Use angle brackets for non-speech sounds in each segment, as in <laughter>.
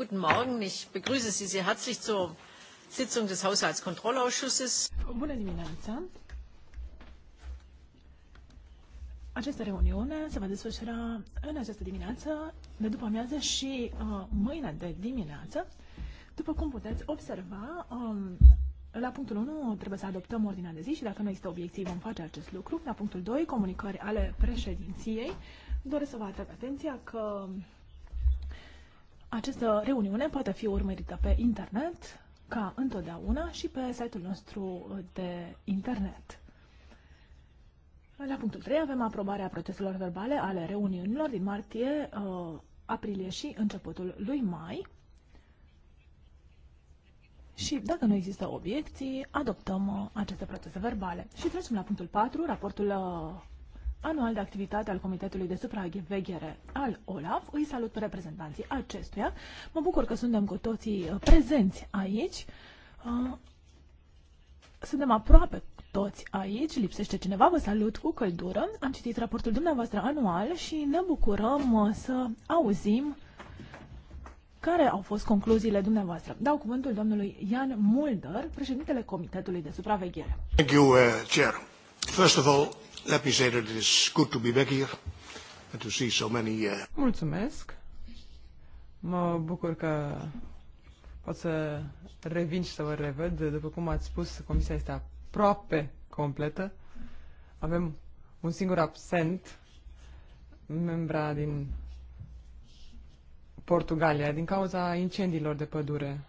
Guten Morgen, ich begrüße Sie sehr herzlich zur Sitzung des Haushaltskontrollausschusses. Bună dimineața! Această reuniune se va desfășura în această dimineață, de după amiază și uh, mâine de dimineață. După cum puteți observa, um, la punctul 1 trebuie să adoptăm ordinea de zi și dacă nu există obiectiv vom face acest lucru. La punctul 2, comunicări ale președinției. Doresc să vă atrag atenția că această reuniune poate fi urmărită pe internet, ca întotdeauna, și pe site-ul nostru de internet. La punctul 3 avem aprobarea proceselor verbale ale reuniunilor din martie, uh, aprilie și începutul lui mai. Și dacă nu există obiecții, adoptăm uh, aceste procese verbale. Și trecem la punctul 4, raportul uh, anual de activitate al Comitetului de Supraveghere al OLAF. Îi salut pe reprezentanții acestuia. Mă bucur că suntem cu toții uh, prezenți aici. Uh, suntem aproape toți aici, lipsește cineva, vă salut cu căldură. Am citit raportul dumneavoastră anual și ne bucurăm uh, să auzim care au fost concluziile dumneavoastră? Dau cuvântul domnului Ian Mulder, președintele Comitetului de Supraveghere. Thank you, uh, Chair. First of all, Let me say that it is good to be back here and to see so many... Uh... Mulțumesc. Mă bucur că pot să revin și să vă revăd. După cum ați spus, comisia este aproape completă. Avem un singur absent, membra din Portugalia, din cauza incendiilor de pădure.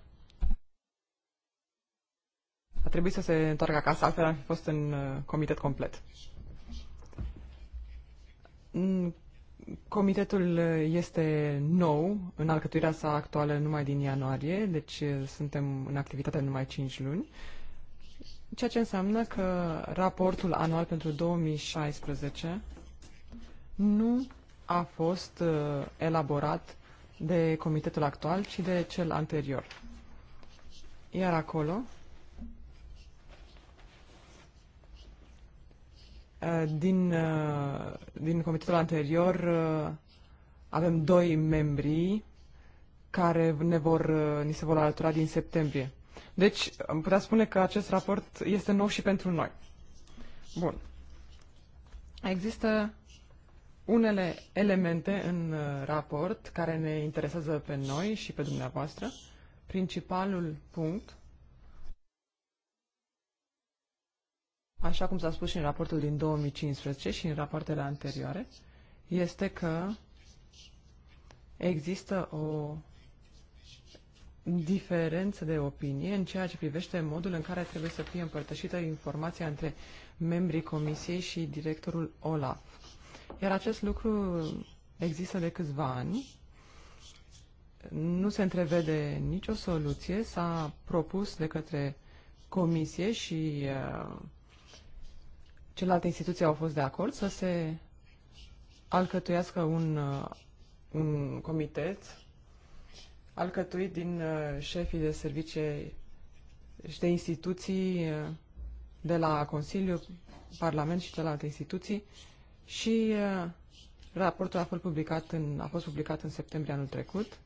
A trebuit să se întoarcă acasă, altfel ar fi fost în uh, comitet complet. Comitetul este nou în alcătuirea sa actuală numai din ianuarie, deci eh, suntem în activitate numai 5 luni, ceea ce înseamnă că raportul anual pentru 2016 nu a fost eh, elaborat de comitetul actual, ci de cel anterior. Iar acolo Eh, din, eh, din comitetul anterior eh, avem doi membri care ne vor, ni se vor alătura din septembrie. Deci, am putea spune că acest raport este nou și pentru noi. Bun. Există unele elemente în raport care ne interesează pe noi și pe dumneavoastră. Principalul punct așa cum s-a spus și în raportul din 2015 și în rapoartele anterioare, este că există o diferență de opinie în ceea ce privește modul în care trebuie să fie împărtășită informația între membrii comisiei și directorul OLAF. Iar acest lucru există de câțiva ani. Nu se întrevede nicio soluție. S-a propus de către comisie și uh, celelalte instituții au fost de acord să se alcătuiască un, uh, un comitet alcătuit din uh, șefii de servicii și de instituții uh, de la Consiliu, Parlament și celelalte instituții și raportul a fost publicat în, a fost publicat în septembrie anul trecut,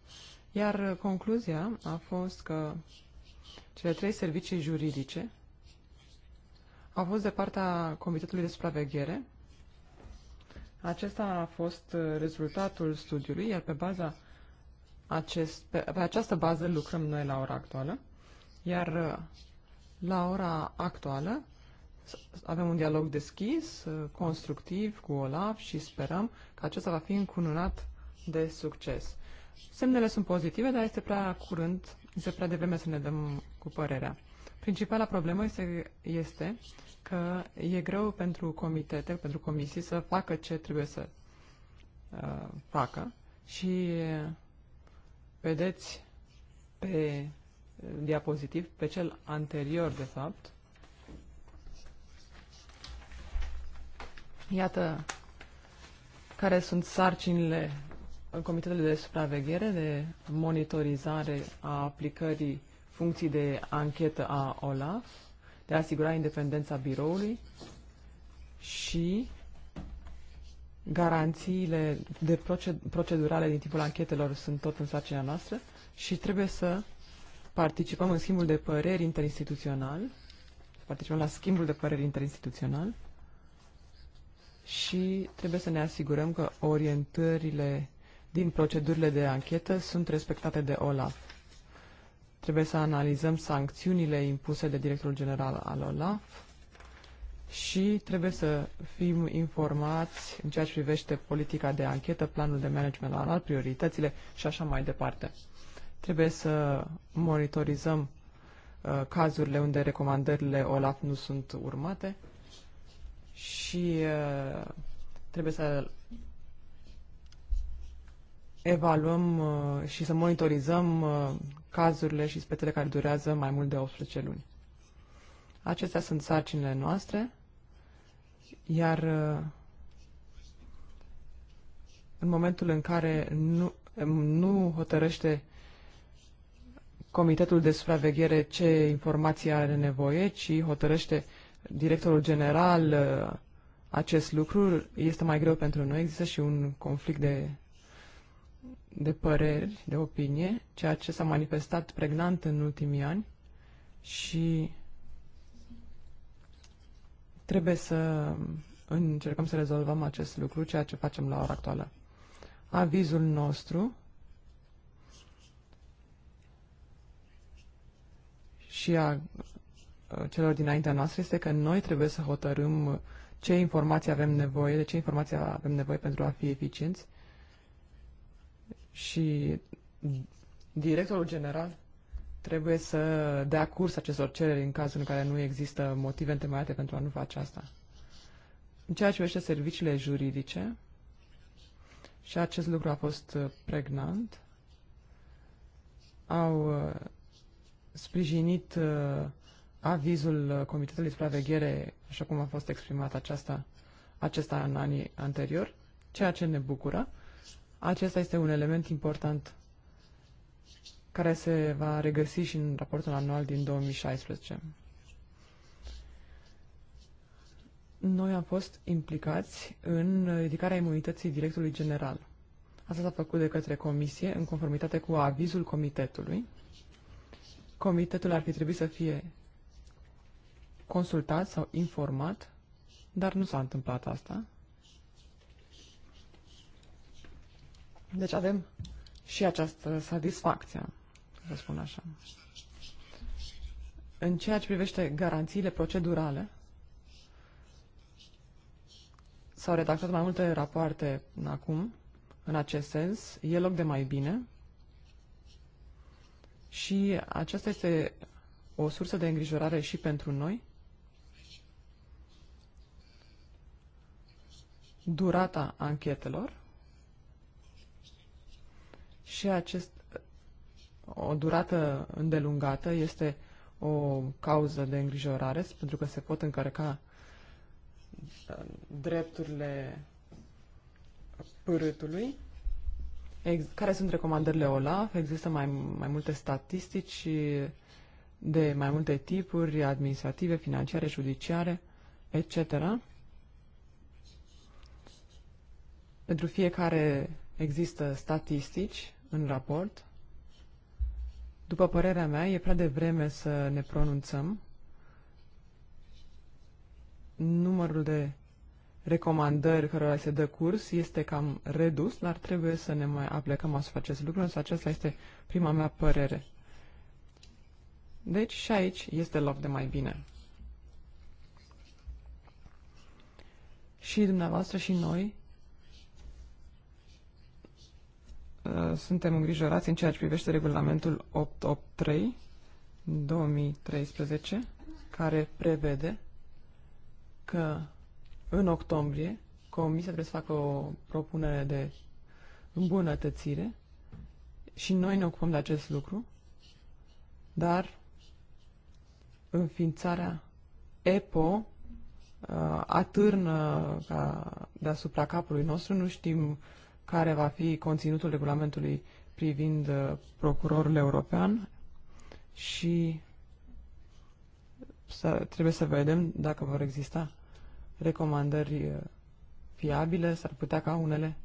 iar concluzia a fost că cele trei servicii juridice a fost de partea Comitetului de Supraveghere. Acesta a fost uh, rezultatul studiului, iar pe, baza acest, pe, pe această bază lucrăm noi la ora actuală. Iar uh, la ora actuală avem un dialog deschis, uh, constructiv cu Olaf și sperăm că acesta va fi încununat de succes. Semnele sunt pozitive, dar este prea curând, este prea devreme să ne dăm cu părerea. Principala problemă este, este că e greu pentru comitete, pentru comisii să facă ce trebuie să uh, facă și vedeți pe diapozitiv, pe cel anterior de fapt, iată care sunt sarcinile comitetului de supraveghere, de monitorizare a aplicării funcții de anchetă a OLAF, de a asigura independența biroului și garanțiile de procedurale din timpul anchetelor sunt tot în sarcina noastră și trebuie să participăm în schimbul de păreri interinstituțional, participăm la schimbul de păreri interinstituțional și trebuie să ne asigurăm că orientările din procedurile de anchetă sunt respectate de OLAF. Trebuie să analizăm sancțiunile impuse de directorul general al OLAF și trebuie să fim informați în ceea ce privește politica de anchetă, planul de management al OLAF, prioritățile și așa mai departe. Trebuie să monitorizăm uh, cazurile unde recomandările OLAF nu sunt urmate și uh, trebuie să evaluăm uh, și să monitorizăm uh, cazurile și spetele care durează mai mult de 18 luni. Acestea sunt sarcinile noastre, iar uh, în momentul în care nu, nu hotărăște Comitetul de Supraveghere ce informații are nevoie, ci hotărăște directorul general uh, acest lucru, este mai greu pentru noi. Există și un conflict de de păreri, de opinie, ceea ce s-a manifestat pregnant în ultimii ani și trebuie să încercăm să rezolvăm acest lucru, ceea ce facem la ora actuală. Avizul nostru și a celor dinaintea noastră este că noi trebuie să hotărâm ce informații avem nevoie, de ce informații avem nevoie pentru a fi eficienți și directorul general trebuie să dea curs acestor cereri în cazul în care nu există motive întemeiate pentru a nu face asta. În ceea ce privește serviciile juridice, și acest lucru a fost uh, pregnant, au uh, sprijinit uh, avizul Comitetului Supraveghere, așa cum a fost exprimat aceasta, acesta în anii anterior, ceea ce ne bucură. Acesta este un element important care se va regăsi și în raportul anual din 2016. Noi am fost implicați în ridicarea imunității directului general. Asta s-a făcut de către comisie în conformitate cu avizul comitetului. Comitetul ar fi trebuit să fie consultat sau informat, dar nu s-a întâmplat asta. Deci avem și această satisfacție, să spun așa. În ceea ce privește garanțiile procedurale, s-au redactat mai multe rapoarte acum, în acest sens, e loc de mai bine și aceasta este o sursă de îngrijorare și pentru noi. Durata anchetelor și acest, o durată îndelungată este o cauză de îngrijorare, pentru că se pot încărca uh, drepturile părâtului. Care sunt recomandările OLAF? Există mai, mai multe statistici de mai multe tipuri, administrative, financiare, judiciare, etc. Pentru fiecare există statistici în raport. După părerea mea, e prea devreme să ne pronunțăm. Numărul de recomandări care se dă curs este cam redus, dar trebuie să ne mai aplecăm asupra acest lucru, însă aceasta este prima mea părere. Deci și aici este loc de mai bine. Și dumneavoastră și noi Uh, suntem îngrijorați în ceea ce privește regulamentul 883 2013, care prevede că în octombrie Comisia trebuie să facă o propunere de îmbunătățire și noi ne ocupăm de acest lucru, dar înființarea EPO uh, atârnă ca deasupra capului nostru, nu știm uh, care va fi conținutul regulamentului privind uh, procurorul european și să, trebuie să vedem dacă vor exista recomandări uh, fiabile, s-ar putea ca unele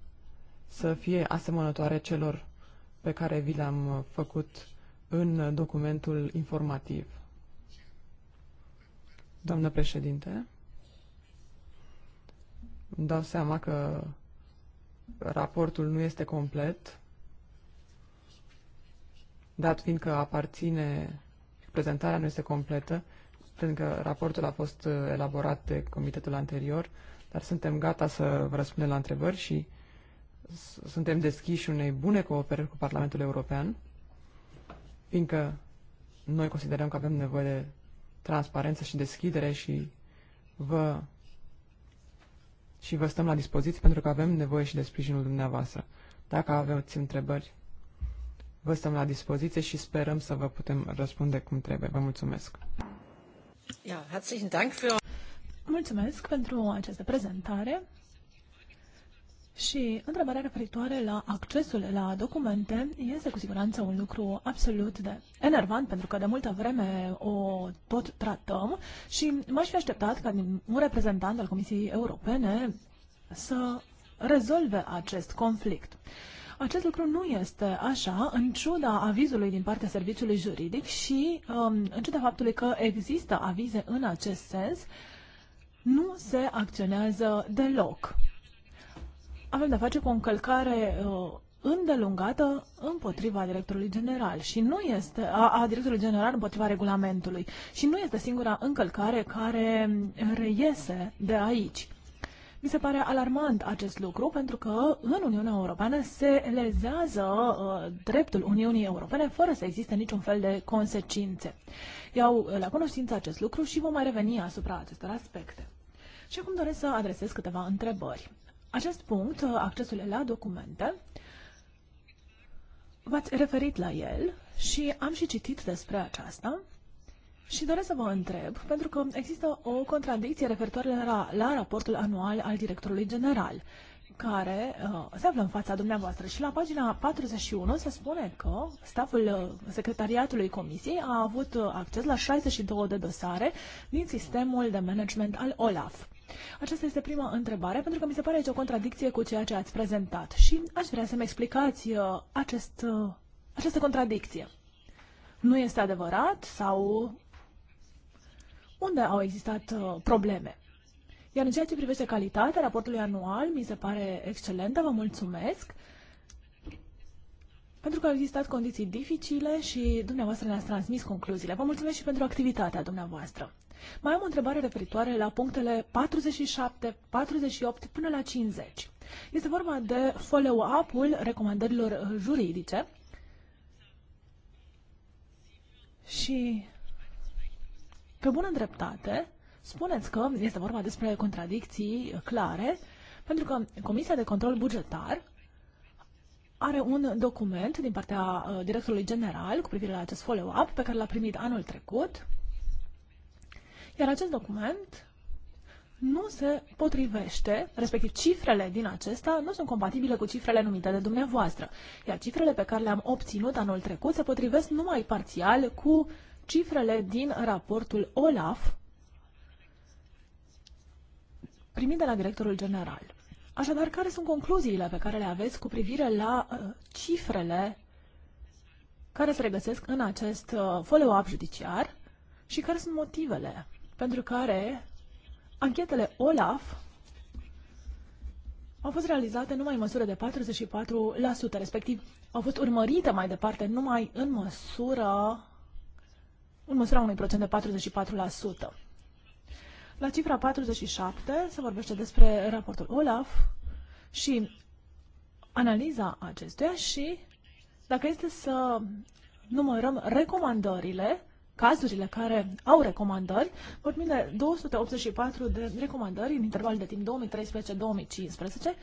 să fie asemănătoare celor pe care vi le-am uh, făcut în documentul informativ. Doamnă președinte, îmi dau seama că raportul nu este complet, dat fiind că aparține, prezentarea nu este completă, pentru că raportul a fost uh, elaborat de comitetul anterior, dar suntem gata să vă răspundem la întrebări și suntem deschiși unei bune cooperări cu Parlamentul European, fiindcă noi considerăm că avem nevoie de transparență și deschidere și vă și vă stăm la dispoziție pentru că avem nevoie și de sprijinul dumneavoastră. Dacă aveți întrebări, vă stăm la dispoziție și sperăm să vă putem răspunde cum trebuie. Vă mulțumesc! Mulțumesc pentru această prezentare. Și întrebarea referitoare la accesul la documente este cu siguranță un lucru absolut de enervant, pentru că de multă vreme o tot tratăm și m-aș fi așteptat ca un reprezentant al Comisiei Europene să rezolve acest conflict. Acest lucru nu este așa, în ciuda avizului din partea serviciului juridic și um, în ciuda faptului că există avize în acest sens, nu se acționează deloc avem de-a face cu o încălcare uh, îndelungată împotriva directorului general și nu este a, a directorului general împotriva regulamentului și nu este singura încălcare care reiese de aici. Mi se pare alarmant acest lucru pentru că în Uniunea Europeană se lezează uh, dreptul Uniunii Europene fără să existe niciun fel de consecințe. Iau la cunoștință acest lucru și vom mai reveni asupra acestor aspecte. Și acum doresc să adresez câteva întrebări. Acest punct, accesul la documente, v-ați referit la el și am și citit despre aceasta și doresc să vă întreb, pentru că există o contradicție referitoare la, la raportul anual al directorului general, care uh, se află în fața dumneavoastră și la pagina 41 se spune că staful uh, secretariatului comisiei a avut uh, acces la 62 de dosare din sistemul de management al OLAF. Aceasta este prima întrebare, pentru că mi se pare aici o contradicție cu ceea ce ați prezentat și aș vrea să-mi explicați uh, acest, uh, această contradicție. Nu este adevărat sau unde au existat uh, probleme? Iar în ceea ce privește calitatea raportului anual, mi se pare excelentă, vă mulțumesc, pentru că au existat condiții dificile și dumneavoastră ne-ați transmis concluziile. Vă mulțumesc și pentru activitatea dumneavoastră. Mai am o întrebare referitoare la punctele 47, 48 până la 50. Este vorba de follow-up-ul recomandărilor uh, juridice și, pe bună dreptate, spuneți că este vorba despre contradicții uh, clare, pentru că Comisia de Control Bugetar are un document din partea uh, directorului general cu privire la acest follow-up pe care l-a primit anul trecut iar acest document nu se potrivește, respectiv cifrele din acesta nu sunt compatibile cu cifrele numite de dumneavoastră. Iar cifrele pe care le-am obținut anul trecut se potrivesc numai parțial cu cifrele din raportul OLAF primit de la directorul general. Așadar, care sunt concluziile pe care le aveți cu privire la uh, cifrele care se regăsesc în acest uh, follow-up judiciar și care sunt motivele pentru care anchetele OLAF au fost realizate numai în măsură de 44%, respectiv au fost urmărite mai departe numai în măsură în măsura unui procent de 44%. La cifra 47 se vorbește despre raportul OLAF și analiza acestuia și dacă este să numărăm recomandările, cazurile care au recomandări, vorbim de 284 de recomandări în interval de timp 2013-2015,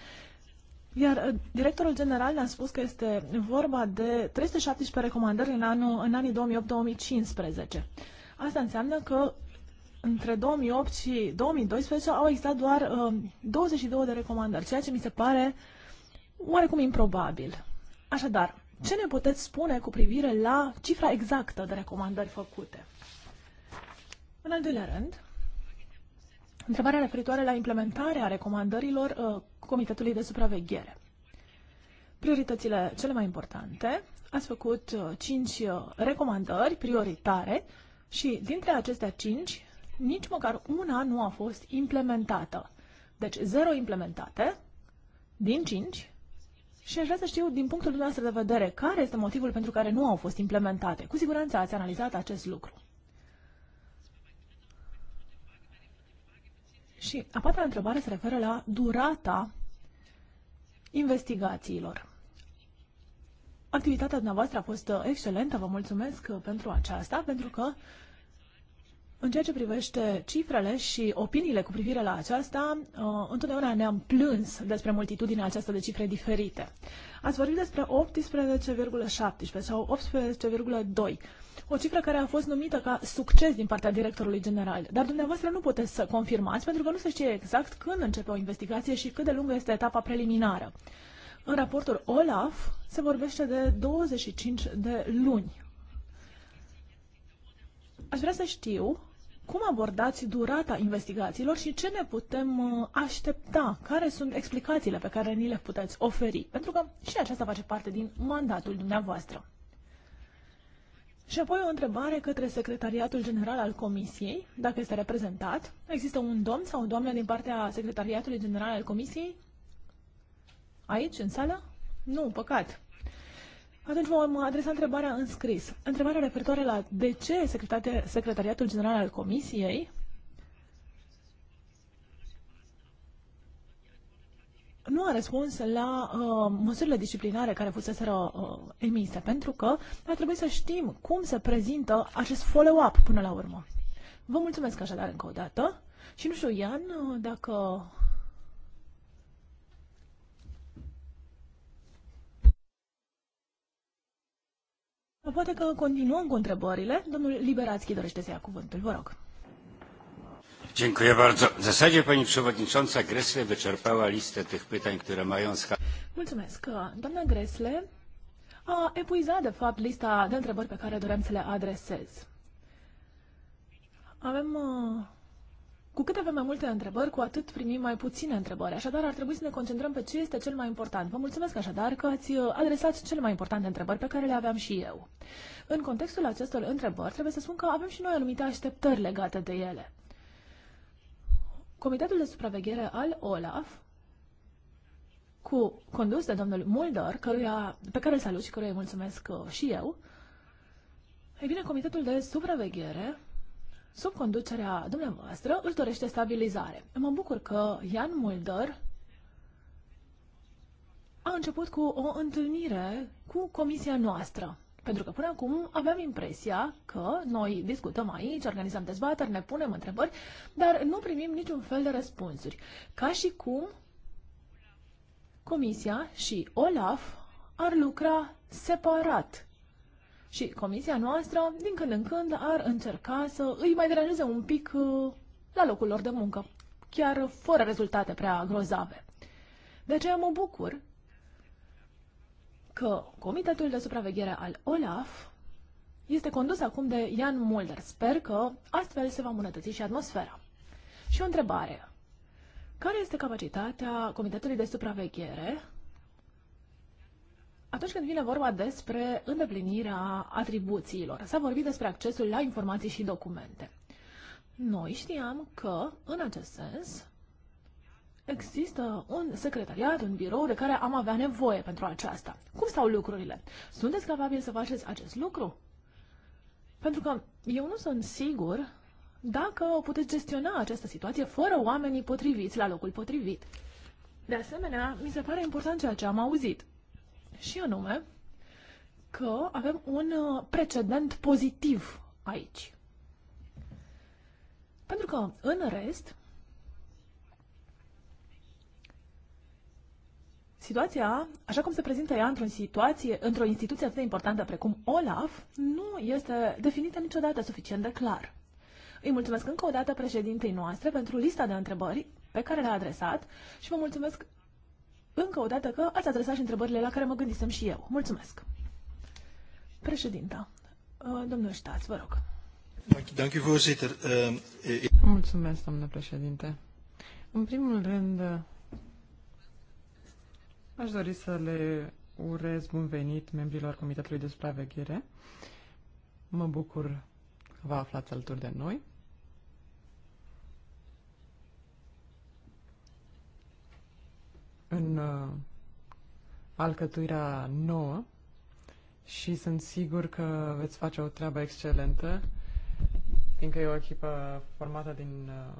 iar uh, directorul general ne-a spus că este vorba de 317 recomandări în, anul, în anii 2008-2015. Asta înseamnă că între 2008 și 2012 au existat doar uh, 22 de recomandări, ceea ce mi se pare oarecum improbabil. Așadar, ce ne puteți spune cu privire la cifra exactă de recomandări făcute? În al doilea rând, întrebarea referitoare la implementarea recomandărilor uh, Comitetului de Supraveghere. Prioritățile cele mai importante, ați făcut uh, uh, recomandări prioritare și dintre acestea cinci nici măcar una nu a fost implementată. Deci 0 implementate din 5 și aș vrea să știu, din punctul dumneavoastră de vedere, care este motivul pentru care nu au fost implementate. Cu siguranță ați analizat acest lucru. Și a patra întrebare se referă la durata investigațiilor. Activitatea dumneavoastră a fost excelentă, vă mulțumesc pentru aceasta, pentru că în ceea ce privește cifrele și opiniile cu privire la aceasta, uh, întotdeauna ne-am plâns despre multitudinea aceasta de cifre diferite. Ați vorbit despre 18,17 sau 18,2, o cifră care a fost numită ca succes din partea directorului general, dar dumneavoastră nu puteți să confirmați pentru că nu se știe exact când începe o investigație și cât de lungă este etapa preliminară. În raportul OLAF se vorbește de 25 de luni aș vrea să știu cum abordați durata investigațiilor și ce ne putem uh, aștepta? Care sunt explicațiile pe care ni le puteți oferi? Pentru că și aceasta face parte din mandatul dumneavoastră. Și apoi o întrebare către Secretariatul General al Comisiei, dacă este reprezentat. Există un domn sau o doamnă din partea Secretariatului General al Comisiei? Aici, în sală? Nu, păcat. Atunci vom adresa întrebarea în scris. Întrebarea referitoare la de ce Secretariatul General al Comisiei nu a răspuns la uh, măsurile disciplinare care fuseseră uh, emise, pentru că ar trebui să știm cum se prezintă acest follow-up până la urmă. Vă mulțumesc așadar încă o dată și nu știu, Ian, uh, dacă Poate că continuăm cu întrebările. Domnul Liberațchi dorește să ia cuvântul. Vă rog. Dziękuję bardzo. W zasadzie pani przewodnicząca Gresle wyczerpała listę tych pytań, które mają Mulțumesc. Doamna Gresle a epuizat, de fapt, lista de întrebări pe care dorem să le adresez. Avem uh, cu cât avem mai multe întrebări, cu atât primim mai puține întrebări. Așadar, ar trebui să ne concentrăm pe ce este cel mai important. Vă mulțumesc așadar că ați uh, adresat cele mai importante întrebări pe care le aveam și eu. În contextul acestor întrebări, trebuie să spun că avem și noi anumite așteptări legate de ele. Comitetul de supraveghere al OLAF cu condus de domnul Mulder, căruia, pe care îl salut și căruia îi mulțumesc uh, și eu. Ei bine, Comitetul de Supraveghere sub conducerea dumneavoastră, își dorește stabilizare. Mă bucur că Ian Mulder a început cu o întâlnire cu comisia noastră. Pentru că până acum aveam impresia că noi discutăm aici, organizăm dezbateri, ne punem întrebări, dar nu primim niciun fel de răspunsuri. Ca și cum Comisia și OLAF ar lucra separat și comisia noastră, din când în când, ar încerca să îi mai deranjeze un pic uh, la locul lor de muncă, chiar fără rezultate prea grozave. De aceea mă bucur că Comitetul de Supraveghere al OLAF este condus acum de Ian Mulder. Sper că astfel se va îmbunătăți și atmosfera. Și o întrebare. Care este capacitatea Comitetului de Supraveghere atunci când vine vorba despre îndeplinirea atribuțiilor, s-a vorbit despre accesul la informații și documente. Noi știam că, în acest sens, există un secretariat, un birou de care am avea nevoie pentru aceasta. Cum stau lucrurile? Sunteți capabili să faceți acest lucru? Pentru că eu nu sunt sigur dacă o puteți gestiona această situație fără oamenii potriviți la locul potrivit. De asemenea, mi se pare important ceea ce am auzit și anume că avem un uh, precedent pozitiv aici. Pentru că, în rest, situația, așa cum se prezintă ea într-o situație, într-o instituție atât de importantă precum OLAF, nu este definită niciodată suficient de clar. Îi mulțumesc încă o dată președintei noastre pentru lista de întrebări pe care le-a adresat și vă mulțumesc încă o dată că ați adresat și întrebările la care mă gândisem și eu. Mulțumesc! Președinta, uh, domnul Ștaț, vă rog. Uh, uh, Mulțumesc, domnule președinte. În primul rând, aș dori să le urez bun venit membrilor Comitetului de Supraveghere. Mă bucur că vă aflați alături de noi. în uh, alcătuirea nouă și sunt sigur că veți face o treabă excelentă, fiindcă e o echipă formată din, uh,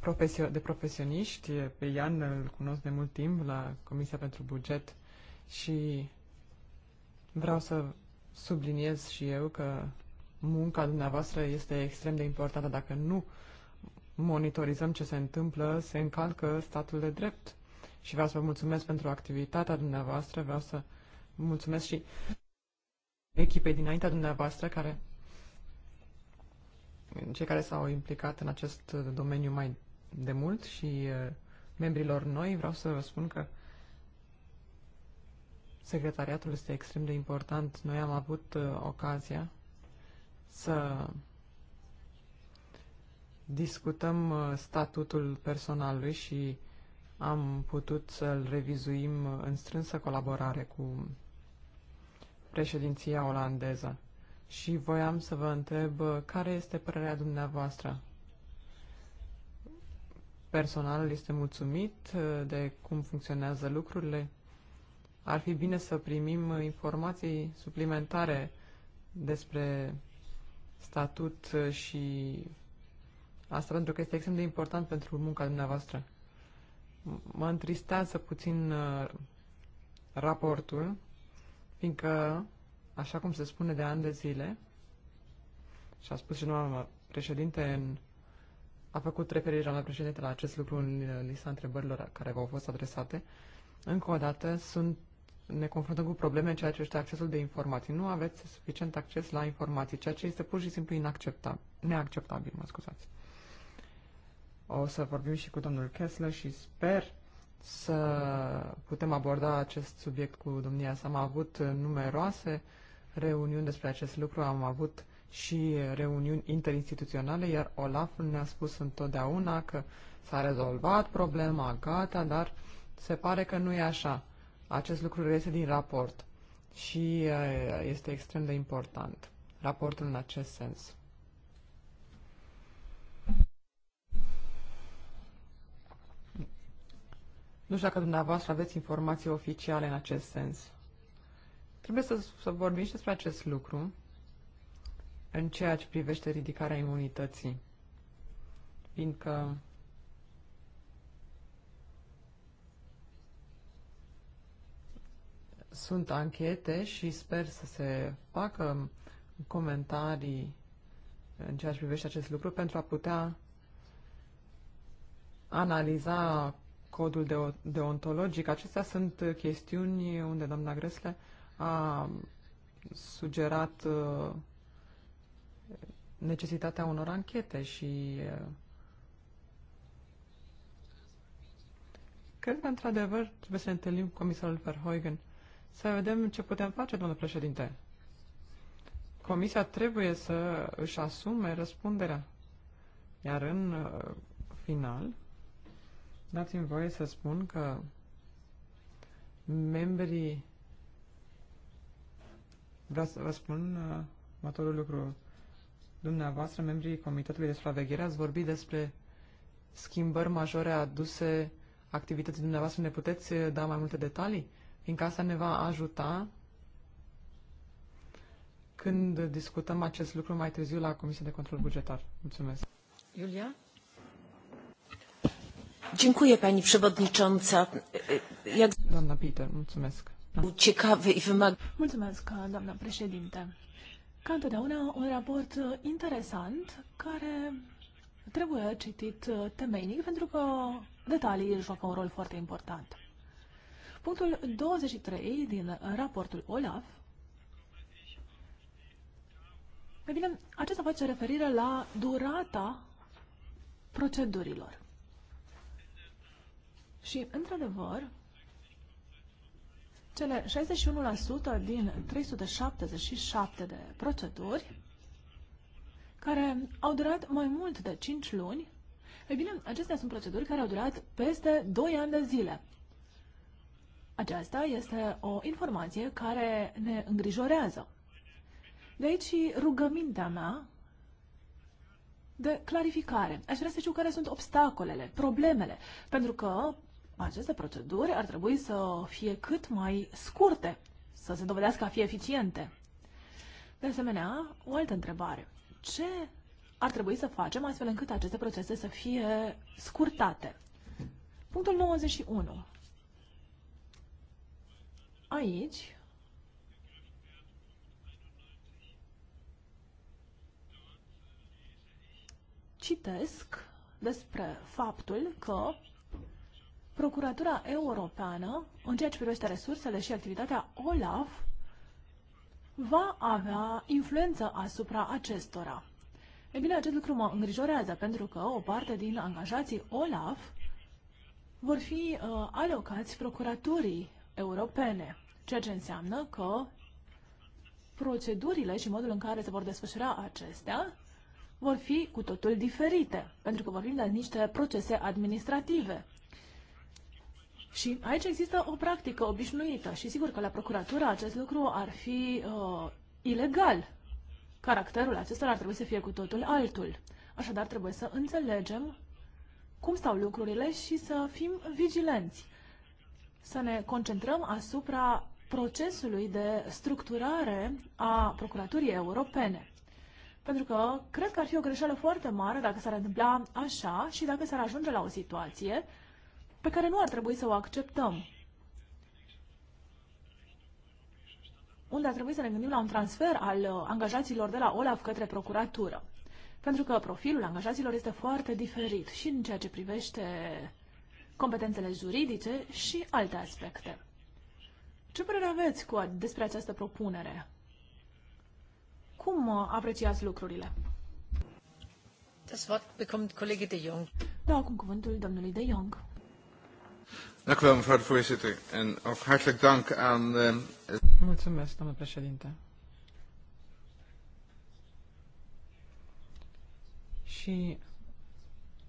profesio- de profesioniști. Pe Ian îl cunosc de mult timp la Comisia pentru Buget și vreau să subliniez și eu că munca dumneavoastră este extrem de importantă. Dacă nu monitorizăm ce se întâmplă, se încalcă statul de drept și vreau să vă mulțumesc pentru activitatea dumneavoastră, vreau să mulțumesc și echipei dinaintea dumneavoastră care cei care s-au implicat în acest domeniu mai de mult și eh, membrilor noi, vreau să vă spun că secretariatul este extrem de important. Noi am avut eh, ocazia să discutăm eh, statutul personalului și am putut să-l revizuim în strânsă colaborare cu președinția olandeză și voiam să vă întreb care este părerea dumneavoastră. Personal este mulțumit uh, de cum funcționează lucrurile. Ar fi bine să primim informații suplimentare despre statut și asta pentru că este extrem de important pentru munca dumneavoastră mă întristează puțin uh, raportul, fiindcă, așa cum se spune de ani de zile, și a spus și numai președinte, în, a făcut referire la președinte la acest lucru în lista întrebărilor care v-au fost adresate, încă o dată sunt, ne confruntăm cu probleme în ceea ce este accesul de informații. Nu aveți suficient acces la informații, ceea ce este pur și simplu inacceptabil, neacceptabil, mă scuzați. O să vorbim și cu domnul Kessler și sper să putem aborda acest subiect cu domnia sa. Am avut numeroase reuniuni despre acest lucru, am avut și reuniuni interinstituționale, iar Olaf ne-a spus întotdeauna că s-a rezolvat problema, gata, dar se pare că nu e așa. Acest lucru reiese din raport și uh, este extrem de important, raportul în acest sens. Nu știu dacă dumneavoastră aveți informații oficiale în acest sens. Trebuie să, să vorbim și despre acest lucru în ceea ce privește ridicarea imunității, fiindcă sunt anchete și sper să se facă comentarii în ceea ce privește acest lucru pentru a putea analiza codul deontologic. Acestea sunt chestiuni unde doamna Gresle a sugerat uh, necesitatea unor anchete și uh, cred că, într-adevăr, trebuie să ne întâlnim cu comisarul Verhoeven să vedem ce putem face, domnule președinte. Comisia trebuie să își asume răspunderea. Iar în uh, final, Dați-mi voie să spun că membrii vreau să vă spun uh, următorul lucru. Dumneavoastră, membrii Comitetului de Supraveghere, ați vorbit despre schimbări majore aduse activității dumneavoastră. Ne puteți uh, da mai multe detalii? Fiindcă asta ne va ajuta când discutăm acest lucru mai târziu la Comisia de Control Bugetar. Mulțumesc. Iulia? Dziękuję pani przewodnicząca. Jak... Doamna Peter, mulțumesc. Da. Ciekawy i wymag... Mulțumesc, doamna președinte. Ca întotdeauna, un raport interesant care trebuie citit temeinic pentru că detalii joacă un rol foarte important. Punctul 23 din raportul OLAF E bine, acesta face referire la durata procedurilor. Și, într-adevăr, cele 61% din 377 de proceduri care au durat mai mult de 5 luni, ei bine, acestea sunt proceduri care au durat peste 2 ani de zile. Aceasta este o informație care ne îngrijorează. De aici și rugămintea mea de clarificare. Aș vrea să știu care sunt obstacolele, problemele, pentru că aceste proceduri ar trebui să fie cât mai scurte, să se dovedească a fi eficiente. De asemenea, o altă întrebare. Ce ar trebui să facem astfel încât aceste procese să fie scurtate? Punctul 91. Aici citesc despre faptul că Procuratura Europeană, în ceea ce privește resursele și activitatea OLAF, va avea influență asupra acestora. E bine, acest lucru mă îngrijorează, pentru că o parte din angajații OLAF vor fi uh, alocați procuraturii europene, ceea ce înseamnă că procedurile și modul în care se vor desfășura acestea vor fi cu totul diferite, pentru că vorbim de niște procese administrative. Și aici există o practică obișnuită și sigur că la procuratură acest lucru ar fi uh, ilegal. Caracterul acesta ar trebui să fie cu totul altul. Așadar trebuie să înțelegem cum stau lucrurile și să fim vigilenți. Să ne concentrăm asupra procesului de structurare a Procuraturii Europene. Pentru că cred că ar fi o greșeală foarte mare dacă s-ar întâmpla așa și dacă s-ar ajunge la o situație pe care nu ar trebui să o acceptăm. Unde ar trebui să ne gândim la un transfer al uh, angajaților de la OLAF către procuratură. Pentru că profilul angajaților este foarte diferit și în ceea ce privește competențele juridice și alte aspecte. Ce părere aveți cu, despre această propunere? Cum uh, apreciați lucrurile? Das Wort bekommt Kollege de Jong. Da, acum cuvântul domnului de Jong. Dank u wel, mevrouw de voorzitter. En ook hartelijk dank aan... Uh... Mulțumesc, domnule președinte. Și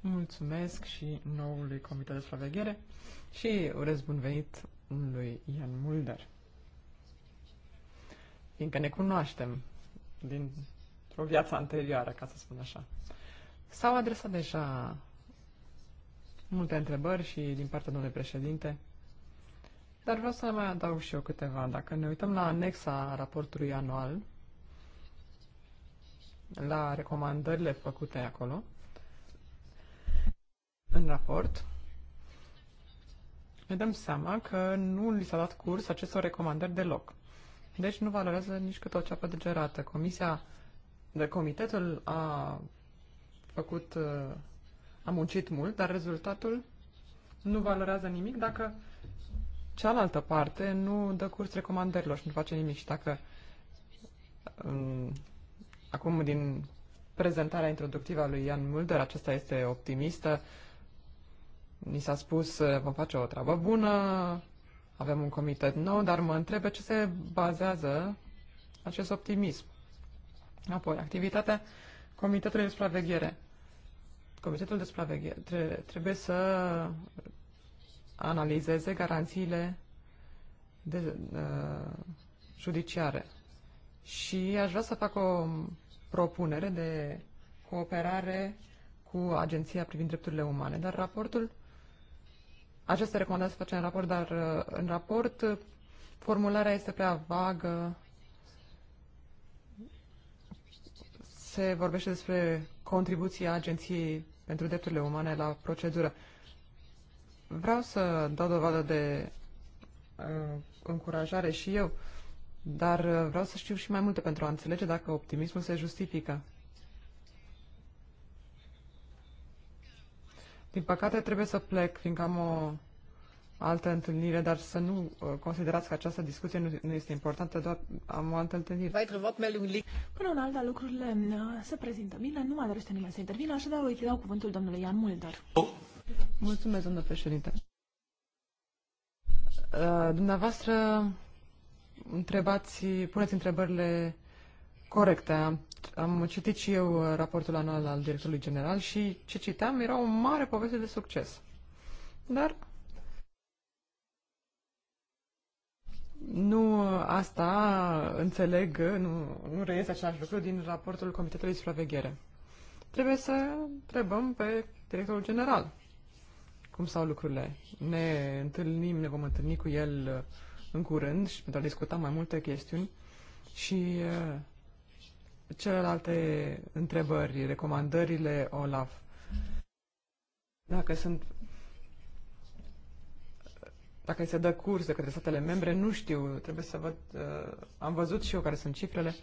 mulțumesc și noului comitet de supraveghere și urez bun venit lui Ian Mulder. Fiindcă ne cunoaștem din o viață anterioară, ca să spun așa. S-au adresat deja Multe întrebări și din partea domnului președinte. Dar vreau să mai adaug și eu câteva. Dacă ne uităm la anexa raportului anual, la recomandările făcute acolo, în raport, ne dăm seama că nu li s-a dat curs acestor recomandări deloc. Deci nu valorează nici cât o ceapă de gerată. Comisia de comitetul a făcut uh, a muncit mult, dar rezultatul nu valorează nimic dacă cealaltă parte nu dă curs recomandărilor și nu face nimic. Și dacă um, acum din prezentarea introductivă a lui Ian Mulder, acesta este optimistă, ni s-a spus uh, vom face o treabă bună, avem un comitet nou, dar mă întreb ce se bazează acest optimism. Apoi, activitatea Comitetului de Supraveghere. Comitetul de supraveghere trebuie să analizeze garanțiile de, uh, judiciare. Și aș vrea să fac o propunere de cooperare cu Agenția privind drepturile umane, dar raportul, aceste recomandări se face în raport, dar uh, în raport formularea este prea vagă, se vorbește despre contribuția agenției pentru drepturile umane la procedură. Vreau să dau dovadă de uh, încurajare și eu, dar uh, vreau să știu și mai multe pentru a înțelege dacă optimismul se justifică. Din păcate trebuie să plec, fiindcă am o altă întâlnire, dar să nu uh, considerați că această discuție nu, nu este importantă, doar am o altă întâlnire. Până în alta, lucrurile uh, se prezintă bine, nu mai dorește nimeni să intervină, așadar îi dau cuvântul domnului Ian Mulder. Mulțumesc, domnul președinte. Uh, dumneavoastră întrebați, puneți întrebările corecte. Am citit și eu raportul anual al directorului general și ce citeam era o mare poveste de succes. Dar nu asta înțeleg, nu, nu reiese același lucru din raportul Comitetului de Supraveghere. Trebuie să întrebăm pe directorul general cum stau lucrurile. Ne întâlnim, ne vom întâlni cu el uh, în curând și pentru a discuta mai multe chestiuni și uh, celelalte întrebări, recomandările OLAF. Dacă sunt dacă se dă curs de către statele membre, nu știu, trebuie să văd, uh, am văzut și eu care sunt cifrele.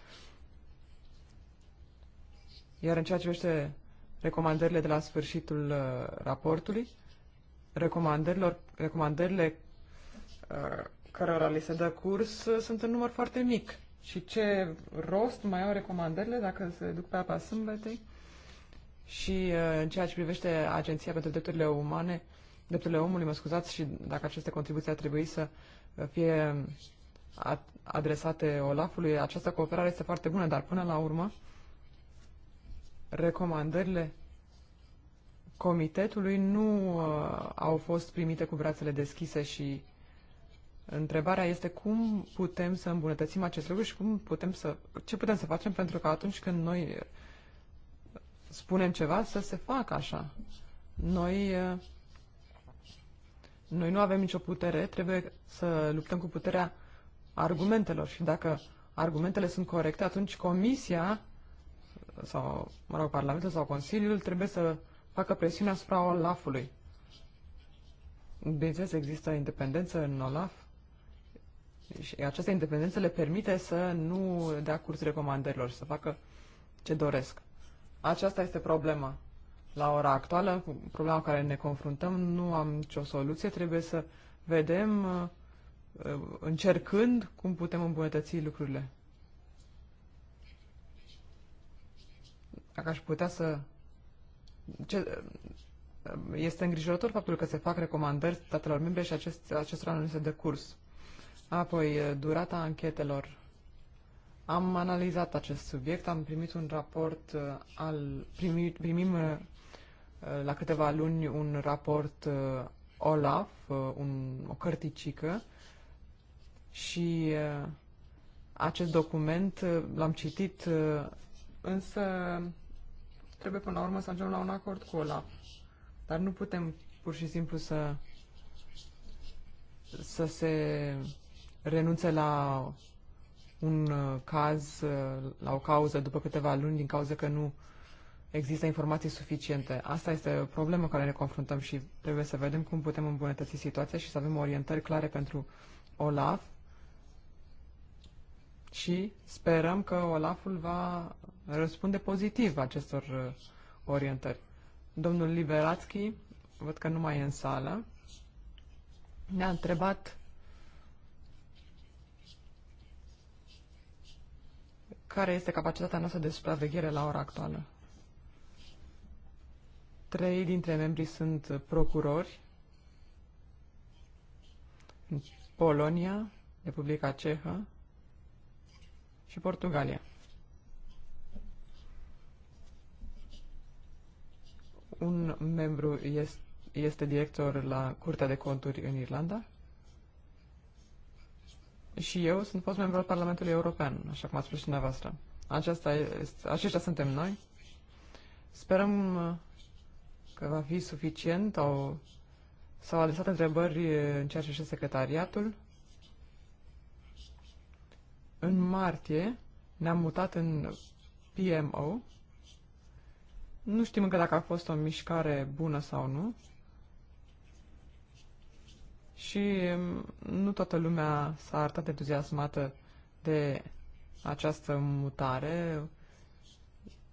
Iar în ceea ce privește recomandările de la sfârșitul uh, raportului, recomandărilor, recomandările uh, cărora li se dă curs uh, sunt în număr foarte mic. Și ce rost mai au recomandările dacă se duc pe apa sâmbetei? Și uh, în ceea ce privește Agenția pentru Drepturile Umane, uh, drepturile omului, mă scuzați, și dacă aceste contribuții ar trebui să fie adresate Olafului, această cooperare este foarte bună, dar până la urmă recomandările comitetului nu uh, au fost primite cu brațele deschise și întrebarea este cum putem să îmbunătățim acest lucru și cum putem să, ce putem să facem pentru că atunci când noi uh, spunem ceva să se facă așa. Noi uh, noi nu avem nicio putere, trebuie să luptăm cu puterea argumentelor și dacă argumentele sunt corecte, atunci Comisia sau, mă rog, Parlamentul sau Consiliul trebuie să facă presiune asupra Olafului. Bineînțeles, există independență în Olaf și această independență le permite să nu dea curs recomandărilor, să facă ce doresc. Aceasta este problema la ora actuală, cu problema cu care ne confruntăm, nu am nicio soluție. Trebuie să vedem, uh, uh, încercând, cum putem îmbunătăți lucrurile. Dacă aș putea să... Ce... Uh, este îngrijorător faptul că se fac recomandări statelor membre și acest, acestora nu se dă curs. Apoi, durata anchetelor. Am analizat acest subiect, am primit un raport al Primi, primim Uh, la câteva luni un raport uh, Olaf, uh, un, o cărticică și acest document l-am citit, însă trebuie până la urmă să ajungem la un acord cu Olaf. Dar nu putem pur și simplu să să se renunțe la un caz, la o cauză după câteva luni din cauza că nu există informații suficiente. Asta este o problemă cu care ne confruntăm și trebuie să vedem cum putem îmbunătăți situația și să avem orientări clare pentru OLAF și sperăm că OLAF-ul va răspunde pozitiv acestor uh, orientări. Domnul Liberatski, văd că nu mai e în sală, ne-a întrebat care este capacitatea noastră de supraveghere la ora actuală. Trei dintre membrii sunt procurori în Polonia, Republica Cehă și Portugalia. Un membru este, este director la Curtea de Conturi în Irlanda și eu sunt fost membru al Parlamentului European, așa cum ați spus și dumneavoastră. Aceasta este, aceștia suntem noi. Sperăm că va fi suficient sau s-au adresat întrebări în ceea ce secretariatul. În martie ne-am mutat în PMO. Nu știm încă dacă a fost o mișcare bună sau nu. Și mm, nu toată lumea s-a arătat entuziasmată de această mutare.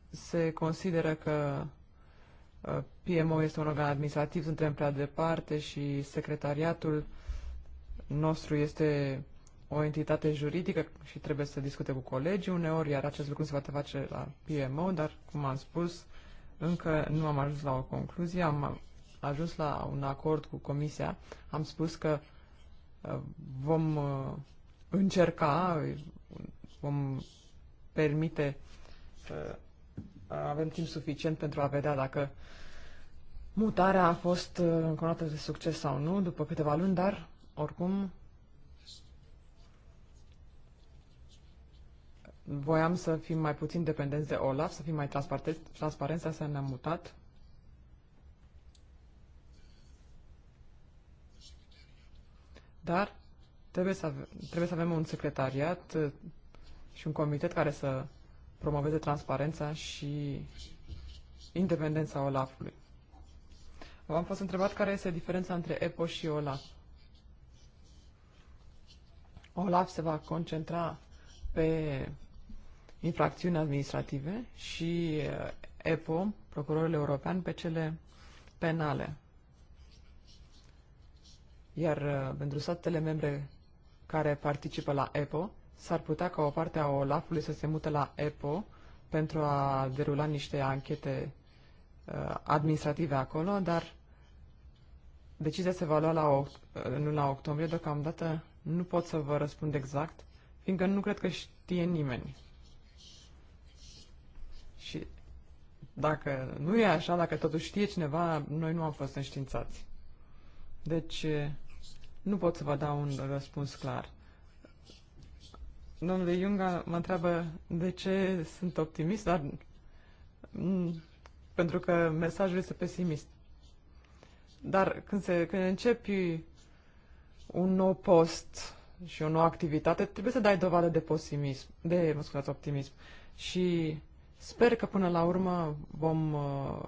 Se consideră că PMO este un organ administrativ, suntem prea departe și secretariatul nostru este o entitate juridică și trebuie să discute cu colegii uneori, iar acest lucru se poate face la PMO, dar, cum am spus, încă nu am ajuns la o concluzie, am ajuns la un acord cu comisia, am spus că uh, vom uh, încerca, vom permite uh, avem timp suficient pentru a vedea dacă mutarea a fost uh, încă de succes sau nu, după câteva luni, dar, oricum, voiam să fim mai puțin dependenți de Olaf, să fim mai transparenți, transparenți asta ne-am mutat. Dar trebuie să, ave- trebuie să avem un secretariat uh, și un comitet care să promoveze transparența și independența OLAF-ului. V-am fost întrebat care este diferența între EPO și OLAF. OLAF se va concentra pe infracțiuni administrative și uh, EPO, Procurorul European, pe cele penale. Iar uh, pentru statele membre care participă la EPO, s-ar putea ca o parte a OLAF-ului să se mute la EPO pentru a derula niște anchete uh, administrative acolo, dar decizia se va lua la, în uh, luna octombrie. Deocamdată nu pot să vă răspund exact, fiindcă nu cred că știe nimeni. Și dacă nu e așa, dacă totuși știe cineva, noi nu am fost înștiințați. Deci, uh, nu pot să vă dau un răspuns clar. Domnule Iunga mă întreabă de ce sunt optimist, dar mm, pentru că mesajul este pesimist. Dar când, se, când începi un nou post și o nouă activitate, trebuie să dai dovadă de pesimism, de, mă scuzați, optimism. Și sper că până la urmă vom uh,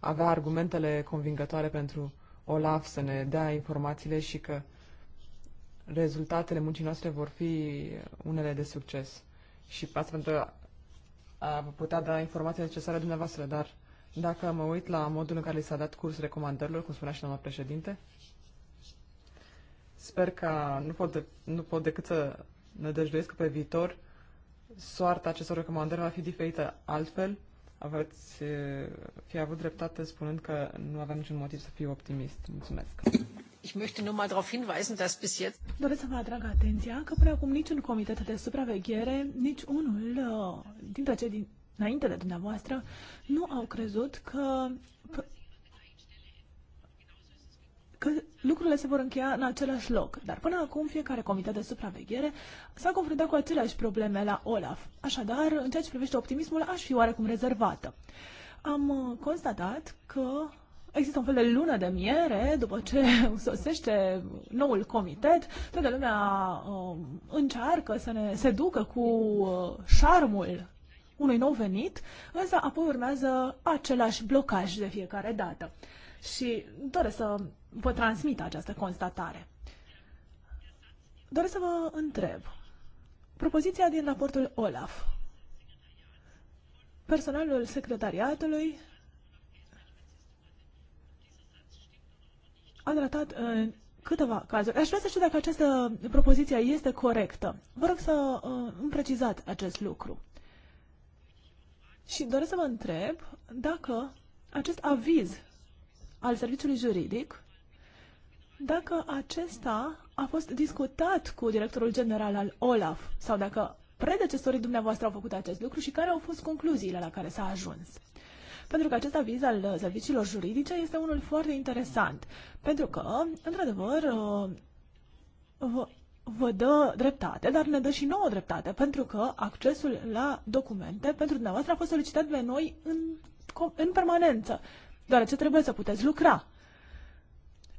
avea argumentele convingătoare pentru Olaf să ne dea informațiile și că uh, rezultatele muncii noastre vor fi unele de succes. Și asta pentru a putea da informația necesară dumneavoastră, dar dacă mă uit la modul în care li s-a dat curs recomandărilor, cum spunea și doamna președinte, sper că nu pot, de, nu pot decât să nădăjduiesc că pe viitor soarta acestor recomandări va fi diferită. Altfel, aveți eh, fi avut dreptate spunând că nu avem niciun motiv să fiu optimist. Mulțumesc! Ich möchte nur mal darauf hinweisen, dass bis jetzt... Doresc să vă atrag atenția că până acum niciun comitet de supraveghere, nici unul uh, dintre cei din, înainte de dumneavoastră, nu au crezut că că lucrurile se vor încheia în același loc. Dar până acum fiecare comitet de supraveghere s-a confruntat cu aceleași probleme la OLAF. Așadar, în ceea ce privește optimismul, aș fi oarecum rezervată. Am uh, constatat că Există un fel de lună de miere după ce <laughs> sosește noul comitet. Toată lumea uh, încearcă să ne seducă cu uh, șarmul unui nou venit, însă apoi urmează același blocaj de fiecare dată. Și doresc să vă transmit această constatare. Doresc să vă întreb. Propoziția din raportul OLAF. Personalul secretariatului a tratat în uh, câteva cazuri. Aș vrea să știu dacă această propoziție este corectă. Vă rog să uh, îmi precizați acest lucru. Și doresc să vă întreb dacă acest aviz al serviciului juridic, dacă acesta a fost discutat cu directorul general al OLAF sau dacă predecesorii dumneavoastră au făcut acest lucru și care au fost concluziile la care s-a ajuns pentru că acest aviz al uh, serviciilor juridice este unul foarte interesant, pentru că, într-adevăr, uh, vă, vă dă dreptate, dar ne dă și nouă dreptate, pentru că accesul la documente pentru dumneavoastră a fost solicitat de noi în, în permanență, deoarece trebuie să puteți lucra.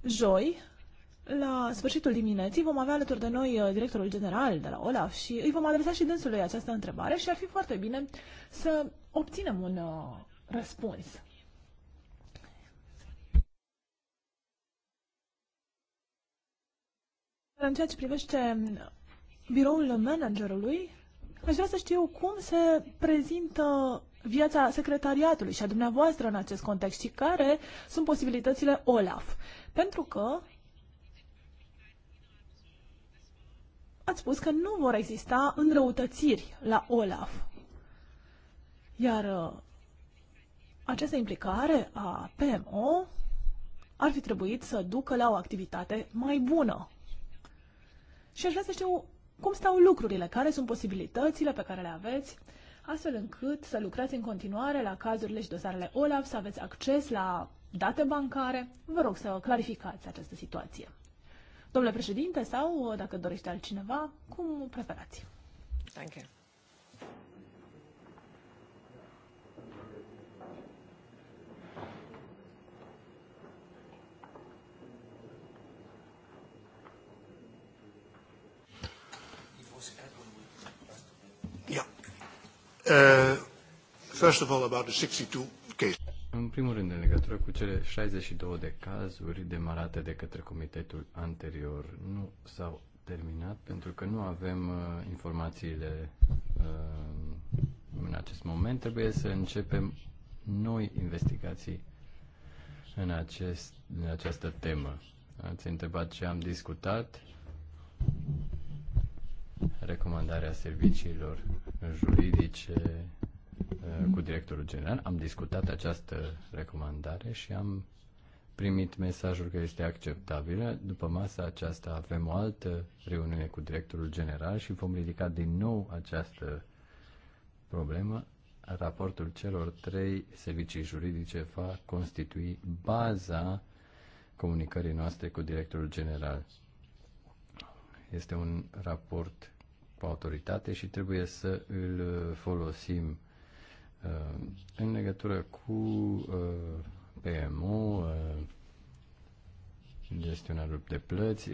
Joi, la sfârșitul dimineții vom avea alături de noi uh, directorul general de la OLAF și îi vom adresa și dânsului această întrebare și ar fi foarte bine să obținem un răspuns. În ceea ce privește biroul managerului, aș vrea să știu cum se prezintă viața secretariatului și a dumneavoastră în acest context și care sunt posibilitățile OLAF. Pentru că ați spus că nu vor exista înrăutățiri la OLAF. Iar uh, această implicare a PMO ar fi trebuit să ducă la o activitate mai bună. Și aș vrea să știu cum stau lucrurile, care sunt posibilitățile pe care le aveți, astfel încât să lucrați în continuare la cazurile și dosarele OLAF, să aveți acces la date bancare. Vă rog să clarificați această situație. Domnule președinte, sau dacă dorește altcineva, cum preferați? Thank you. Uh, în primul rând, în legătură cu cele 62 de cazuri demarate de către comitetul anterior, nu s-au terminat pentru că nu avem uh, informațiile uh, în acest moment. Trebuie să începem noi investigații în, acest, în această temă. Ați întrebat ce am discutat recomandarea serviciilor juridice uh, cu directorul general. Am discutat această recomandare și am primit mesajul că este acceptabilă. După masa aceasta avem o altă reuniune cu directorul general și vom ridica din nou această problemă. Raportul celor trei servicii juridice va constitui baza comunicării noastre cu directorul general. Este un raport cu autoritate și trebuie să îl uh, folosim uh, în legătură cu uh, PMU, gestionarul de plăți,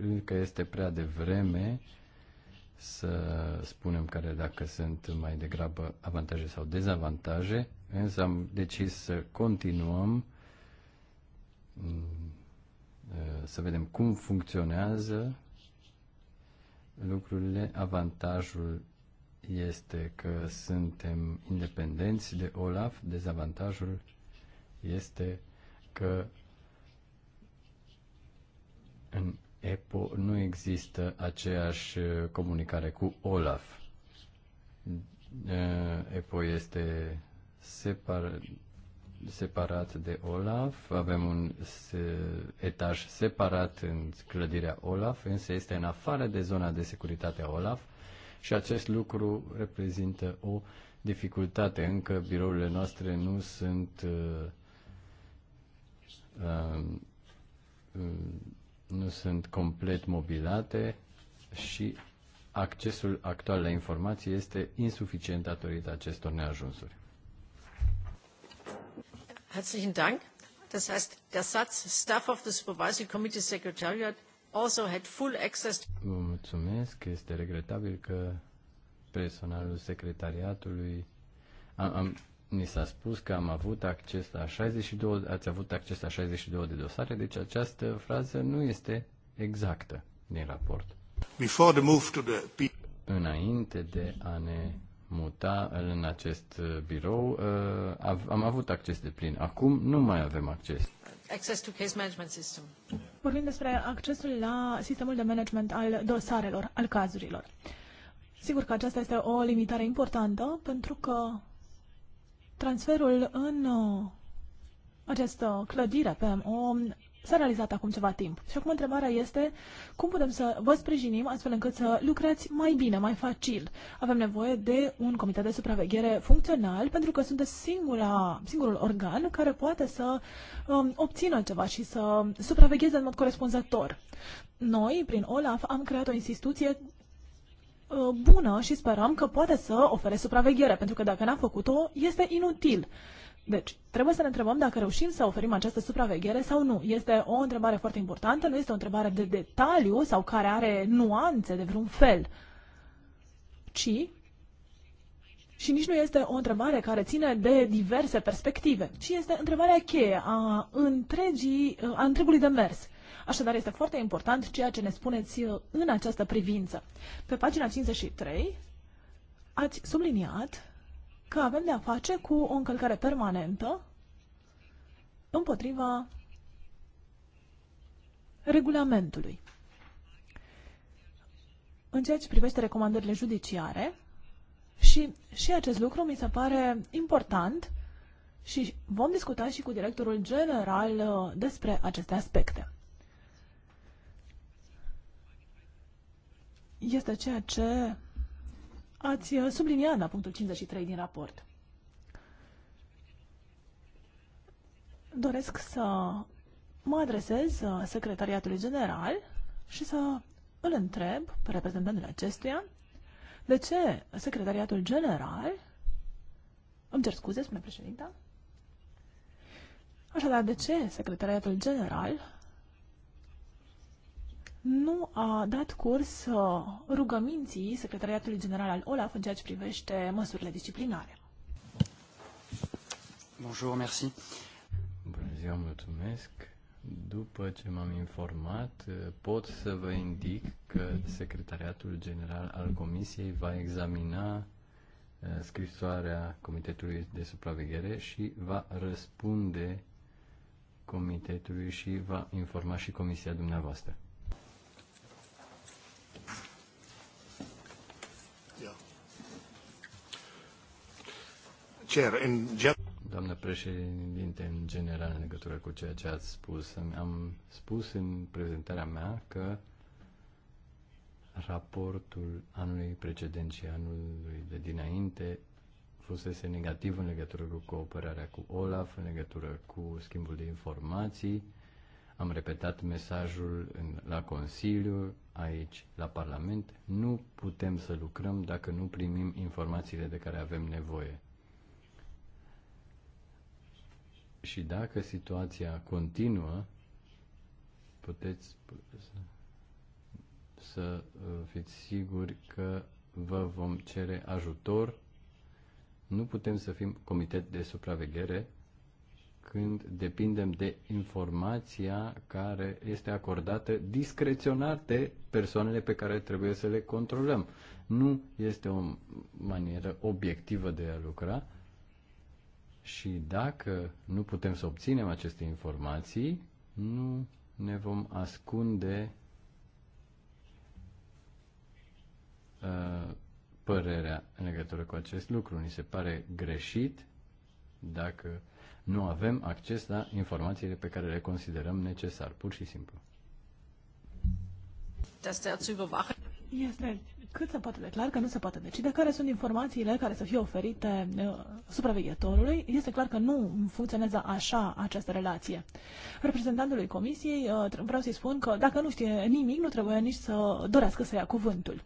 încă este prea devreme să spunem care dacă sunt mai degrabă avantaje sau dezavantaje, însă am decis să continuăm mm, să vedem cum funcționează lucrurile, avantajul este că suntem independenți de Olaf, dezavantajul este că în EPO nu există aceeași comunicare cu Olaf. EPO este separat separat de Olaf, avem un etaj separat în clădirea Olaf, însă este în afară de zona de securitate a Olaf și acest lucru reprezintă o dificultate. Încă birourile noastre nu sunt uh, um, uh, nu sunt complet mobilate și accesul actual la informații este insuficient datorită acestor neajunsuri. Herzlichen Dank. Das heißt, der Satz Staff of the Supervisory Committee Secretariat also had full access to... Vă mulțumesc. Este regretabil că personalul secretariatului am, am, ni s-a spus că am avut acces la 62, ați avut acces la 62 de dosare, deci această frază nu este exactă din raport. Before the move to the... Înainte de a ne muta în acest uh, birou, uh, am avut acces de plin. Acum nu mai avem acces. Access to case management system. Vorbim despre accesul la sistemul de management al dosarelor, al cazurilor. Sigur că aceasta este o limitare importantă pentru că transferul în uh, această clădire PMO s-a realizat acum ceva timp. Și acum întrebarea este cum putem să vă sprijinim astfel încât să lucrați mai bine, mai facil. Avem nevoie de un comitet de supraveghere funcțional pentru că sunteți singura, singurul organ care poate să um, obțină ceva și să supravegheze în mod corespunzător. Noi, prin OLAF, am creat o instituție uh, bună și sperăm că poate să ofere supraveghere, pentru că dacă n-a făcut-o, este inutil. Deci, trebuie să ne întrebăm dacă reușim să oferim această supraveghere sau nu. Este o întrebare foarte importantă, nu este o întrebare de detaliu sau care are nuanțe de vreun fel, ci și nici nu este o întrebare care ține de diverse perspective, ci este întrebarea cheie a, întregii, a întregului demers. Așadar, este foarte important ceea ce ne spuneți uh, în această privință. Pe pagina 53 ați subliniat că avem de a face cu o încălcare permanentă împotriva regulamentului. În ceea ce privește recomandările judiciare, și, și acest lucru mi se pare important și vom discuta și cu directorul general uh, despre aceste aspecte. Este ceea ce ați uh, subliniat la punctul 53 din raport. Doresc să mă adresez uh, Secretariatului General și să îl întreb pe reprezentantul acestuia de ce Secretariatul General îmi cer scuze, spune președinta. Așadar, de ce Secretariatul General nu a dat curs uh, rugăminții Secretariatului General al OLAF în ceea ce privește măsurile disciplinare. Bonjour, merci. Bună ziua, mulțumesc. După ce m-am informat, uh, pot să vă indic că Secretariatul General al Comisiei va examina uh, scrisoarea Comitetului de Supraveghere și va răspunde Comitetului și va informa și Comisia dumneavoastră. Chair, in Doamnă președinte, în general, în legătură cu ceea ce ați spus, am spus în prezentarea mea că raportul anului precedent și anului de dinainte fusese negativ în legătură cu cooperarea cu OLAF, în legătură cu schimbul de informații. Am repetat mesajul în, la Consiliu, aici, la Parlament. Nu putem să lucrăm dacă nu primim informațiile de care avem nevoie. și dacă situația continuă, puteți să uh, fiți siguri că vă vom cere ajutor. Nu putem să fim comitet de supraveghere când depindem de informația care este acordată discreționar de persoanele pe care trebuie să le controlăm. Nu este o manieră obiectivă de a lucra și dacă nu putem să obținem aceste informații, nu ne vom ascunde uh, părerea în legătură cu acest lucru. Ni se pare greșit dacă nu avem acces la informațiile pe care le considerăm necesar, pur și simplu este cât se poate de clar că nu se poate decide care sunt informațiile care să fie oferite uh, supraveghetorului. Este clar că nu funcționează așa această relație. Reprezentantului comisiei uh, vreau să-i spun că dacă nu știe nimic, nu trebuie nici să dorească să ia cuvântul.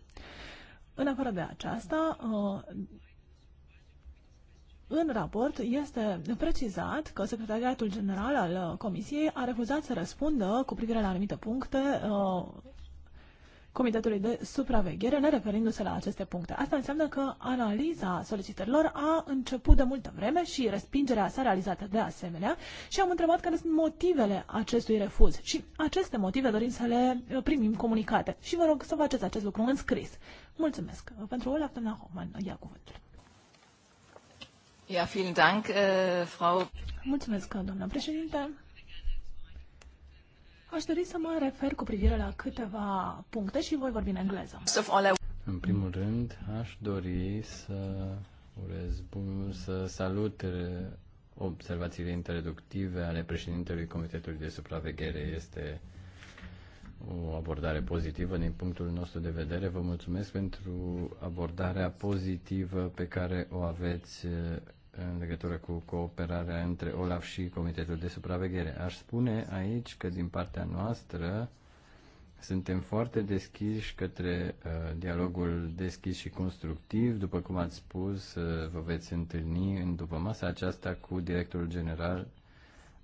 În afară de aceasta, uh, în raport este precizat că Secretariatul General al uh, Comisiei a refuzat să răspundă cu privire la anumite puncte uh, Comitetului de Supraveghere, ne referindu-se la aceste puncte. Asta înseamnă că analiza solicitărilor a început de multă vreme și respingerea s-a realizat de asemenea și am întrebat care sunt motivele acestui refuz și aceste motive dorim să le uh, primim comunicate și vă rog să faceți acest lucru în scris. Mulțumesc. Uh, pentru Olaf, doamna Hoffman, uh, ia cuvântul. Ja, vielen Dank, äh, Frau. Mulțumesc, doamna președinte. Aș dori să mă refer cu privire la câteva puncte și voi vorbi în engleză. În primul rând, aș dori să urez bun, să salut uh, observațiile introductive ale președintelui Comitetului de Supraveghere. Este o abordare pozitivă din punctul nostru de vedere. Vă mulțumesc pentru abordarea pozitivă pe care o aveți uh, în legătură cu cooperarea între OLAF și Comitetul de Supraveghere. Aș spune aici că din partea noastră suntem foarte deschiși către uh, dialogul deschis și constructiv. După cum ați spus, uh, vă veți întâlni în după masa aceasta cu directorul general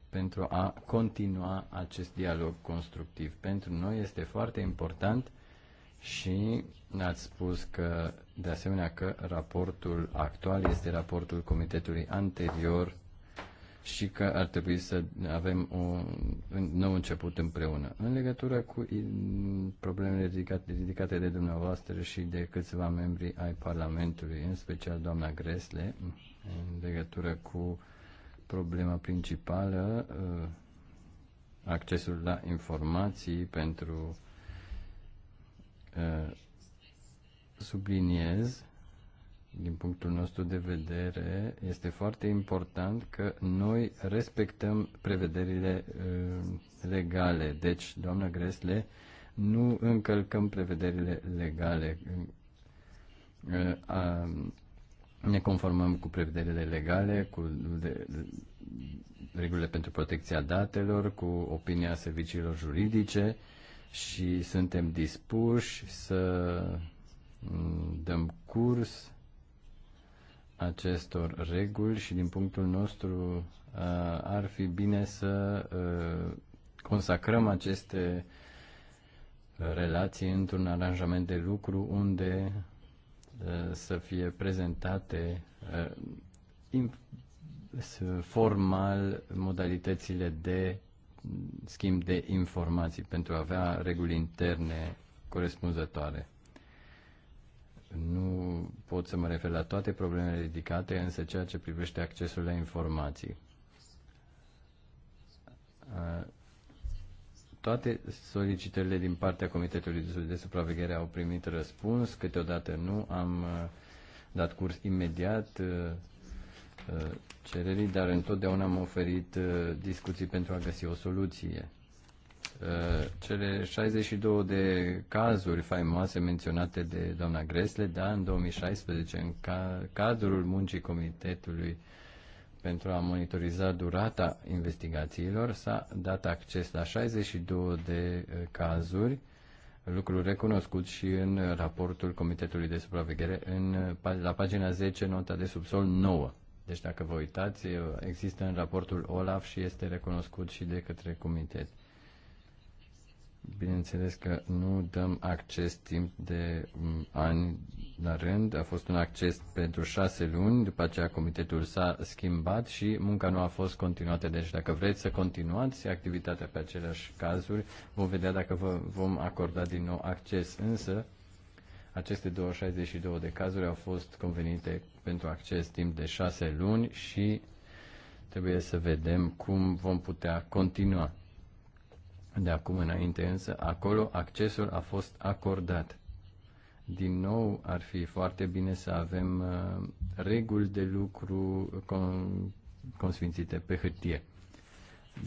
pentru a continua acest dialog constructiv. Pentru noi este foarte important și ați spus că, de asemenea, că raportul actual este raportul comitetului anterior și că ar trebui să avem un nou început împreună. În legătură cu problemele ridicate, ridicate de dumneavoastră și de câțiva membri ai Parlamentului, în special doamna Gresle, în legătură cu problema principală, uh, accesul la informații pentru Uh, subliniez, din punctul nostru de vedere, este foarte important că noi respectăm prevederile uh, legale. Deci, doamnă Gresle, nu încălcăm prevederile legale. Uh, ne conformăm cu prevederile legale, cu regulile pentru protecția datelor, cu opinia serviciilor juridice și suntem dispuși să mm, dăm curs acestor reguli și din punctul nostru ar fi bine să consacrăm aceste relații într-un aranjament de lucru unde să fie prezentate formal modalitățile de schimb de informații pentru a avea reguli interne corespunzătoare. Nu pot să mă refer la toate problemele ridicate, însă ceea ce privește accesul la informații. Toate solicitările din partea Comitetului de Supraveghere au primit răspuns, câteodată nu am uh, dat curs imediat uh, Uh, cererii, dar întotdeauna am oferit uh, discuții pentru a găsi o soluție. Uh, cele 62 de cazuri faimoase menționate de doamna Gresle, da, în 2016, în cadrul muncii Comitetului pentru a monitoriza durata investigațiilor, s-a dat acces la 62 de cazuri, lucru recunoscut și în raportul Comitetului de Supraveghere, în, la pagina 10, nota de subsol 9. Deci dacă vă uitați, există în raportul OLAF și este recunoscut și de către comitet. Bineînțeles că nu dăm acces timp de um, ani la rând. A fost un acces pentru șase luni, după aceea comitetul s-a schimbat și munca nu a fost continuată. Deci dacă vreți să continuați activitatea pe aceleași cazuri, vom vedea dacă vă vom acorda din nou acces. Însă, aceste 262 de cazuri au fost convenite pentru acces timp de șase luni și trebuie să vedem cum vom putea continua. De acum înainte însă, acolo accesul a fost acordat. Din nou, ar fi foarte bine să avem uh, reguli de lucru con- consfințite pe hârtie.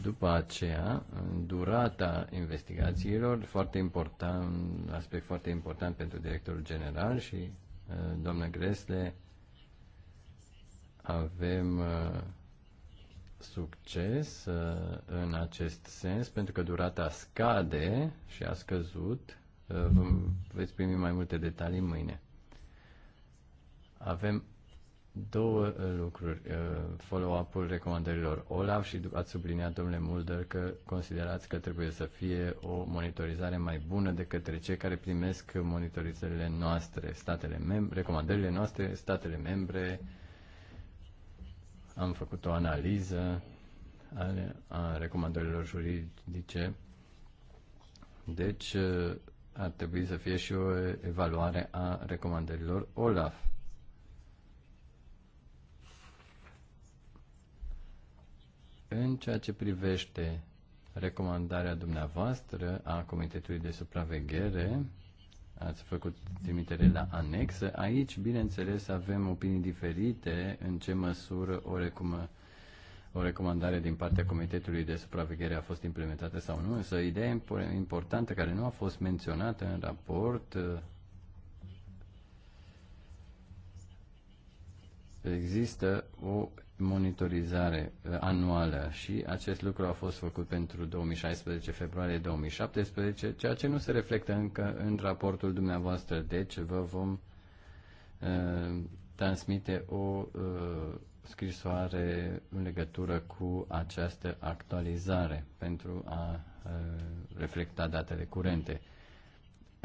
După aceea, durata investigațiilor, foarte important, aspect foarte important pentru directorul general și uh, doamna Gresle avem uh, succes uh, în acest sens, pentru că durata scade și a scăzut. Uh, veți primi mai multe detalii mâine. Avem două lucruri, follow-up-ul recomandărilor OLAF și ați subliniat, domnule Mulder, că considerați că trebuie să fie o monitorizare mai bună de către cei care primesc monitorizările noastre, statele membre, recomandările noastre, statele membre, am făcut o analiză a recomandărilor juridice. Deci, uh, ar trebui să fie și o evaluare a recomandărilor OLAF. În ceea ce privește recomandarea dumneavoastră a Comitetului de Supraveghere, Ați făcut trimitere la anexă. Aici, bineînțeles, avem opinii diferite în ce măsură o, recum- o recomandare din partea Comitetului de Supraveghere a fost implementată sau nu, însă ideea importantă care nu a fost menționată în raport există o monitorizare uh, anuală și acest lucru a fost făcut pentru 2016, februarie 2017, ceea ce nu se reflectă încă în raportul dumneavoastră. Deci vă vom uh, transmite o uh, scrisoare în legătură cu această actualizare pentru a reflecta datele curente.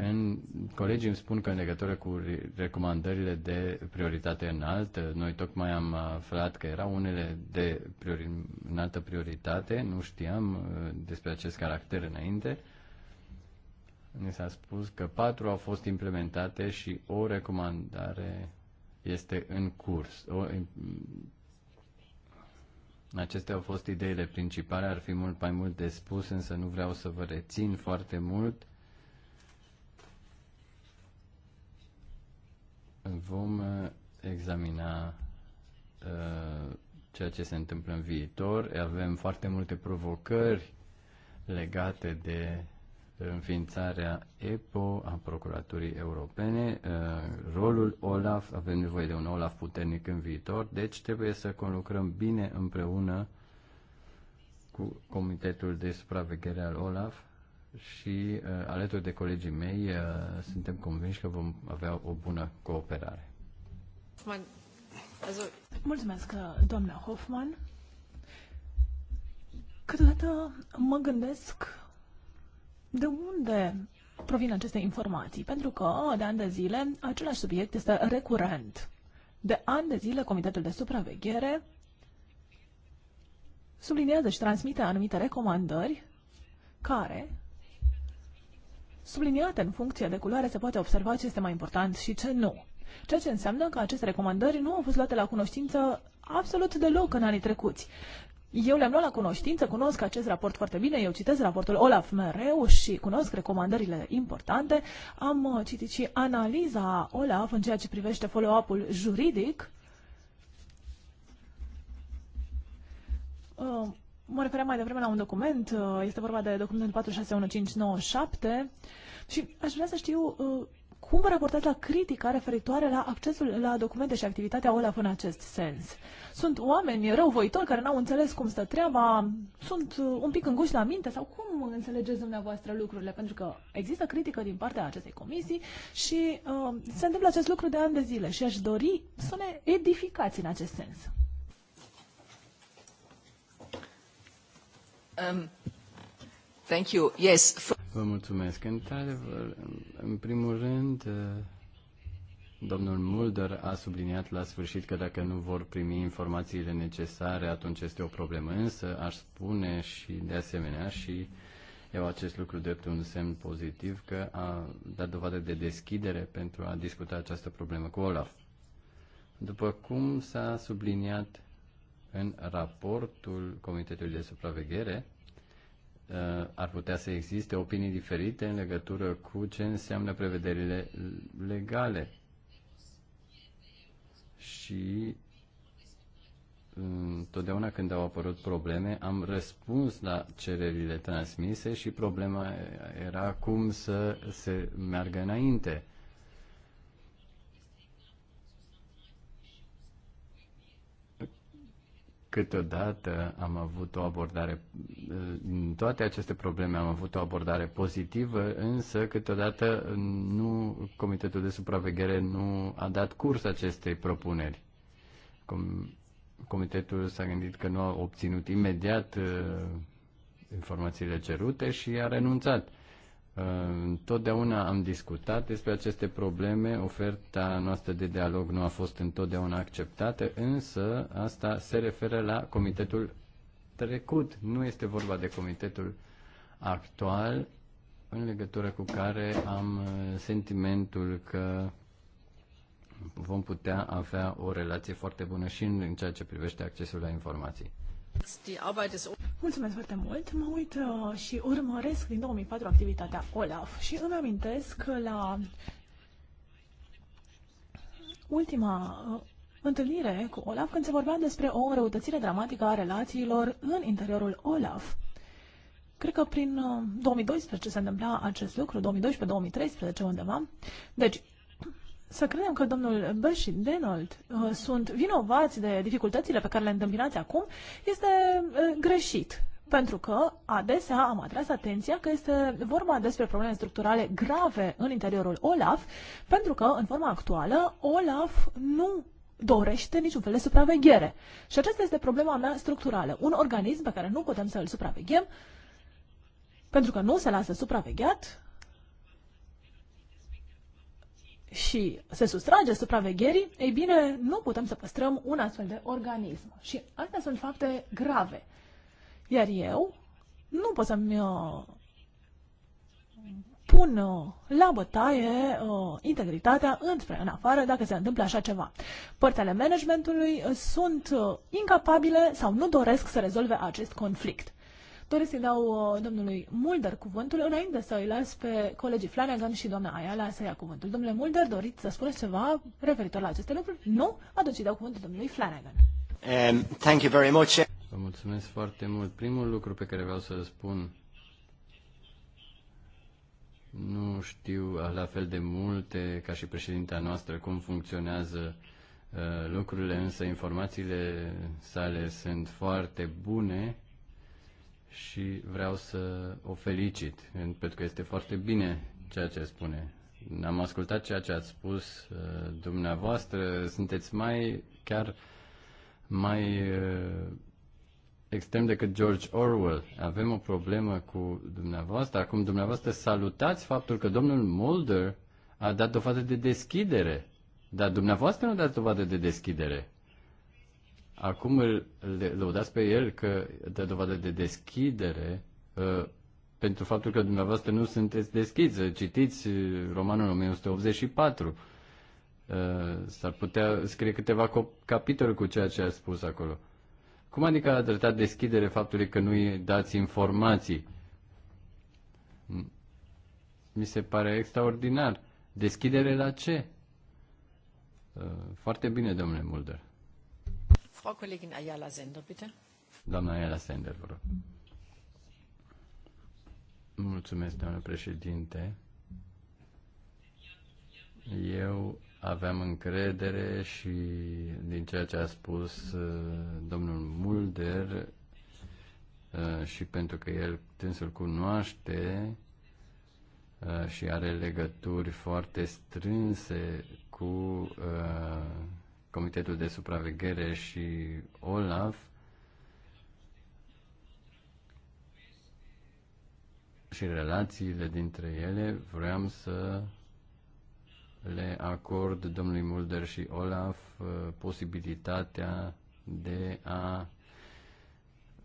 În, colegii îmi spun că în legătură cu recomandările de prioritate înaltă, noi tocmai am aflat că erau unele de priori, înaltă prioritate, nu știam uh, despre acest caracter înainte. Ne s-a spus că patru au fost implementate și o recomandare este în curs. O, Acestea au fost ideile principale, ar fi mult mai mult de spus, însă nu vreau să vă rețin foarte mult vom uh, examina uh, ceea ce se întâmplă în viitor. Avem foarte multe provocări legate de înființarea EPO a Procuraturii Europene, uh, rolul OLAF, avem nevoie de un OLAF puternic în viitor, deci trebuie să conlucrăm bine împreună cu Comitetul de Supraveghere al OLAF și uh, alături de colegii mei uh, suntem convinși că vom avea o bună cooperare. Mulțumesc, doamna Hoffman. Câteodată mă gândesc de unde provin aceste informații, pentru că de ani de zile același subiect este recurent. De ani de zile, Comitetul de Supraveghere subliniază și transmite anumite recomandări care subliniate în funcție de culoare se poate observa ce este mai important și ce nu. Ceea ce înseamnă că aceste recomandări nu au fost luate la cunoștință absolut deloc în anii trecuți. Eu le-am luat la cunoștință, cunosc acest raport foarte bine, eu citesc raportul Olaf mereu și cunosc recomandările importante. Am uh, citit și analiza Olaf în ceea ce privește follow-up-ul juridic. Uh, mă refeream mai devreme la un document, uh, este vorba de documentul 461597 și aș vrea să știu uh, cum vă raportați la critica referitoare la accesul la documente și activitatea OLAF în acest sens? Sunt oameni răuvoitori care n-au înțeles cum stă treaba, sunt uh, un pic înguși la minte sau cum înțelegeți dumneavoastră lucrurile? Pentru că există critică din partea acestei comisii și uh, se întâmplă acest lucru de ani de zile și aș dori să ne edificați în acest sens. Um, thank you. Yes. Vă mulțumesc. Într-adevăr, în primul rând, uh, domnul Mulder a subliniat la sfârșit că dacă nu vor primi informațiile necesare, atunci este o problemă. Însă, aș spune și de asemenea și eu acest lucru drept un semn pozitiv că a dat dovadă de deschidere pentru a discuta această problemă cu Olaf. După cum s-a subliniat în raportul Comitetului de Supraveghere uh, ar putea să existe opinii diferite în legătură cu ce înseamnă prevederile legale și uh, totdeauna când au apărut probleme, am răspuns la cererile transmise și problema era cum să se meargă înainte. câteodată am avut o abordare, în toate aceste probleme am avut o abordare pozitivă, însă câteodată nu, Comitetul de Supraveghere nu a dat curs acestei propuneri. Com, comitetul s-a gândit că nu a obținut imediat uh, informațiile cerute și a renunțat. Uh, întotdeauna am discutat despre aceste probleme, oferta noastră de dialog nu a fost întotdeauna acceptată, însă asta se referă la comitetul trecut, nu este vorba de comitetul actual, în legătură cu care am uh, sentimentul că vom putea avea o relație foarte bună și în ceea ce privește accesul la informații. Mulțumesc foarte mult! Mă uit uh, și urmăresc din 2004 activitatea OLAF și îmi amintesc la ultima uh, întâlnire cu OLAF când se vorbea despre o răutățire dramatică a relațiilor în interiorul OLAF. Cred că prin 2012 uh, se întâmpla acest lucru, 2012-2013 undeva. Deci, să credem că domnul Băș și Denold uh, sunt vinovați de dificultățile pe care le întâmpinați acum este uh, greșit. Pentru că adesea am atras atenția că este vorba despre probleme structurale grave în interiorul OLAF, pentru că, în forma actuală, OLAF nu dorește niciun fel de supraveghere. Și aceasta este problema mea structurală. Un organism pe care nu putem să îl supraveghem, pentru că nu se lasă supravegheat, și se sustrage supravegherii, ei bine, nu putem să păstrăm un astfel de organism. Și astea sunt fapte grave. Iar eu nu pot să-mi uh, pun uh, la bătaie uh, integritatea înspre în afară dacă se întâmplă așa ceva. Părțile managementului sunt uh, incapabile sau nu doresc să rezolve acest conflict. Doresc să-i dau uh, domnului Mulder cuvântul înainte să i las pe colegii Flanagan și doamna Ayala să ia cuvântul. Domnule Mulder, doriți să spuneți ceva referitor la aceste lucruri? Nu? Atunci îi dau cuvântul domnului Flanagan. Um, thank you very much. Vă mulțumesc foarte mult. Primul lucru pe care vreau să-l spun nu știu la fel de multe ca și președintea noastră cum funcționează uh, lucrurile, însă informațiile sale sunt foarte bune și vreau să o felicit, pentru că este foarte bine ceea ce spune. am ascultat ceea ce ați spus uh, dumneavoastră, sunteți mai, chiar mai uh, extrem decât George Orwell. Avem o problemă cu dumneavoastră. Acum dumneavoastră salutați faptul că domnul Mulder a dat dovadă de deschidere. Dar dumneavoastră nu dați dovadă de deschidere. Acum îl lăudați pe el că dă dovadă de deschidere uh, pentru faptul că dumneavoastră nu sunteți deschiți. Citiți uh, romanul 1984. Uh, s-ar putea scrie câteva capitole cu ceea ce a spus acolo. Cum adică a tratat deschidere faptului că nu-i dați informații? Mi se pare extraordinar. Deschidere la ce? Foarte bine, domnule Mulder. Frau Kollegin Ayala Sender, bitte. Doamna Ayala Sender, vă rog. Mulțumesc, doamnă președinte. Eu aveam încredere și din ceea ce a spus uh, domnul Mulder uh, și pentru că el tânsul cunoaște uh, și are legături foarte strânse cu Comitetul de Supraveghere și OLAF și relațiile dintre ele, vreau să le acord domnului Mulder și Olaf uh, posibilitatea de a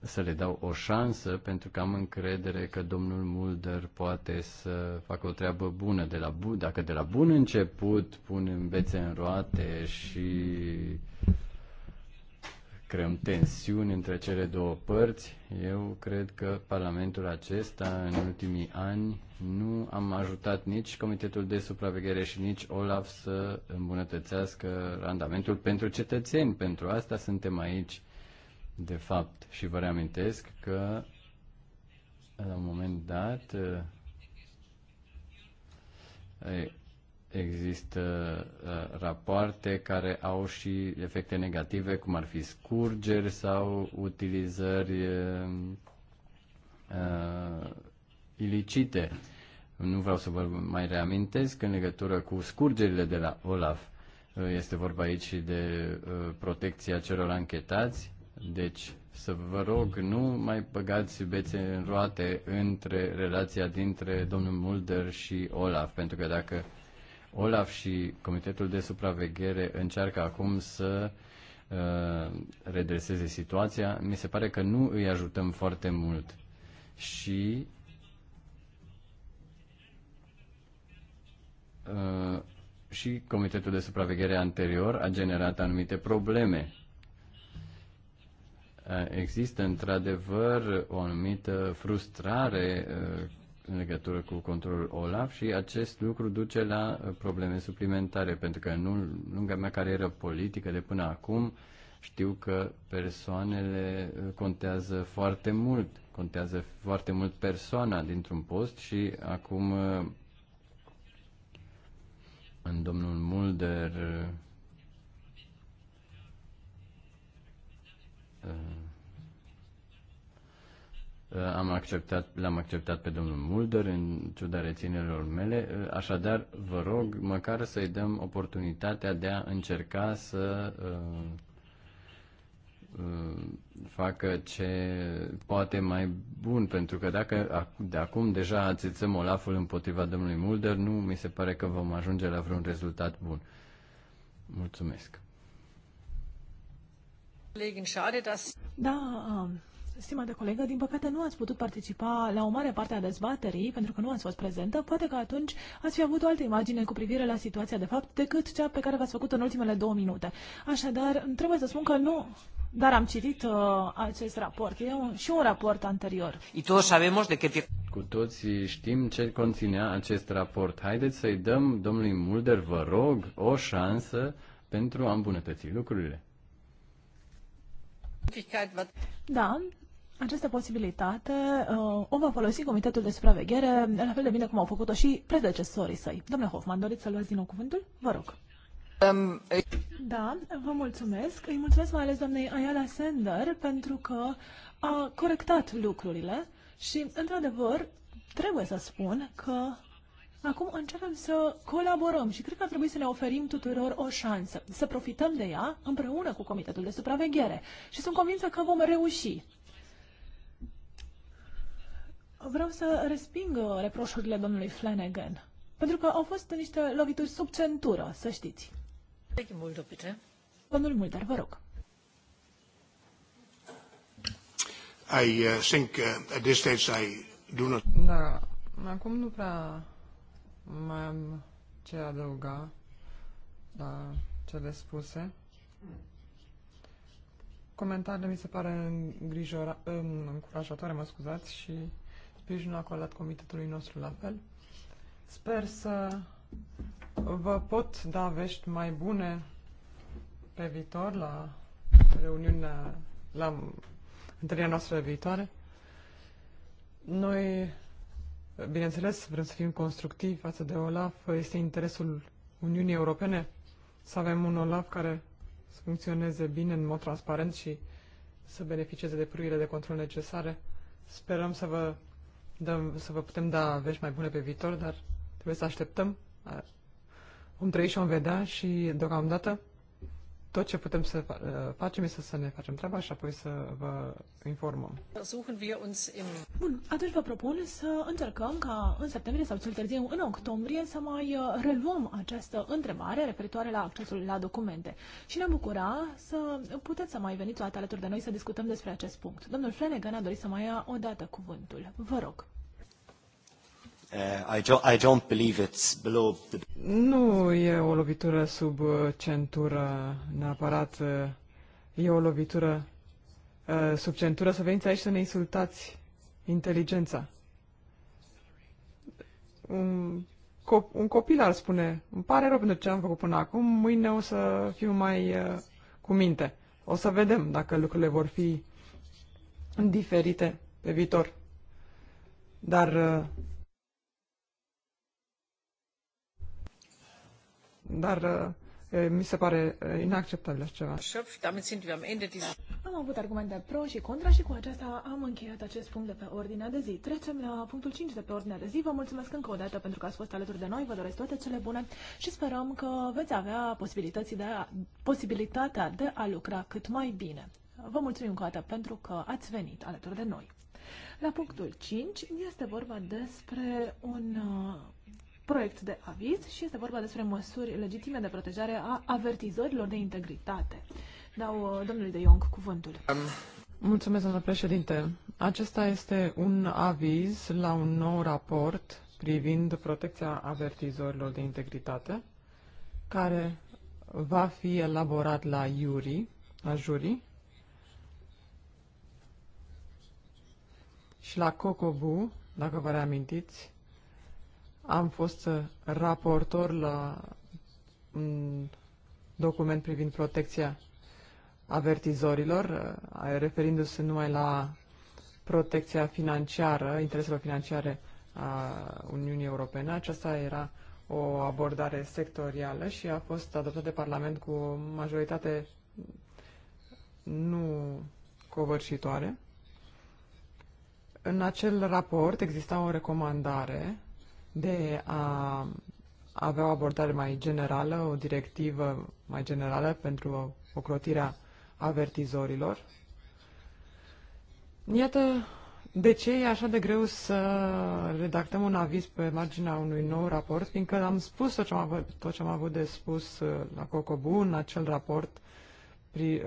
să le dau o șansă pentru că am încredere că domnul Mulder poate să facă o treabă bună. De la bu- dacă de la bun început punem bețe în roate și creăm tensiuni între cele două părți, eu cred că Parlamentul acesta în ultimii ani nu am ajutat nici Comitetul de Supraveghere și nici Olaf să îmbunătățească randamentul pentru cetățeni. Pentru asta suntem aici de fapt. Și vă reamintesc că la un moment dat există rapoarte care au și efecte negative, cum ar fi scurgeri sau utilizări uh, ilicite. Nu vreau să vă mai reamintesc în legătură cu scurgerile de la Olaf. Este vorba aici și de protecția celor anchetați deci, să vă rog, nu mai băgați bețe în roate între relația dintre domnul Mulder și Olaf, pentru că dacă Olaf și Comitetul de Supraveghere încearcă acum să uh, redreseze situația, mi se pare că nu îi ajutăm foarte mult. Și uh, și Comitetul de Supraveghere anterior a generat anumite probleme Eh, există într-adevăr o anumită frustrare eh, în legătură cu controlul OLAF și acest lucru duce la eh, probleme suplimentare, pentru că în lunga mea carieră politică de până acum știu că persoanele contează foarte mult, contează foarte mult persoana dintr-un post și acum în domnul Mulder Uh, uh, am acceptat, l-am acceptat pe domnul Mulder în ciuda reținerilor mele, uh, așadar vă rog măcar să-i dăm oportunitatea de a încerca să uh, facă ce poate mai bun, pentru că dacă de acum deja ațițăm Olaful împotriva domnului Mulder, nu mi se pare că vom ajunge la vreun rezultat bun. Mulțumesc. Da, stimată colegă, din păcate nu ați putut participa la o mare parte a dezbaterii, pentru că nu ați fost prezentă. Poate că atunci ați fi avut o altă imagine cu privire la situația de fapt decât cea pe care v-ați făcut în ultimele două minute. Așadar, trebuie să spun că nu dar am citit uh, acest raport. E un, și un raport anterior. todos sabemos de qué... Cu toții știm ce conținea acest raport. Haideți să-i dăm domnului Mulder, vă rog, o șansă pentru a îmbunătăți lucrurile. Da, această posibilitate uh, o va folosi Comitetul de Supraveghere, la fel de bine cum au făcut-o și predecesorii săi. Domnule Hoffman, doriți să luați din nou cuvântul? Vă rog. Um, da, vă mulțumesc. Îi mulțumesc mai ales doamnei Ayala Sender pentru că a corectat lucrurile și, într-adevăr, trebuie să spun că Acum începem să colaborăm și cred că ar trebui să ne oferim tuturor o șansă, să profităm de ea împreună cu Comitetul de Supraveghere și sunt convinsă că vom reuși. Vreau să resping uh, reproșurile domnului Flanagan, pentru că au fost niște lovituri sub centură, să știți. Domnul Mulder, vă rog. I uh, think uh, at this stage I do not... Da, acum nu prea mai am ce adăuga la cele spuse. Comentariile mi se pare îngrijora, încurajatoare, mă scuzați, și sprijinul acordat comitetului nostru la fel. Sper să vă pot da vești mai bune pe viitor la reuniunea, la întâlnirea noastră viitoare. Noi Bineînțeles, vrem să fim constructivi față de OLAF. Este interesul Uniunii Europene să avem un OLAF care să funcționeze bine, în mod transparent și să beneficieze de prurile de control necesare. Sperăm să vă, dăm, să vă putem da vești mai bune pe viitor, dar trebuie să așteptăm. Vom trăi și vom vedea și deocamdată tot ce putem să uh, facem este să ne facem treaba și apoi să vă informăm. Bun, atunci vă propun să încercăm ca în septembrie sau cel târziu în octombrie să mai uh, reluăm această întrebare referitoare la accesul la documente. Și ne bucura să puteți să mai veniți o dată alături de noi să discutăm despre acest punct. Domnul Flanagan a dorit să mai ia o dată cuvântul. Vă rog. Uh, I don't, believe it's below the... Nu e o lovitură sub uh, centură neapărat. Uh, e o lovitură sub centură să veniți aici să ne insultați inteligența. Un, cop, un copil ar spune, îmi pare rău pentru ce am făcut până acum, mâine o să fiu mai cu minte. O să vedem dacă lucrurile vor fi diferite pe viitor. Dar uh, dar eh, mi se pare eh, inacceptabil așa ceva. Am avut argumente pro și contra și cu aceasta am încheiat acest punct de pe ordinea de zi. Trecem la punctul 5 de pe ordinea de zi. Vă mulțumesc încă o dată pentru că ați fost alături de noi. Vă doresc toate cele bune și sperăm că veți avea posibilității de a, posibilitatea de a lucra cât mai bine. Vă mulțumim încă o dată pentru că ați venit alături de noi. La punctul 5 este vorba despre un proiect de aviz și este vorba despre măsuri legitime de protejare a avertizorilor de integritate. Dau uh, domnului de Iong cuvântul. Mulțumesc, domnule președinte. Acesta este un aviz la un nou raport privind protecția avertizorilor de integritate, care va fi elaborat la Iuri, la juri și la COCOBU, dacă vă reamintiți, am fost uh, raportor la un document privind protecția avertizorilor, uh, referindu-se numai la protecția financiară, intereselor financiare a Uniunii Europene. Aceasta era o abordare sectorială și a fost adoptată de Parlament cu o majoritate nu covârșitoare. În acel raport exista o recomandare de a avea o abordare mai generală, o directivă mai generală pentru ocrotirea avertizorilor. Iată de ce e așa de greu să redactăm un aviz pe marginea unui nou raport, fiindcă am spus tot ce am avut, tot ce am avut de spus uh, la Cocobu în acel raport,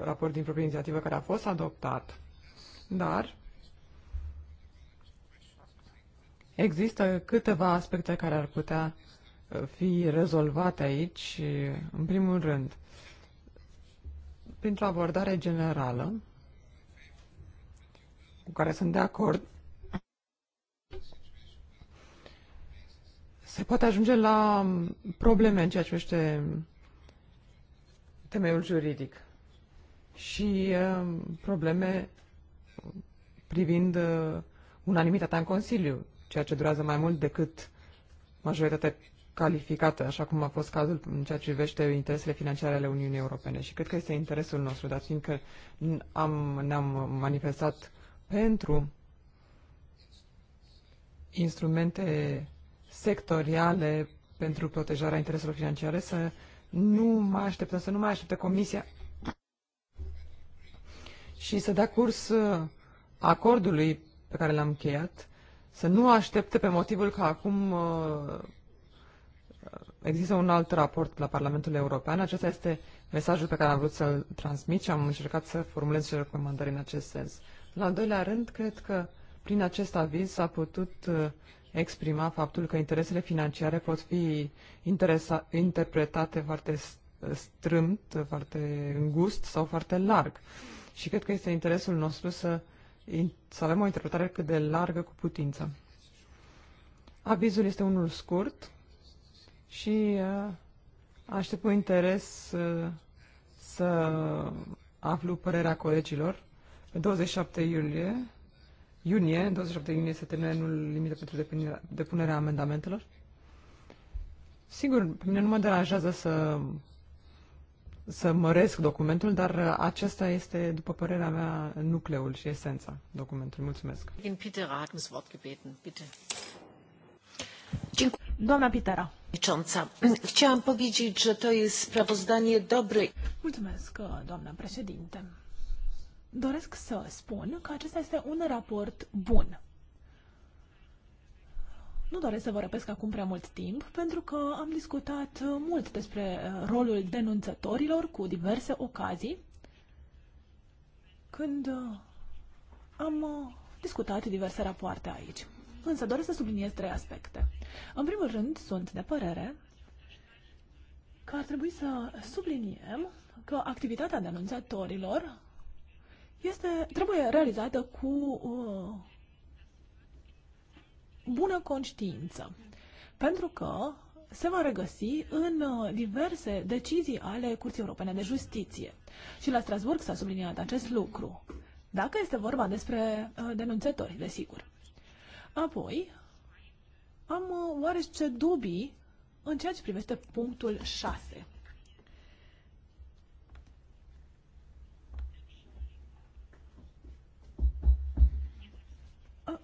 raport din proprie inițiativă care a fost adoptat. Dar Există câteva aspecte care ar putea uh, fi rezolvate aici, uh, în primul rând, printr-o abordare generală, cu care sunt de acord, se poate ajunge la um, probleme în ceea ce este temeiul juridic și um, probleme privind uh, unanimitatea în Consiliu ceea ce durează mai mult decât majoritatea calificată, așa cum a fost cazul în ceea ce privește interesele financiare ale Uniunii Europene. Și cred că este interesul nostru, dar fiindcă am, ne-am manifestat pentru instrumente sectoriale pentru protejarea intereselor financiare, să nu mai așteptăm, să nu mai aștepte Comisia și să dea curs acordului pe care l-am încheiat să nu aștepte pe motivul că acum uh, există un alt raport la Parlamentul European. Acesta este mesajul pe care am vrut să-l transmit și am încercat să formulez și recomandări în acest sens. La al doilea rând, cred că prin acest aviz s-a putut uh, exprima faptul că interesele financiare pot fi interpretate foarte strâmt, foarte îngust sau foarte larg. Și cred că este interesul nostru să uh, să avem o interpretare cât de largă cu putință. Avizul este unul scurt și uh, aștept cu interes uh, să aflu părerea colegilor. Pe 27 iulie, iunie, 27 iunie este termenul limită pentru depunerea amendamentelor. Sigur, pe mine nu mă deranjează să să măresc documentul, dar acesta este, după părerea mea, nucleul și esența documentului. Mulțumesc. Doamna Pitera. Chciałam powiedzieć, że to jest sprawozdanie dobre. Mulțumesc, doamna președinte. Doresc să spun că acesta este un raport bun. Nu doresc să vă răpesc acum prea mult timp, pentru că am discutat uh, mult despre uh, rolul denunțătorilor cu diverse ocazii, când uh, am discutat diverse rapoarte aici. Însă doresc să subliniez trei aspecte. În primul rând, sunt de părere că ar trebui să subliniem că activitatea denunțătorilor este, trebuie realizată cu uh, bună conștiință, pentru că se va regăsi în uh, diverse decizii ale Curții Europene de Justiție. Și la Strasburg s-a subliniat acest lucru, dacă este vorba despre uh, denunțători, desigur. Apoi, am uh, oarește dubii în ceea ce privește punctul 6.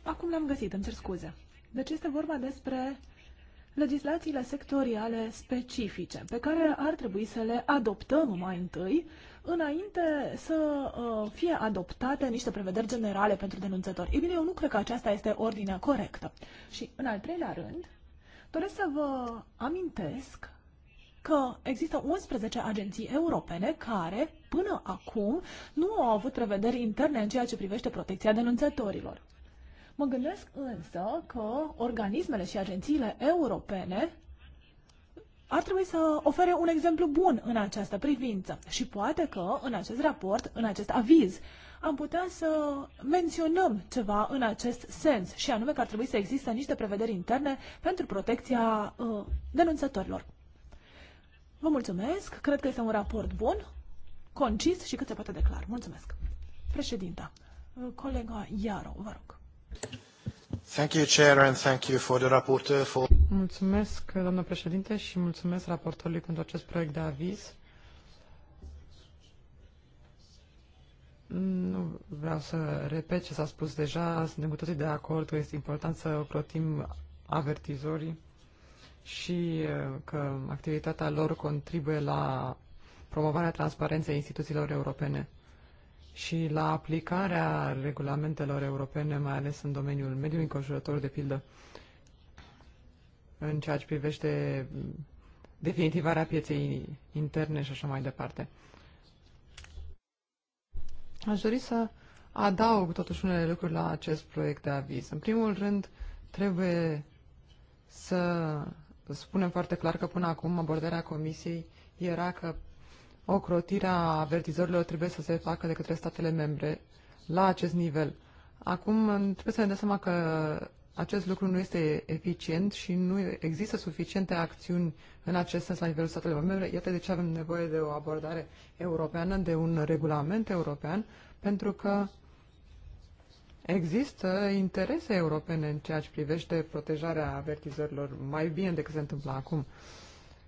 Acum l-am găsit, îmi cer scuze. Deci este vorba despre legislațiile sectoriale specifice, pe care ar trebui să le adoptăm mai întâi, înainte să uh, fie adoptate niște prevederi generale pentru denunțători. Ei bine, eu nu cred că aceasta este ordinea corectă. Și, în al treilea rând, doresc să vă amintesc că există 11 agenții europene care, până acum, nu au avut prevederi interne în ceea ce privește protecția denunțătorilor. Mă gândesc însă că organismele și agențiile europene ar trebui să ofere un exemplu bun în această privință și poate că în acest raport, în acest aviz, am putea să menționăm ceva în acest sens și anume că ar trebui să există niște prevederi interne pentru protecția uh, denunțătorilor. Vă mulțumesc, cred că este un raport bun, concis și cât se poate declar. Mulțumesc. Președinta, uh, colega Iaro, vă rog. Mulțumesc, doamnă președinte, și mulțumesc raportorului pentru acest proiect de aviz. Nu vreau să repet ce s-a spus deja, suntem cu toții de acord că este important să ocrotim avertizorii și uh, că activitatea lor contribuie la promovarea transparenței instituțiilor europene și la aplicarea regulamentelor europene, mai ales în domeniul mediului înconjurător, de pildă, în ceea ce privește definitivarea pieței interne și așa mai departe. Aș dori să adaug totuși unele lucruri la acest proiect de aviz. În primul rând, trebuie să spunem foarte clar că până acum abordarea Comisiei era că ocrotirea avertizorilor trebuie să se facă de către statele membre la acest nivel. Acum trebuie să ne dăm seama că acest lucru nu este eficient și nu există suficiente acțiuni în acest sens la nivelul statelor membre. Iată de ce avem nevoie de o abordare europeană, de un regulament european, pentru că există interese europene în ceea ce privește protejarea avertizorilor mai bine decât se întâmplă acum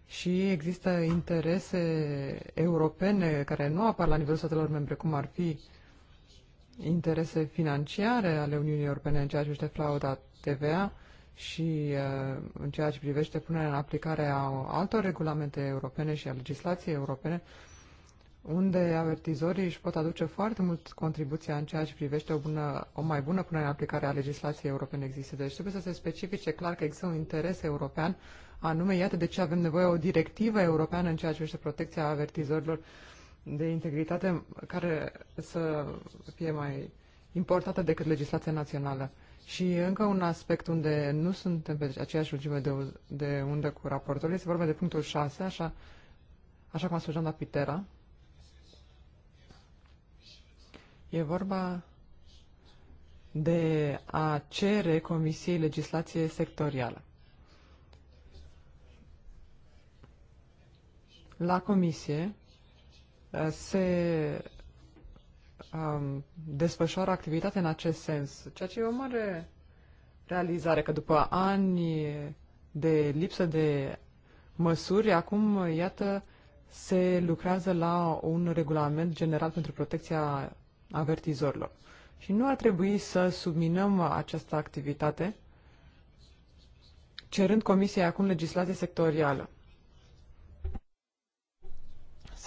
și există interese europene care nu apar la nivelul statelor membre, cum ar fi interese financiare ale Uniunii Europene în ceea ce privește frauda TVA și uh, în ceea ce privește punerea în aplicare a altor regulamente europene și a legislației europene, unde avertizorii își pot aduce foarte mult contribuția în ceea ce privește o, bună, o mai bună punere în aplicare a legislației europene existente. Deci trebuie să se specifice clar că există un interes european anume, iată de ce avem nevoie o directivă europeană în ceea ce privește protecția avertizorilor de integritate care să fie mai importată decât legislația națională. Și încă un aspect unde nu suntem pe aceeași lungime de, de undă cu raportul este vorba de punctul 6, așa, așa cum a spus Pitera. E vorba de a cere Comisiei legislație sectorială. la comisie uh, se um, desfășoară activitate în acest sens, ceea ce e o mare realizare, că după ani de lipsă de măsuri, acum, iată, se lucrează la un regulament general pentru protecția avertizorilor. Și nu ar trebui să subminăm această activitate, cerând Comisiei acum legislație sectorială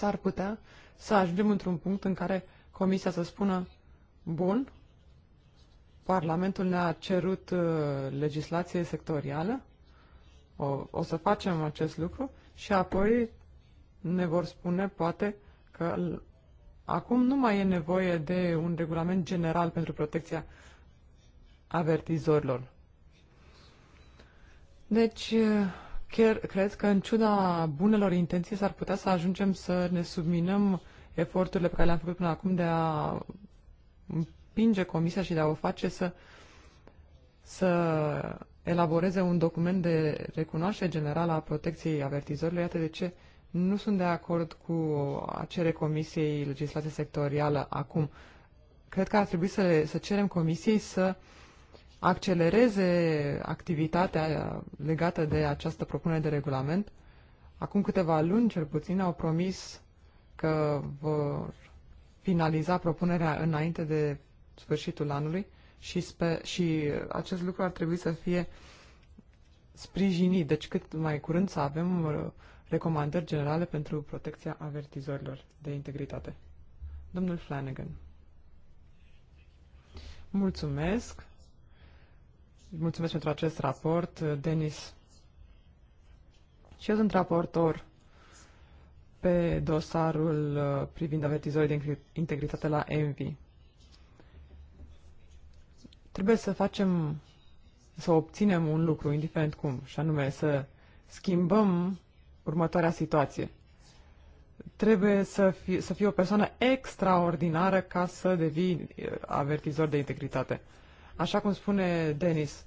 s-ar putea să ajungem într-un punct în care Comisia să spună, bun, Parlamentul ne-a cerut uh, legislație sectorială, o, o să facem acest lucru și apoi ne vor spune poate că acum nu mai e nevoie de un regulament general pentru protecția avertizorilor. Deci, uh, chiar cred că în ciuda bunelor intenții s-ar putea să ajungem să ne subminăm eforturile pe care le-am făcut până acum de a împinge comisia și de a o face să, să elaboreze un document de recunoaștere generală a protecției avertizorilor. Iată de ce nu sunt de acord cu a cere comisiei legislație sectorială acum. Cred că ar trebui să, să cerem comisiei să uh, accelereze activitatea legată de această propunere de regulament. Acum câteva luni, cel puțin, au promis că vor finaliza propunerea înainte de sfârșitul anului și, spe- și acest lucru ar trebui să fie sprijinit. Deci cât mai curând să avem uh, recomandări generale pentru protecția avertizorilor de integritate. Domnul Flanagan. Mulțumesc. Mulțumesc pentru acest raport, Denis. Și eu sunt raportor pe dosarul uh, privind avertizorii de integritate la Envi. Trebuie să facem, să obținem un lucru, indiferent cum, și anume să schimbăm următoarea situație. Trebuie să fii, să fii o persoană extraordinară ca să devii uh, avertizor de integritate așa cum spune Denis,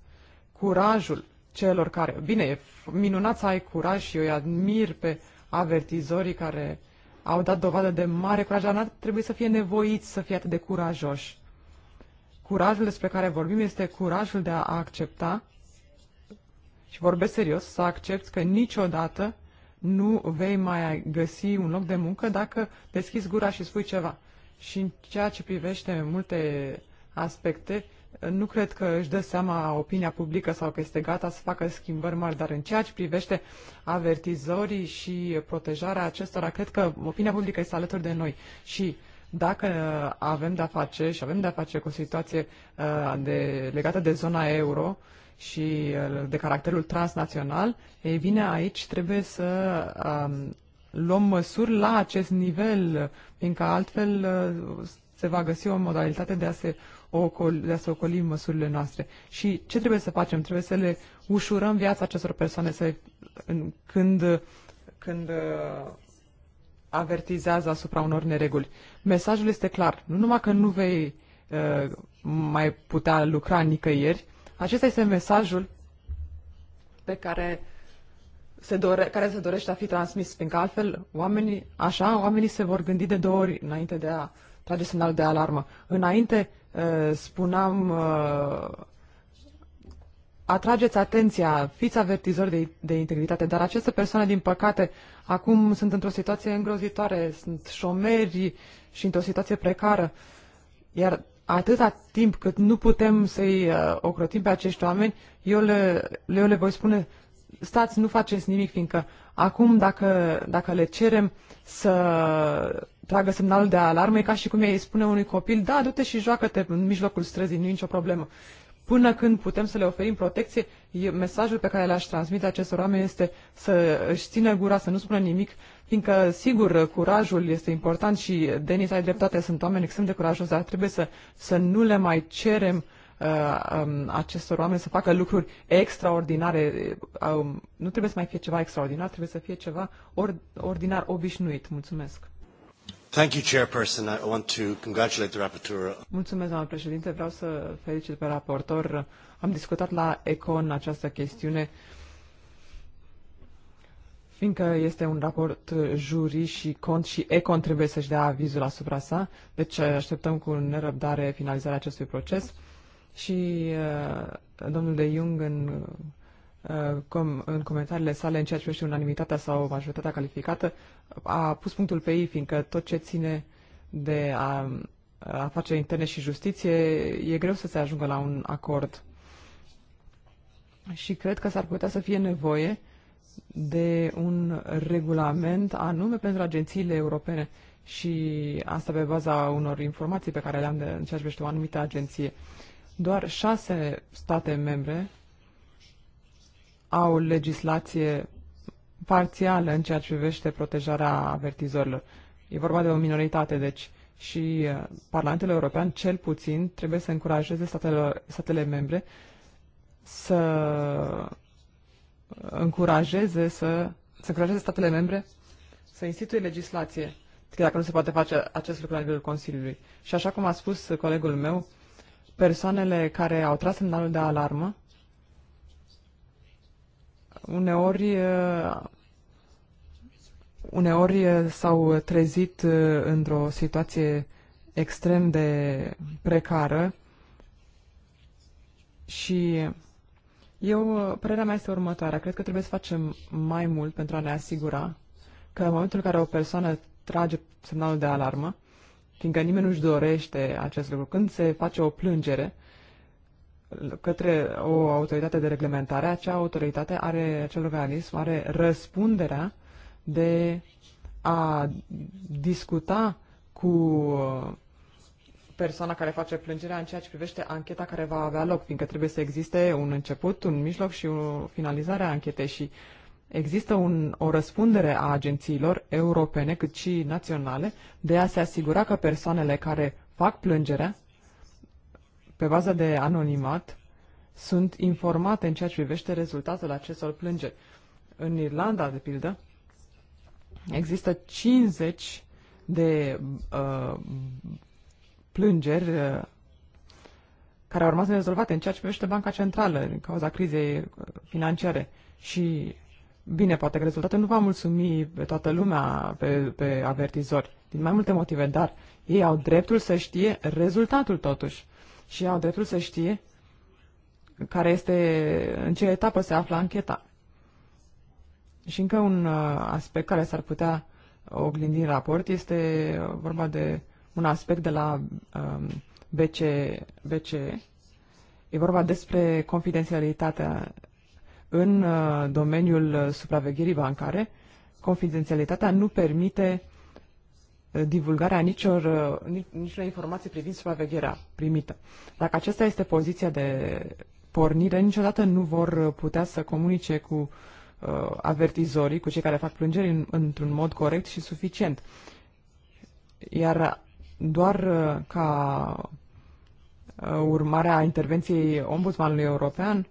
curajul celor care... Bine, e minunat să ai curaj și eu îi admir pe avertizorii care au dat dovadă de mare curaj, dar n-ar trebui să fie nevoiți să fie atât de curajoși. Curajul despre care vorbim este curajul de a accepta, și vorbesc serios, să accepti că niciodată nu vei mai găsi un loc de muncă dacă deschizi gura și spui ceva. Și în ceea ce privește multe aspecte, nu cred că își dă seama opinia publică sau că este gata să facă schimbări mari, dar în ceea ce privește avertizorii și protejarea acestora, cred că opinia publică este alături de noi și dacă avem de-a face și avem de-a face cu o situație uh, de, legată de zona euro și uh, de caracterul transnațional, ei bine, aici trebuie să um, luăm măsuri la acest nivel, fiindcă altfel uh, se va găsi o modalitate de a se ocoli, de a se ocoli măsurile noastre. Și ce trebuie să facem? Trebuie să le ușurăm viața acestor persoane să, în, când, când uh, avertizează asupra unor nereguli. Mesajul este clar. Nu numai că nu vei uh, mai putea lucra nicăieri, acesta este mesajul pe care se dore, care se dorește a fi transmis, fiindcă altfel oamenii, așa, oamenii se vor gândi de două ori înainte de a trage semnalul de alarmă. Înainte Eh, spuneam, eh, atrageți atenția, fiți avertizori de, de integritate, dar aceste persoane, din păcate, acum sunt într-o situație îngrozitoare, sunt șomeri și într-o situație precară. Iar atâta timp cât nu putem să-i eh, ocrotim pe acești oameni, eu le, eu le voi spune, stați, nu faceți nimic, fiindcă acum dacă, dacă le cerem să tragă semnalul de alarmă, e ca și cum ei spune unui copil, da, du-te și joacă-te în mijlocul străzii, nu e nicio problemă. Până când putem să le oferim protecție, mesajul pe care l-aș transmite acestor oameni este să își țină gura, să nu spună nimic, fiindcă, sigur, curajul este important și, Denis, ai dreptate, sunt oameni extrem de curajoși, dar trebuie să, să nu le mai cerem uh, um, acestor oameni să facă lucruri extraordinare. Um, nu trebuie să mai fie ceva extraordinar, trebuie să fie ceva or, ordinar, obișnuit. Mulțumesc! Mulțumesc, doamnă președinte. Vreau să felicit pe raportor. Am discutat la Econ această chestiune, fiindcă este un raport juri și cont și Econ trebuie să-și dea avizul asupra sa, deci așteptăm cu nerăbdare finalizarea acestui proces. Și uh, domnul de Jung în, uh, com în comentariile sale în ceea ce privește unanimitatea sau majoritatea calificată a pus punctul pe ei, fiindcă tot ce ține de a, face interne și justiție, e greu să se ajungă la un acord. Și cred că s-ar putea să fie nevoie de un regulament anume pentru agențiile europene și asta pe baza unor informații pe care le-am de în ceea ce o anumită agenție. Doar șase state membre au legislație parțială în ceea ce privește protejarea avertizorilor. E vorba de o minoritate, deci, și uh, Parlamentul European, cel puțin, trebuie să încurajeze statele, statele membre să uh, încurajeze să, să încurajeze statele membre să instituie legislație, că dacă nu se poate face acest lucru la nivelul Consiliului. Și așa cum a spus colegul meu, persoanele care au tras semnalul de alarmă uneori uneori s-au trezit într-o situație extrem de precară și eu, părerea mea este următoarea. Cred că trebuie să facem mai mult pentru a ne asigura că în momentul în care o persoană trage semnalul de alarmă, fiindcă nimeni nu-și dorește acest lucru, când se face o plângere, către o autoritate de reglementare, acea autoritate are, acel organism are răspunderea de a discuta cu persoana care face plângerea în ceea ce privește ancheta care va avea loc, fiindcă trebuie să existe un început, un mijloc și o finalizare a anchetei și există un, o răspundere a agențiilor europene cât și naționale de a se asigura că persoanele care fac plângerea pe bază de anonimat, sunt informate în ceea ce privește rezultatul acestor plângeri. În Irlanda, de pildă, există 50 de uh, plângeri uh, care au rămas nerezolvate în ceea ce privește Banca Centrală din cauza crizei uh, financiare. Și, bine, poate că rezultatul nu va mulțumi pe toată lumea, pe, pe avertizori, din mai multe motive, dar ei au dreptul să știe rezultatul totuși și au dreptul să știe care este, în ce etapă se află ancheta. Și încă un uh, aspect care s-ar putea oglindi în raport este uh, vorba de un aspect de la um, BC, E vorba despre confidențialitatea în uh, domeniul uh, supravegherii bancare. Confidențialitatea nu permite divulgarea nicior, nicio informație privind supravegherea primită. Dacă aceasta este poziția de pornire, niciodată nu vor putea să comunice cu uh, avertizorii, cu cei care fac plângeri în, într-un mod corect și suficient. Iar doar uh, ca uh, urmare a intervenției ombudsmanului european,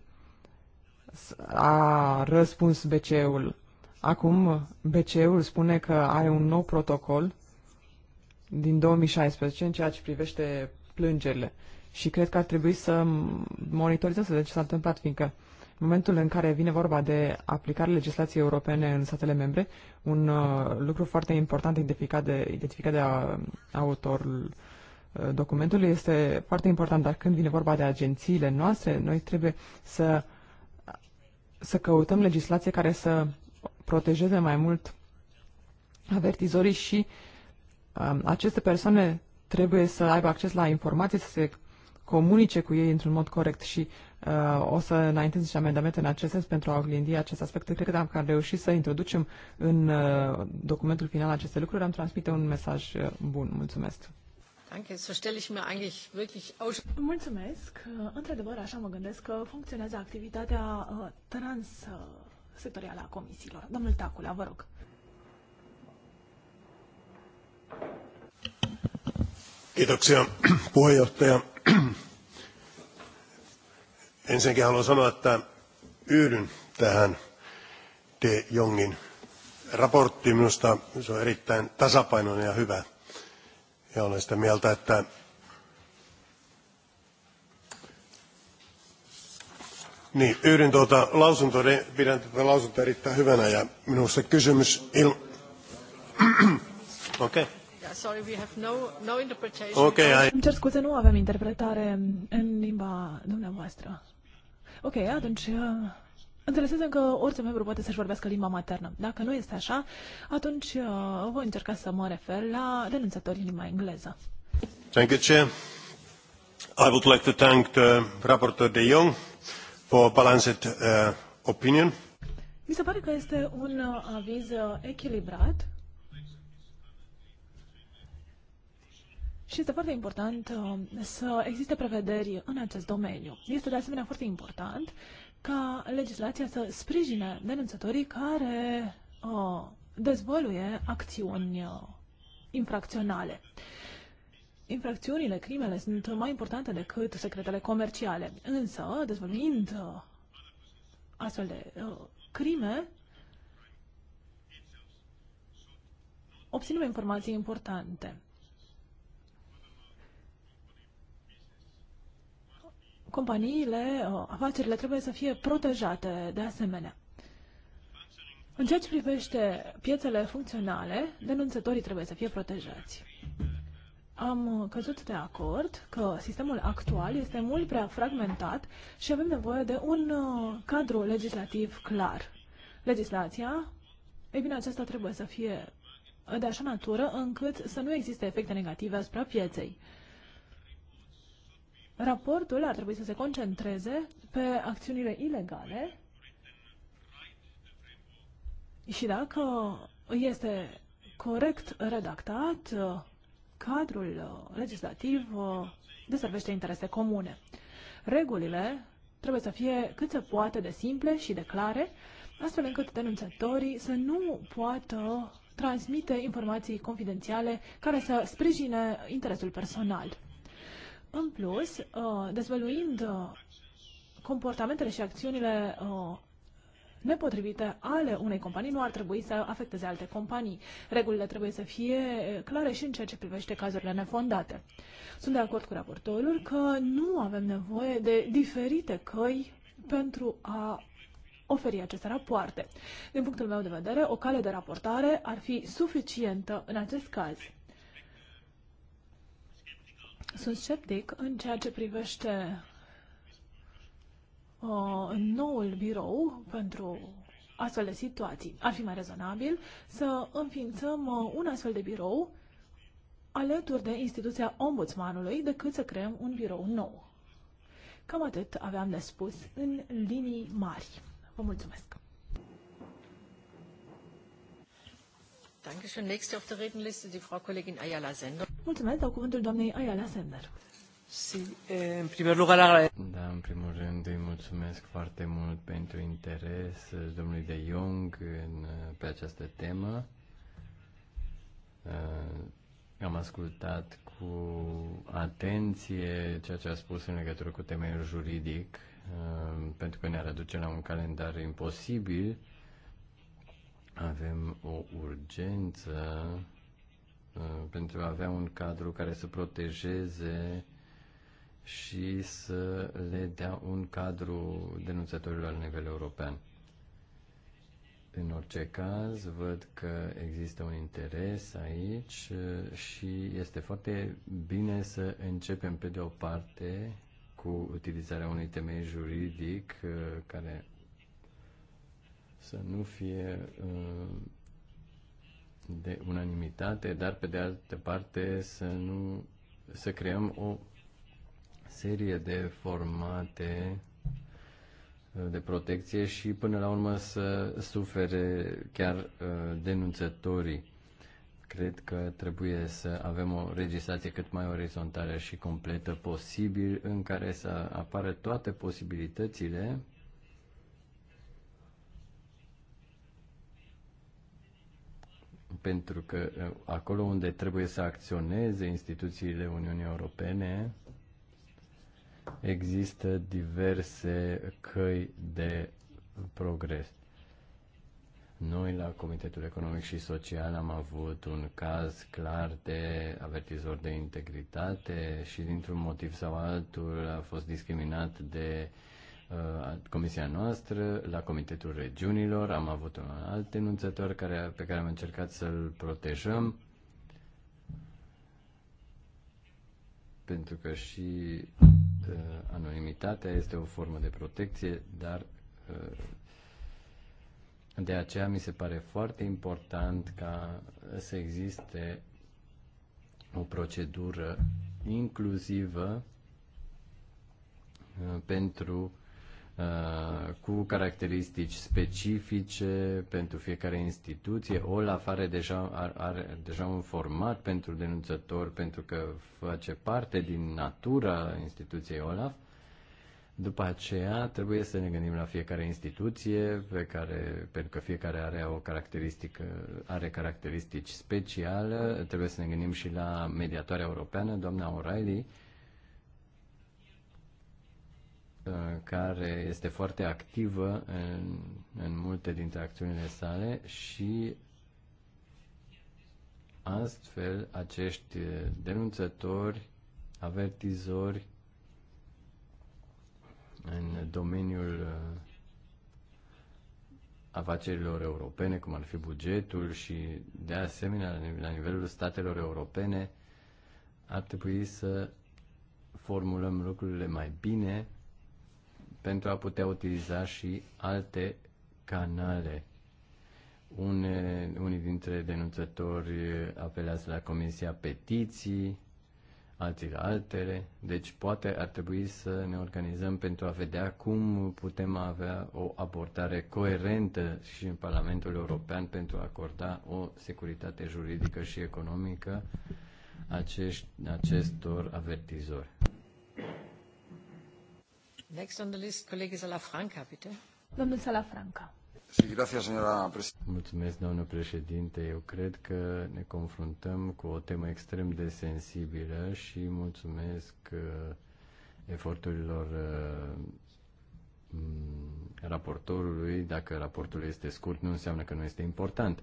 a răspuns BCE-ul. Acum BCE-ul spune că are un nou protocol din 2016 în ceea ce privește plângerile. Și cred că ar trebui să monitorizăm să vedem ce s-a întâmplat, fiindcă în momentul în care vine vorba de aplicarea legislației europene în statele membre, un uh, lucru foarte important identificat de, identificat de a, uh, autorul uh, documentului este foarte important, dar când vine vorba de agențiile noastre, noi trebuie să, să căutăm legislație care să protejeze mai mult avertizorii și uh, aceste persoane trebuie să aibă acces la informații, să se comunice cu ei într-un mod corect și uh, o să înaintez și amendamente în acest sens pentru a oglindi acest aspect. Cred că dacă am reușit să introducem în uh, documentul final aceste lucruri, am transmite un mesaj uh, bun. Mulțumesc! Mulțumesc! Într-adevăr, așa mă gândesc că funcționează activitatea uh, transsectorială a comisiilor. Domnul Tacula, vă rog. Kiitoksia puheenjohtaja. Ensinnäkin haluan sanoa, että yhdyn tähän De Jongin raporttiin. Minusta se on erittäin tasapainoinen ja hyvä. Ja olen sitä mieltä, että Niin, yhdyn tuota lausuntoa, pidän tätä lausuntoa erittäin hyvänä ja minusta kysymys il... <clears throat> Okei. Okay sorry, we have no, no interpretation. I... Îmi cer scuze, nu avem interpretare în limba dumneavoastră. Ok, atunci uh, Înțelesem că orice membru poate să-și vorbească limba maternă. Dacă nu este așa, atunci uh, voi încerca să mă refer la denunțători în limba engleză. Thank you, Chair. I would like to thank the rapporteur de Jong for a balanced uh, opinion. Mi se pare că este un uh, aviz echilibrat Și este foarte important uh, să existe prevederi în acest domeniu. Este de asemenea foarte important ca legislația să sprijine denunțătorii care uh, dezvăluie acțiuni uh, infracționale. Infracțiunile, crimele sunt mai importante decât secretele comerciale, însă dezvăluind uh, astfel de uh, crime, obținem informații importante. companiile, uh, afacerile trebuie să fie protejate de asemenea. În ceea ce privește piețele funcționale, denunțătorii trebuie să fie protejați. Am căzut de acord că sistemul actual este mult prea fragmentat și avem nevoie de un uh, cadru legislativ clar. Legislația, ei bine, aceasta trebuie să fie de așa natură încât să nu existe efecte negative asupra pieței. Raportul ar trebui să se concentreze pe acțiunile ilegale și dacă este corect redactat, cadrul legislativ deservește interese comune. Regulile trebuie să fie cât se poate de simple și de clare, astfel încât denunțătorii să nu poată transmite informații confidențiale care să sprijine interesul personal. În plus, uh, dezvăluind uh, comportamentele și acțiunile uh, nepotrivite ale unei companii nu ar trebui să afecteze alte companii. Regulile trebuie să fie clare și în ceea ce privește cazurile nefondate. Sunt de acord cu raportorul că nu avem nevoie de diferite căi pentru a oferi aceste rapoarte. Din punctul meu de vedere, o cale de raportare ar fi suficientă în acest caz. Sunt sceptic în ceea ce privește uh, noul birou pentru astfel de situații. Ar fi mai rezonabil să înființăm uh, un astfel de birou alături de instituția ombudsmanului decât să creăm un birou nou. Cam atât aveam de spus în linii mari. Vă mulțumesc! Dankeschön. Nächste auf der Redenliste, die Frau Kollegin Ayala Sender. Mulțumesc, dau cuvântul doamnei Ayala Sender. În eh, primul lugar, da, în primul rând îi mulțumesc foarte mult pentru interes eh, domnului De Jung în, eh, pe această temă. Am ascultat cu atenție ceea ce a spus în legătură cu temeiul juridic, pentru că ne-ar aduce la un calendar imposibil. Avem o urgență Uh, pentru a avea un cadru care să protejeze și să le dea un cadru denunțătorilor la nivel european. În orice caz, văd că există un interes aici uh, și este foarte bine să începem pe de o parte cu utilizarea unui temei juridic uh, care să nu fie de unanimitate, dar pe de altă parte să nu să creăm o serie de formate uh, de protecție și până la urmă să sufere chiar uh, denunțătorii. Cred că trebuie să avem o legislație cât mai orizontală și completă posibil în care să apară toate posibilitățile pentru că uh, acolo unde trebuie să acționeze instituțiile Uniunii Europene, există diverse căi de progres. Noi la Comitetul Economic și Social am avut un caz clar de avertizor de integritate și dintr-un motiv sau altul a fost discriminat de uh, Uh, comisia noastră, la Comitetul Regiunilor, am avut un alt denunțător care, pe care am încercat să-l protejăm, pentru că și uh, anonimitatea este o formă de protecție, dar uh, de aceea mi se pare foarte important ca să existe o procedură inclusivă uh, pentru Uh, cu caracteristici specifice pentru fiecare instituție. OLAF are deja, are, are deja un format pentru denunțător pentru că face parte din natura instituției OLAF. După aceea trebuie să ne gândim la fiecare instituție pe care, pentru că fiecare are o caracteristică, are caracteristici speciale. Trebuie să ne gândim și la mediatoarea europeană, doamna O'Reilly, Uh, care este foarte activă în, în multe dintre acțiunile sale și astfel acești denunțători, avertizori în domeniul uh, afacerilor europene, cum ar fi bugetul și de asemenea la nivelul statelor europene ar trebui să formulăm lucrurile mai bine pentru a putea utiliza și alte canale. Une, unii dintre denunțători apelează la Comisia Petiții, alții la altele, deci poate ar trebui să ne organizăm pentru a vedea cum putem avea o abordare coerentă și în Parlamentul European pentru a acorda o securitate juridică și economică acești, acestor avertizori. Next on the list, Domnul Mulțumesc, doamnă președinte. Eu cred că ne confruntăm cu o temă extrem de sensibilă și mulțumesc uh, eforturilor uh, mm, raportorului. Dacă raportul este scurt, nu înseamnă că nu este important.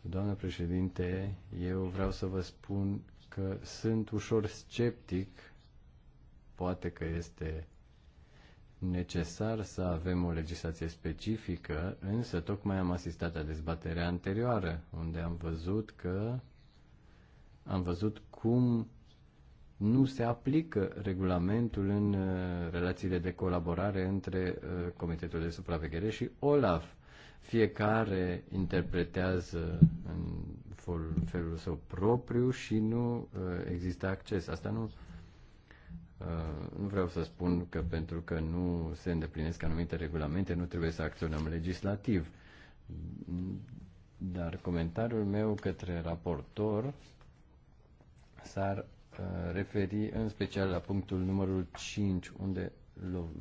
Doamnă președinte, eu vreau să vă spun că sunt ușor sceptic, poate că este necesar să avem o legislație specifică, însă tocmai am asistat la dezbaterea anterioară, unde am văzut că am văzut cum nu se aplică regulamentul în uh, relațiile de colaborare între uh, Comitetul de Supraveghere și OLAF. Fiecare interpretează în felul său propriu și nu uh, există acces. Asta nu Uh, nu vreau să spun că pentru că nu se îndeplinesc anumite regulamente, nu trebuie să acționăm legislativ. Dar comentariul meu către raportor s-ar uh, referi în special la punctul numărul 5, unde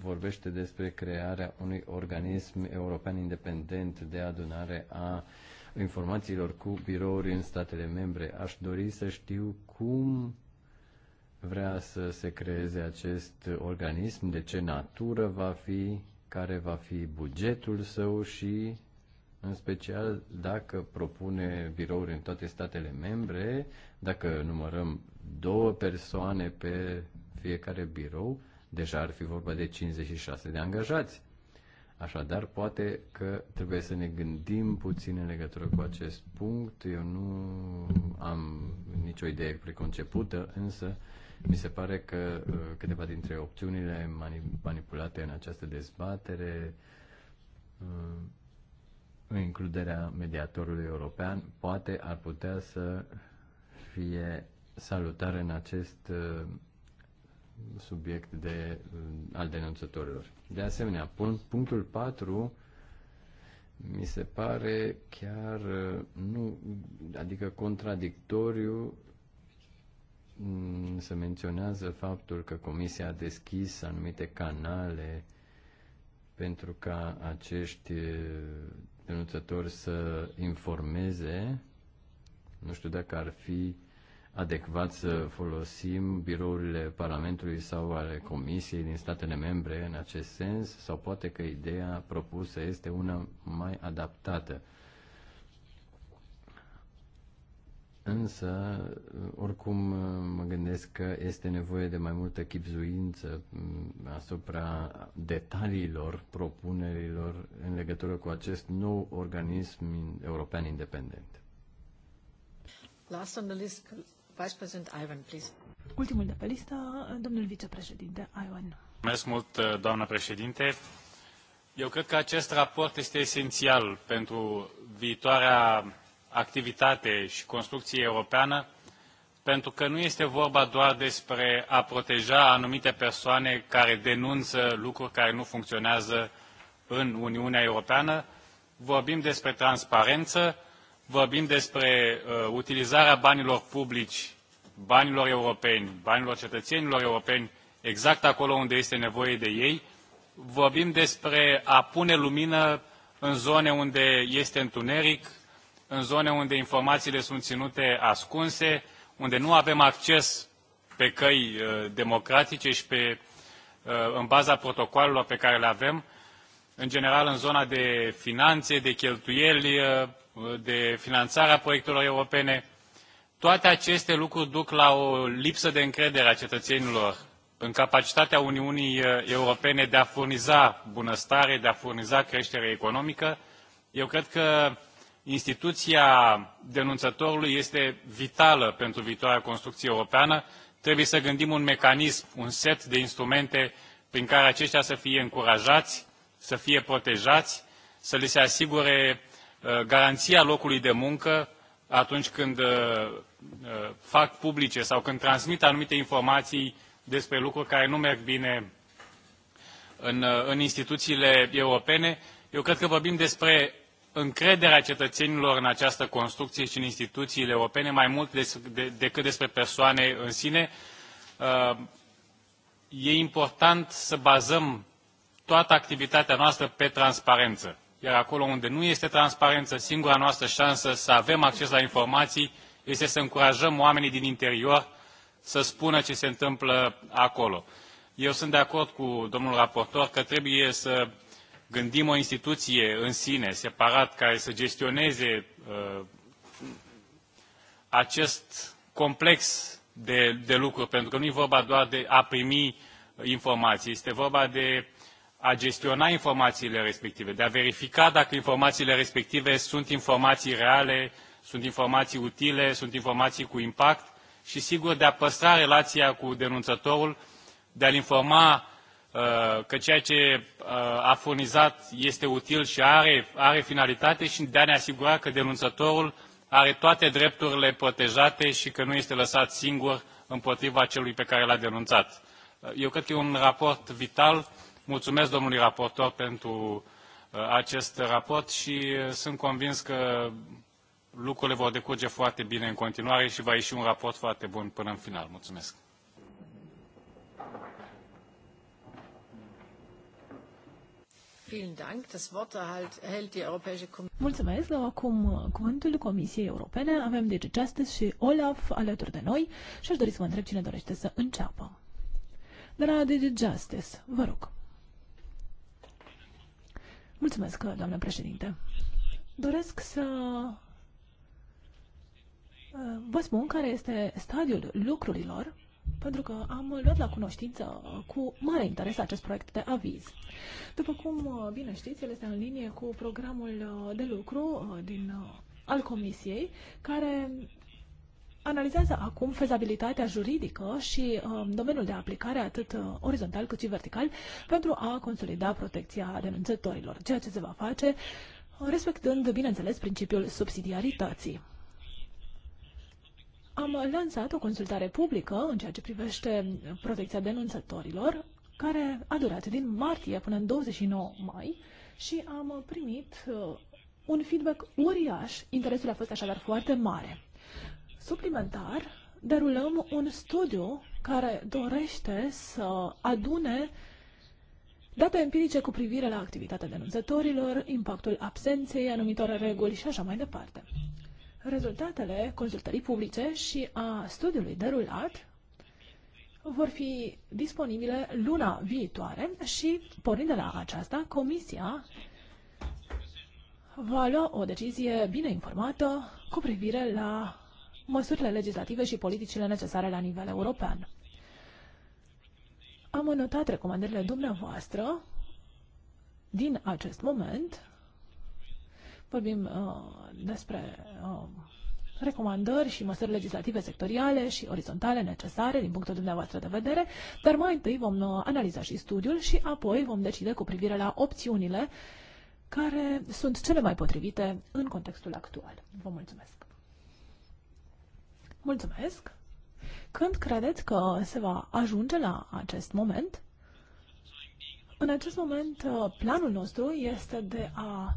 vorbește despre crearea unui organism european independent de adunare a informațiilor cu birouri în statele membre. Aș dori să știu cum vrea să se creeze acest organism, de ce natură va fi, care va fi bugetul său și, în special, dacă propune birouri în toate statele membre, dacă numărăm două persoane pe fiecare birou, deja ar fi vorba de 56 de angajați. Așadar, poate că trebuie să ne gândim puțin în legătură cu acest punct. Eu nu am nicio idee preconcepută, însă uh, mi se pare că uh, câteva dintre opțiunile manipulate în această dezbatere, uh, includerea mediatorului european, poate ar putea să fie salutar în acest uh, subiect de, al denunțătorilor. De asemenea, punctul 4 mi se pare chiar nu, adică contradictoriu Mm, se menționează faptul că Comisia a deschis anumite canale pentru ca acești eh, denunțători să informeze. Nu știu dacă ar fi adecvat să folosim birourile Parlamentului sau ale Comisiei din statele membre în acest sens, sau poate că ideea propusă este una mai adaptată Însă, oricum, mă gândesc că este nevoie de mai multă chipzuință mm, asupra detaliilor propunerilor în legătură cu acest nou organism european independent. Last on the list, Vice President Ivan, please. Ultimul de pe listă, domnul vicepreședinte Ivan. Mulțumesc mult, doamnă președinte. Eu cred că acest raport este esențial pentru viitoarea activitate și construcție europeană, pentru că nu este vorba doar despre a proteja anumite persoane care denunță lucruri care nu funcționează în Uniunea Europeană. Vorbim despre transparență, vorbim despre uh, utilizarea banilor publici, banilor europeni, banilor cetățenilor europeni, exact acolo unde este nevoie de ei. Vorbim despre a pune lumină în zone unde este întuneric, în zone unde informațiile sunt ținute ascunse, unde nu avem acces pe căi uh, democratice și pe, uh, în baza protocoalelor pe care le avem, în general în zona de finanțe, de cheltuieli, uh, de finanțarea proiectelor europene. Toate aceste lucruri duc la o lipsă de încredere a cetățenilor în capacitatea Uniunii Europene de a furniza bunăstare, de a furniza creștere economică. Eu cred că instituția denunțătorului este vitală pentru viitoarea construcție europeană. Trebuie să gândim un mecanism, un set de instrumente prin care aceștia să fie încurajați, să fie protejați, să li se asigure uh, garanția locului de muncă atunci când uh, uh, fac publice sau când transmit anumite informații despre lucruri care nu merg bine în, în instituțiile europene. Eu cred că vorbim despre încrederea cetățenilor în această construcție și în instituțiile europene mai mult des, de, decât despre persoane în sine. Uh, e important să bazăm toată activitatea noastră pe transparență. Iar acolo unde nu este transparență, singura noastră șansă să avem acces la informații este să încurajăm oamenii din interior să spună ce se întâmplă acolo. Eu sunt de acord cu domnul raportor că trebuie să gândim o instituție în sine, separat, care să gestioneze uh, acest complex de, de lucruri, pentru că nu e vorba doar de a primi informații, este vorba de a gestiona informațiile respective, de a verifica dacă informațiile respective sunt informații reale, sunt informații utile, sunt informații cu impact și, sigur, de a păstra relația cu denunțătorul, de a-l informa Uh, că ceea ce uh, a furnizat este util și are, are finalitate și de a ne asigura că denunțătorul are toate drepturile protejate și că nu este lăsat singur împotriva celui pe care l-a denunțat. Uh, eu cred că e un raport vital. Mulțumesc domnului raportor pentru acest raport și sunt convins că lucrurile vor decurge foarte bine în continuare și va ieși un raport foarte bun până în final. Mulțumesc! Mulțumesc, dau acum cuvântul Comisiei Europene. Avem DG Justice și Olaf alături de noi și aș dori să vă întreb cine dorește să înceapă. De la DG Justice, vă rog. Mulțumesc, doamnă președinte. Doresc să uh, vă spun care este stadiul lucrurilor pentru că am luat la cunoștință uh, cu mare interes acest proiect de aviz. După cum uh, bine știți, el este în linie cu programul uh, de lucru din, al Comisiei, care analizează acum fezabilitatea juridică și um, domeniul de aplicare atât orizontal cât și vertical pentru a consolida protecția denunțătorilor, ceea ce se va face respectând, bineînțeles, principiul subsidiarității am lansat o consultare publică în ceea ce privește protecția denunțătorilor, care a durat din martie până în 29 mai și am primit uh, un feedback uriaș. Interesul a fost așadar foarte mare. Suplimentar, derulăm un studiu care dorește să adune date empirice cu privire la activitatea denunțătorilor, impactul absenței anumitor reguli și așa mai departe rezultatele consultării publice și a studiului derulat vor fi disponibile luna viitoare și, pornind de la aceasta, Comisia va lua o decizie bine informată cu privire la măsurile legislative și politicile necesare la nivel european. Am notat recomandările dumneavoastră din acest moment Vorbim uh, despre uh, recomandări și măsuri legislative sectoriale și orizontale necesare din punctul dumneavoastră de vedere, dar mai întâi vom uh, analiza și studiul și apoi vom decide cu privire la opțiunile care sunt cele mai potrivite în contextul actual. Vă mulțumesc! Mulțumesc! Când credeți că se va ajunge la acest moment? În acest moment, uh, planul nostru este de a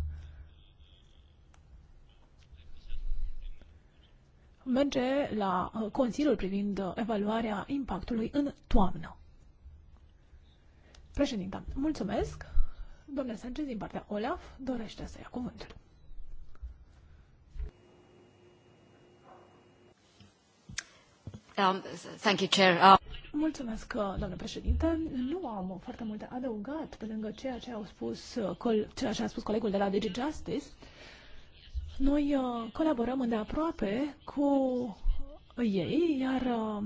merge la uh, Consiliul privind uh, evaluarea impactului în toamnă. Președinta, mulțumesc. Domnule Sanchez, din partea OLAF, dorește să ia cuvântul. Um, thank you, Chair. Uh... Mulțumesc, uh, doamnă președinte. Nu am foarte multe adăugat pe lângă ceea ce, au spus, ceea ce a spus colegul de la DG Justice. Noi uh, colaborăm îndeaproape cu ei, iar uh,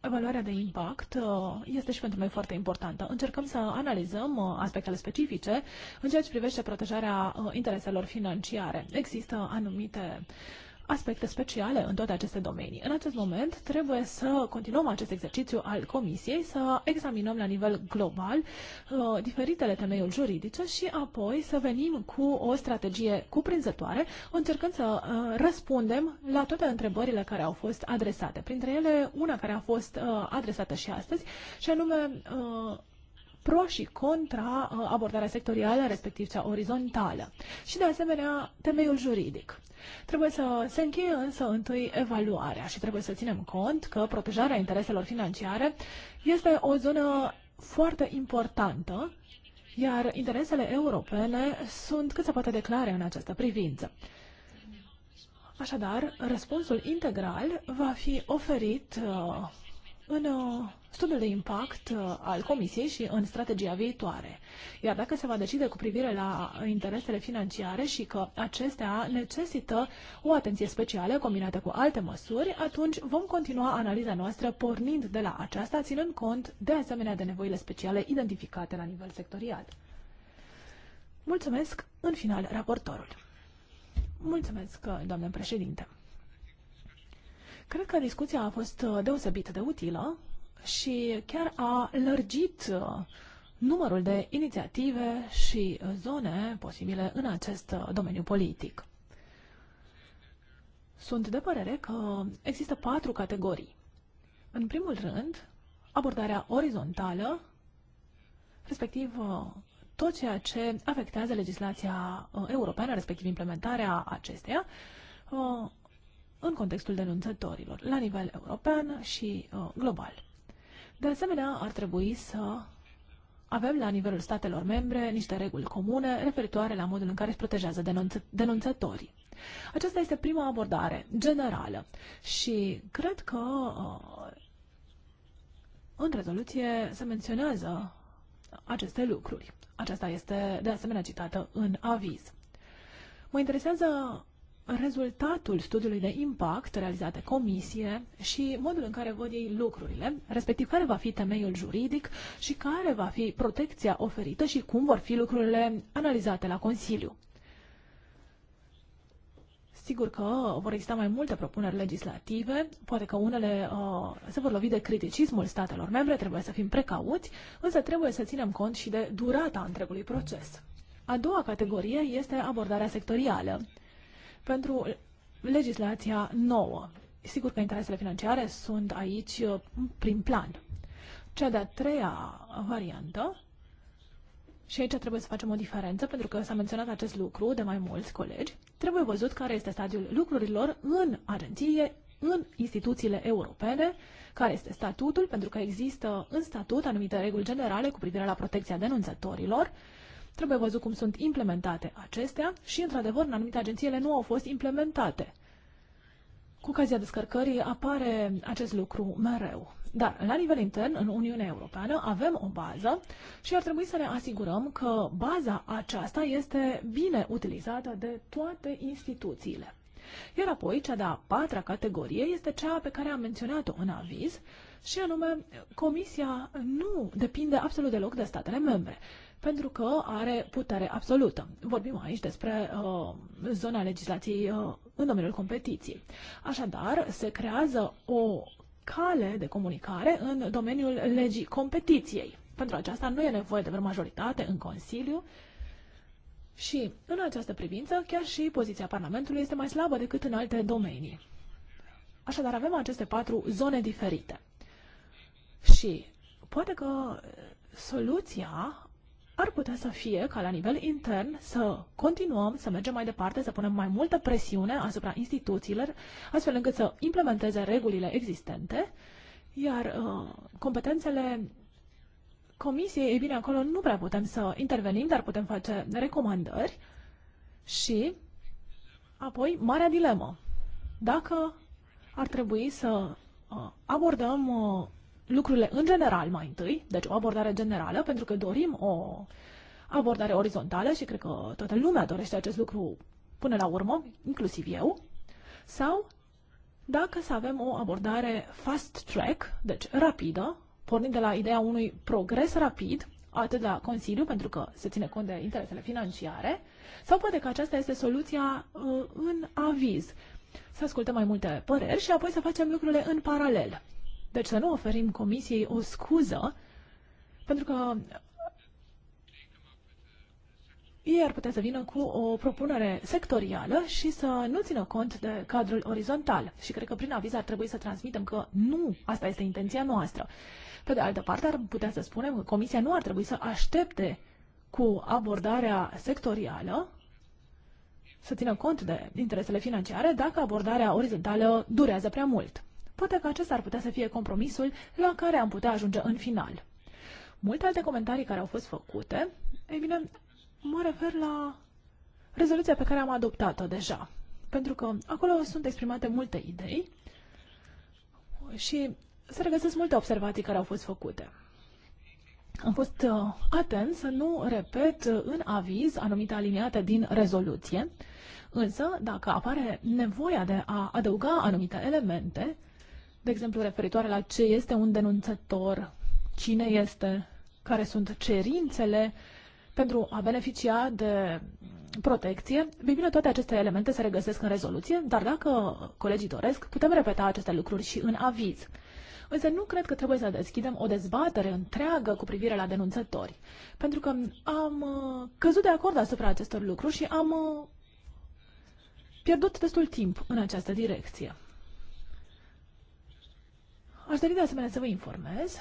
evaluarea de impact uh, este și pentru noi foarte importantă. Încercăm să analizăm aspectele specifice în ceea ce privește protejarea intereselor financiare. Există anumite uh, aspecte speciale în toate aceste domenii. În acest moment trebuie să continuăm acest exercițiu al Comisiei, să examinăm la nivel global uh, diferitele temeiuri juridice și apoi să venim cu o strategie cuprinzătoare, încercând să uh, răspundem la toate întrebările care au fost adresate. Printre ele, una care a fost uh, adresată și astăzi, și anume uh, pro și contra uh, abordarea sectorială, respectiv cea orizontală. Și de asemenea, temeiul juridic. Trebuie să se încheie însă întâi evaluarea și trebuie să ținem cont că protejarea intereselor financiare este o zonă foarte importantă, iar interesele europene sunt cât se poate declare în această privință. Așadar, răspunsul integral va fi oferit uh, în uh, studiul de impact uh, al Comisiei și în strategia viitoare. Iar dacă se va decide cu privire la interesele financiare și că acestea necesită o atenție specială combinată cu alte măsuri, atunci vom continua analiza noastră pornind de la aceasta, ținând cont de asemenea de nevoile speciale identificate la nivel sectorial. Mulțumesc, în final, raportorul. Mulțumesc, uh, doamnă președinte. Cred că discuția a fost uh, deosebit de utilă și chiar a lărgit uh, numărul de inițiative și uh, zone posibile în acest domeniu politic. Sunt de părere că există patru categorii. În primul rând, abordarea orizontală, respectiv tot ceea ce afectează legislația europeană, respectiv implementarea acesteia, în contextul denunțătorilor, la nivel european și uh, global. De asemenea, ar trebui să avem la nivelul statelor membre niște reguli comune referitoare la modul în care își protejează denunț- denunțătorii. Aceasta este prima abordare generală și cred că uh, în rezoluție se menționează aceste lucruri. Aceasta este de asemenea citată în aviz. Mă interesează rezultatul studiului de impact realizat de comisie și modul în care văd ei lucrurile, respectiv care va fi temeiul juridic și care va fi protecția oferită și cum vor fi lucrurile analizate la Consiliu. Sigur că vor exista mai multe propuneri legislative, poate că unele uh, se vor lovi de criticismul statelor membre, trebuie să fim precauți, însă trebuie să ținem cont și de durata întregului proces. A doua categorie este abordarea sectorială pentru legislația nouă. Sigur că interesele financiare sunt aici uh, prin plan. Cea de-a treia variantă, și aici trebuie să facem o diferență, pentru că s-a menționat acest lucru de mai mulți colegi, trebuie văzut care este stadiul lucrurilor în agenție, în instituțiile europene, care este statutul, pentru că există în statut anumite reguli generale cu privire la protecția denunțătorilor, Trebuie văzut cum sunt implementate acestea și, într-adevăr, în anumite agenții ele nu au fost implementate. Cu ocazia descărcării apare acest lucru mereu. Dar, la nivel intern, în Uniunea Europeană, avem o bază și ar trebui să ne asigurăm că baza aceasta este bine utilizată de toate instituțiile. Iar apoi, cea de-a patra categorie este cea pe care am menționat-o în aviz, și anume, Comisia nu depinde absolut deloc de statele membre pentru că are putere absolută. Vorbim aici despre uh, zona legislației uh, în domeniul competiției. Așadar, se creează o cale de comunicare în domeniul legii competiției. Pentru aceasta nu e nevoie de vreo majoritate în Consiliu și, în această privință, chiar și poziția Parlamentului este mai slabă decât în alte domenii. Așadar, avem aceste patru zone diferite. Și poate că soluția ar putea să fie ca la nivel intern să continuăm să mergem mai departe, să punem mai multă presiune asupra instituțiilor, astfel încât să implementeze regulile existente, iar uh, competențele comisiei, e bine, acolo nu prea putem să intervenim, dar putem face recomandări și apoi marea dilemă. Dacă ar trebui să uh, abordăm uh, lucrurile în general mai întâi, deci o abordare generală, pentru că dorim o abordare orizontală și cred că toată lumea dorește acest lucru până la urmă, inclusiv eu, sau dacă să avem o abordare fast track, deci rapidă, pornind de la ideea unui progres rapid, atât la Consiliu, pentru că se ține cont de interesele financiare, sau poate că aceasta este soluția uh, în aviz. Să ascultăm mai multe păreri și apoi să facem lucrurile în paralel. Deci să nu oferim comisiei o scuză, pentru că ei ar putea să vină cu o propunere sectorială și să nu țină cont de cadrul orizontal. Și cred că prin aviz ar trebui să transmitem că nu, asta este intenția noastră. Pe de altă parte, ar putea să spunem că Comisia nu ar trebui să aștepte cu abordarea sectorială să țină cont de interesele financiare dacă abordarea orizontală durează prea mult poate că acesta ar putea să fie compromisul la care am putea ajunge în final. Multe alte comentarii care au fost făcute, ei bine, mă refer la rezoluția pe care am adoptat-o deja. Pentru că acolo sunt exprimate multe idei și se regăsesc multe observații care au fost făcute. Am fost uh, atent să nu repet uh, în aviz anumite aliniate din rezoluție, însă dacă apare nevoia de a adăuga anumite elemente, de exemplu, referitoare la ce este un denunțător, cine este, care sunt cerințele pentru a beneficia de protecție. bine, toate aceste elemente se regăsesc în rezoluție, dar dacă colegii doresc, putem repeta aceste lucruri și în aviz. Însă nu cred că trebuie să deschidem o dezbatere întreagă cu privire la denunțători, pentru că am uh, căzut de acord asupra acestor lucruri și am uh, pierdut destul timp în această direcție. Aș dori de asemenea să vă informez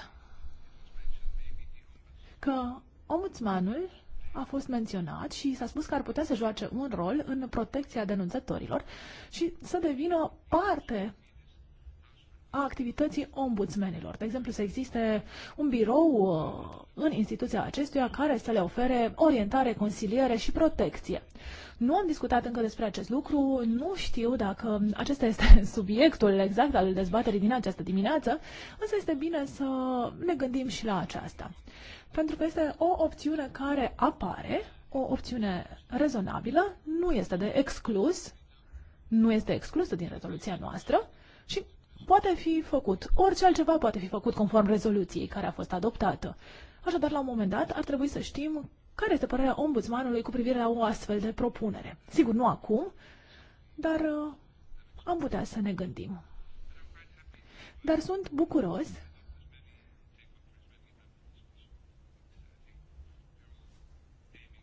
că omuțmanul a fost menționat și s-a spus că ar putea să joace un rol în protecția denunțătorilor și să devină parte a activității ombudsmenilor. De exemplu, să existe un birou uh, în instituția acestuia care să le ofere orientare, consiliere și protecție. Nu am discutat încă despre acest lucru, nu știu dacă acesta este <laughs> subiectul exact al dezbaterii din această dimineață, însă este bine să ne gândim și la aceasta. Pentru că este o opțiune care apare, o opțiune rezonabilă, nu este de exclus, nu este exclusă din rezoluția noastră și poate fi făcut. Orice altceva poate fi făcut conform rezoluției care a fost adoptată. Așadar, la un moment dat, ar trebui să știm care este părerea ombudsmanului cu privire la o astfel de propunere. Sigur, nu acum, dar uh, am putea să ne gândim. Dar sunt bucuros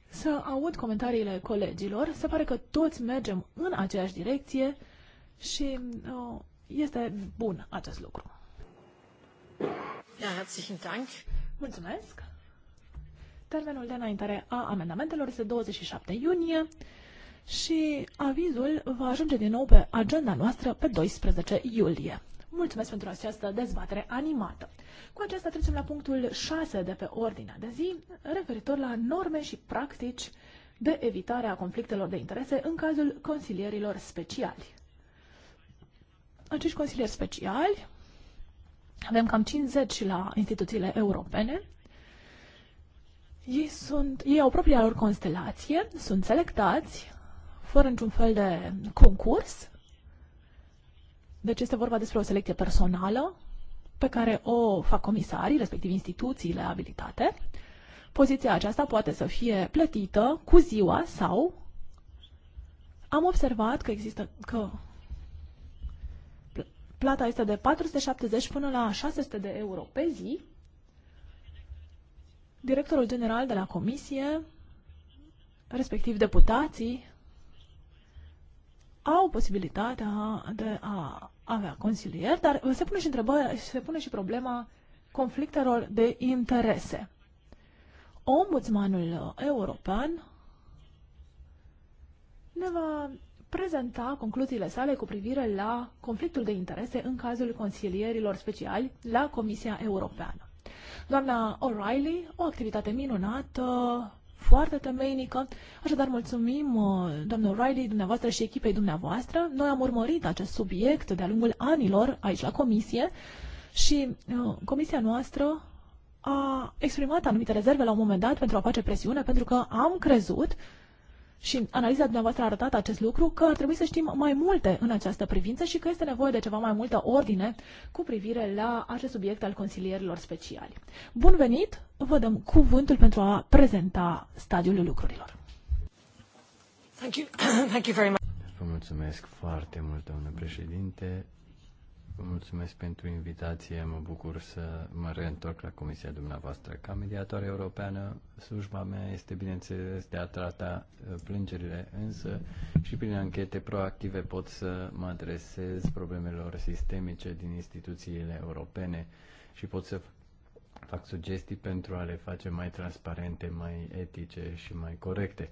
să aud comentariile colegilor. Se pare că toți mergem în aceeași direcție și uh, este bun acest lucru. Mulțumesc. Termenul de înaintare a amendamentelor este 27 iunie și avizul va ajunge din nou pe agenda noastră pe 12 iulie. Mulțumesc pentru această dezbatere animată. Cu aceasta trecem la punctul 6 de pe ordinea de zi, referitor la norme și practici de evitare a conflictelor de interese în cazul consilierilor speciali. Acești consilieri speciali avem cam 50 la instituțiile europene. Ei, sunt, ei au propria lor constelație, sunt selectați fără niciun fel de concurs. Deci este vorba despre o selecție personală pe care o fac comisarii, respectiv instituțiile abilitate. Poziția aceasta poate să fie plătită cu ziua sau am observat că există că plata este de 470 până la 600 de euro pe zi, directorul general de la comisie, respectiv deputații, au posibilitatea de a avea consilier, dar se pune și întrebarea, se pune și problema conflictelor de interese. Ombudsmanul european ne va prezenta concluziile sale cu privire la conflictul de interese în cazul consilierilor speciali la Comisia Europeană. Doamna O'Reilly, o activitate minunată, foarte temeinică. Așadar, mulțumim, uh, doamnă O'Reilly, dumneavoastră și echipei dumneavoastră. Noi am urmărit acest subiect de-a lungul anilor aici la comisie și uh, comisia noastră a exprimat anumite rezerve la un moment dat pentru a face presiune, pentru că am crezut și analiza dumneavoastră a arătat acest lucru, că ar trebui să știm mai multe în această privință și că este nevoie de ceva mai multă ordine cu privire la acest subiect al consilierilor speciali. Bun venit! Vă dăm cuvântul pentru a prezenta stadiul lucrurilor. Thank you. <clears throat> Thank you very much. Vă mulțumesc foarte mult, domnule președinte. Vă mulțumesc pentru invitație. Mă bucur să mă reîntorc la comisia dumneavoastră. Ca mediator europeană, slujba mea este, bineînțeles, de a trata uh, plângerile, însă și prin anchete proactive pot să mă adresez problemelor sistemice din instituțiile europene și pot să fac sugestii pentru a le face mai transparente, mai etice și mai corecte.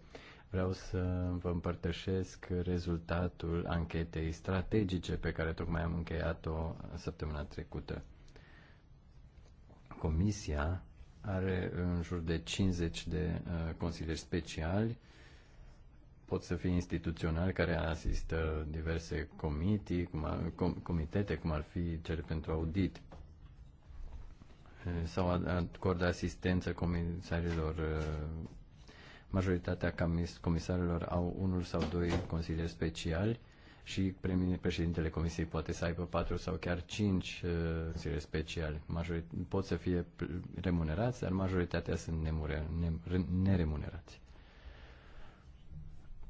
Vreau să vă împărtășesc rezultatul anchetei strategice pe care tocmai am încheiat-o săptămâna trecută. Comisia are în jur de 50 de uh, consilieri speciali, pot să fie instituționali care asistă diverse comitii, cum ar, com, comitete, cum ar fi cele pentru audit, uh, sau acordă asistență comisarilor uh, Majoritatea comisarilor au unul sau doi consilieri speciali și președintele comisiei poate să aibă patru sau chiar cinci uh, consilieri speciali. Majorit- pot să fie remunerați, dar majoritatea sunt neremunerați.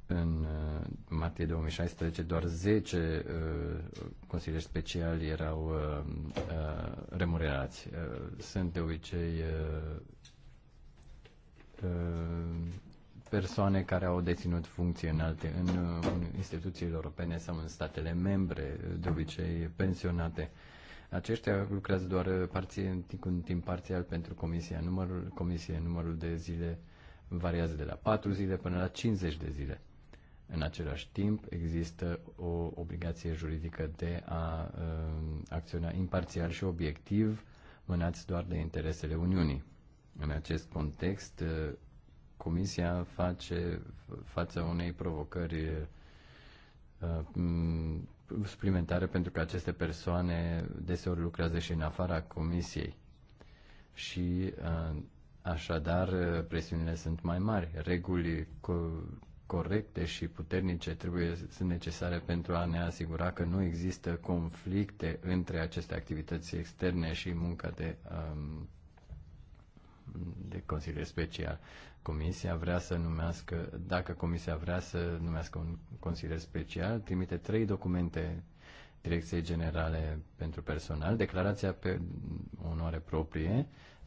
În uh, martie 2016 doar 10 uh, consilieri speciali erau uh, uh, remunerați. Uh, sunt de obicei uh, uh persoane care au deținut funcții înalte în, în instituțiile europene sau în statele membre, de obicei pensionate. Aceștia lucrează doar parție, în timp parțial pentru comisia. Numărul, comisie, numărul de zile variază de la 4 zile până la 50 de zile. În același timp, există o obligație juridică de a uh, acționa imparțial și obiectiv, mânați doar de interesele Uniunii. În acest context, Comisia face față unei provocări uh, suplimentare pentru că aceste persoane deseori lucrează și în afara Comisiei. Și uh, așadar presiunile sunt mai mari. Reguli corecte și puternice trebuie sunt necesare pentru a ne asigura că nu există conflicte între aceste activități externe și munca de, um, de consilier special. Comisia vrea să numească, dacă Comisia vrea să numească un consilier special, trimite trei documente Direcției Generale pentru Personal, declarația pe onoare proprie,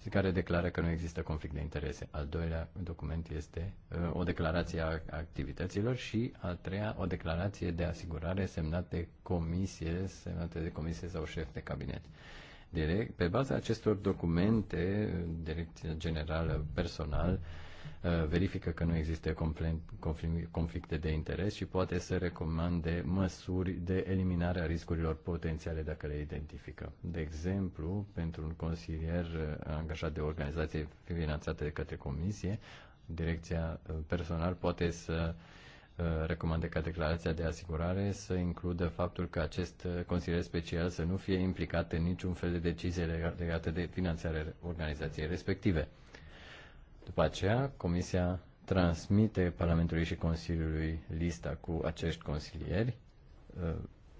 care declară că nu există conflict de interese. Al doilea document este uh, o declarație a activităților și al treia o declarație de asigurare semnată de comisie, semnată de comisie sau șef de cabinet. Direct, pe baza acestor documente, Direcția Generală Personal Uh, verifică că nu există conflicte de interes și poate să recomande măsuri de eliminare a riscurilor potențiale dacă le identifică. De exemplu, pentru un consilier uh, angajat de organizație finanțată de către comisie, direcția uh, personal poate să recomandă ca declarația de asigurare să includă faptul că acest consilier special să nu fie implicat în niciun fel de decizie legate de finanțarea organizației respective. După aceea, Comisia transmite Parlamentului și Consiliului lista cu acești consilieri. Uh,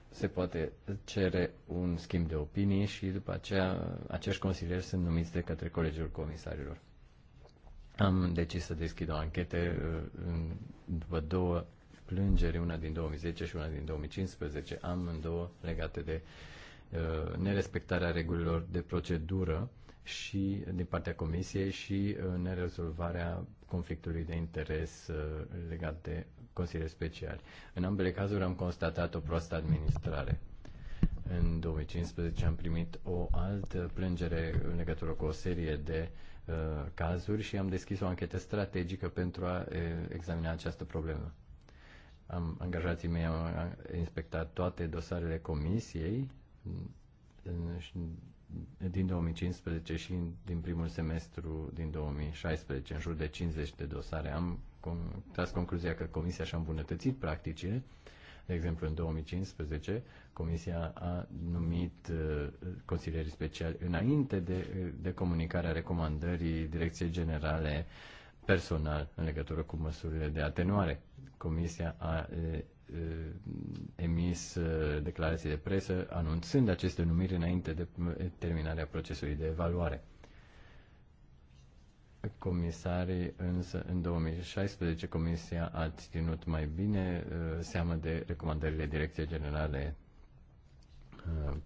se poate cere un schimb de opinii și după aceea acești consilieri sunt numiți de către Colegiul Comisarilor. Am decis să deschid o anchetă uh, după două plângeri, una din 2010 și una din 2015, amândouă legate de uh, nerespectarea regulilor de procedură și din partea Comisiei și în uh, rezolvarea conflictului de interes uh, legat de consilieri speciali. În ambele cazuri am constatat o proastă administrare. În 2015 am primit o altă plângere în legătură cu o serie de uh, cazuri și am deschis o anchetă strategică pentru a uh, examina această problemă. Am, angajații mei au uh, inspectat toate dosarele comisiei mm, din 2015 și din primul semestru din 2016, în jur de 50 de dosare. Am tras concluzia că Comisia și-a îmbunătățit practicile. De exemplu, în 2015, Comisia a numit uh, consilieri speciali înainte de, de comunicarea recomandării Direcției Generale personal în legătură cu măsurile de atenuare. Comisia a Uh, emis uh, declarații de presă anunțând aceste numiri înainte de terminarea procesului de evaluare. Comisarii, însă, în 2016, Comisia a ținut mai bine uh, seamă de recomandările Direcției Generale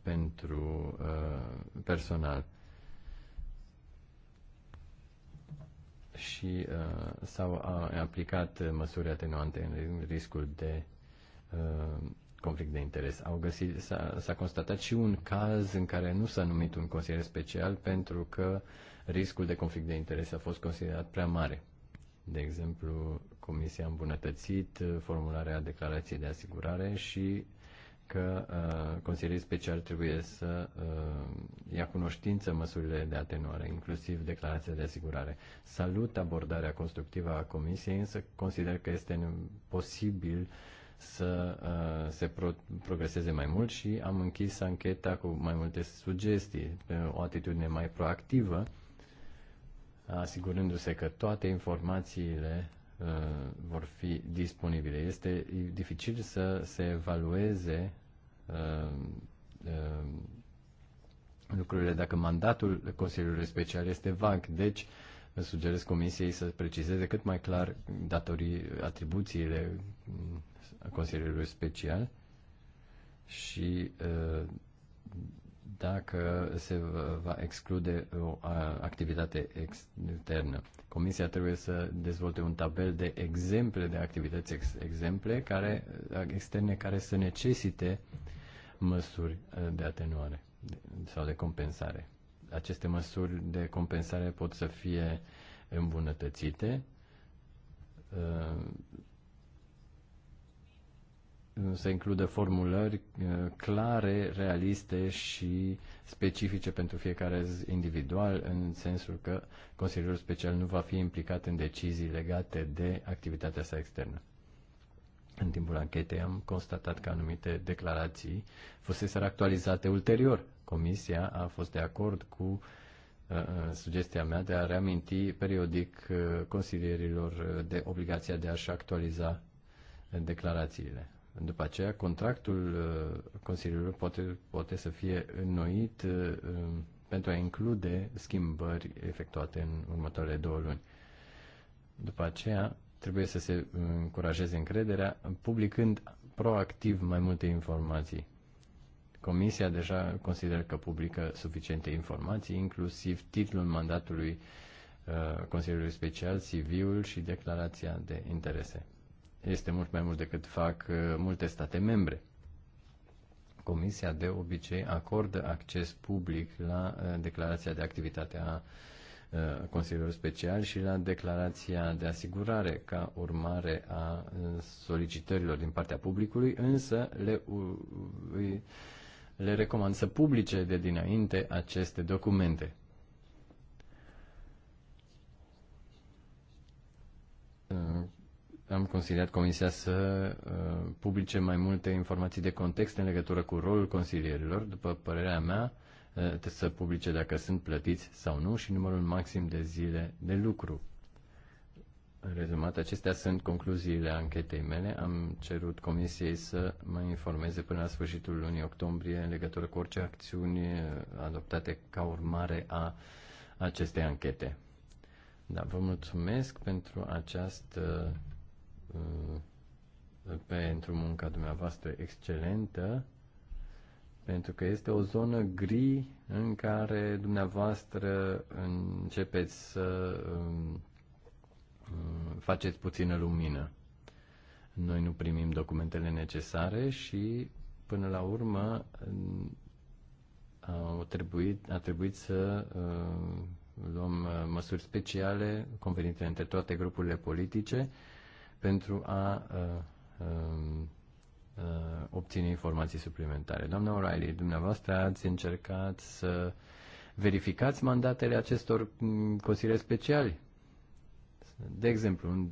pentru personal. și uh, s-au aplicat măsuri atenuante în riscul de Uh, conflict de interes. Au găsit, s-a, constatat și un caz în care nu s-a numit un consilier special pentru că riscul de conflict de interes a fost considerat prea mare. De exemplu, Comisia a îmbunătățit uh, formularea declarației de asigurare și că uh, consilierii special trebuie să uh, ia cunoștință măsurile de atenuare, inclusiv declarația de asigurare. Salut abordarea constructivă a Comisiei, însă consider că este posibil uh, să uh, se pro- progreseze mai mult și am închis ancheta cu mai multe sugestii, pe o atitudine mai proactivă, asigurându-se că toate informațiile uh, vor fi disponibile. Este dificil să se evalueze uh, uh, lucrurile dacă mandatul Consiliului Special este vag. Deci, uh, sugerez Comisiei să precizeze cât mai clar datorii, atribuțiile mm, Consiliului Special și uh, dacă se va exclude o activitate externă. Comisia trebuie să dezvolte un tabel de exemple de activități ex, exemple care, externe care să necesite măsuri uh, de atenuare sau de compensare aceste măsuri de compensare pot să fie îmbunătățite. Uh, să includă formulări uh, clare, realiste și specifice pentru fiecare individual, în sensul că Consiliul Special nu va fi implicat în decizii legate de activitatea sa externă. În timpul anchetei am constatat că anumite declarații fuseseră actualizate ulterior Comisia a fost de acord cu uh, uh, sugestia mea de a reaminti periodic uh, consilierilor de obligația de a-și actualiza declarațiile. După aceea, contractul consilierilor poate, poate să fie înnoit um, pentru a include schimbări efectuate în următoarele două luni. După aceea, trebuie să se încurajeze încrederea publicând proactiv mai multe informații. Comisia deja consideră că publică suficiente informații, inclusiv titlul mandatului uh, Consiliului Special, CV-ul și declarația de interese. Este mult mai mult decât fac uh, multe state membre. Comisia de obicei acordă acces public la uh, declarația de activitate a Consiliului Special și la declarația de asigurare ca urmare a solicitărilor din partea publicului, însă le, le recomand să publice de dinainte aceste documente. Am consiliat Comisia să uh, publice mai multe informații de context în legătură cu rolul consilierilor, după părerea mea, uh, să publice dacă sunt plătiți sau nu și numărul maxim de zile de lucru rezumat, acestea sunt concluziile anchetei mele. Am cerut comisiei să mă informeze până la sfârșitul lunii octombrie în legătură cu orice acțiuni eh, adoptate ca urmare a acestei anchete. Da, vă mulțumesc pentru această eh, pentru munca dumneavoastră excelentă, pentru că este o zonă gri în care dumneavoastră începeți să eh, Mm, faceți puțină lumină. Noi nu primim documentele necesare și, până la urmă, mm, a trebuit, a trebuit să mm, luăm măsuri speciale convenite între toate grupurile politice pentru a obține informații suplimentare. Doamna O'Reilly, dumneavoastră ați încercat să verificați mandatele acestor consilieri speciali? De exemplu, un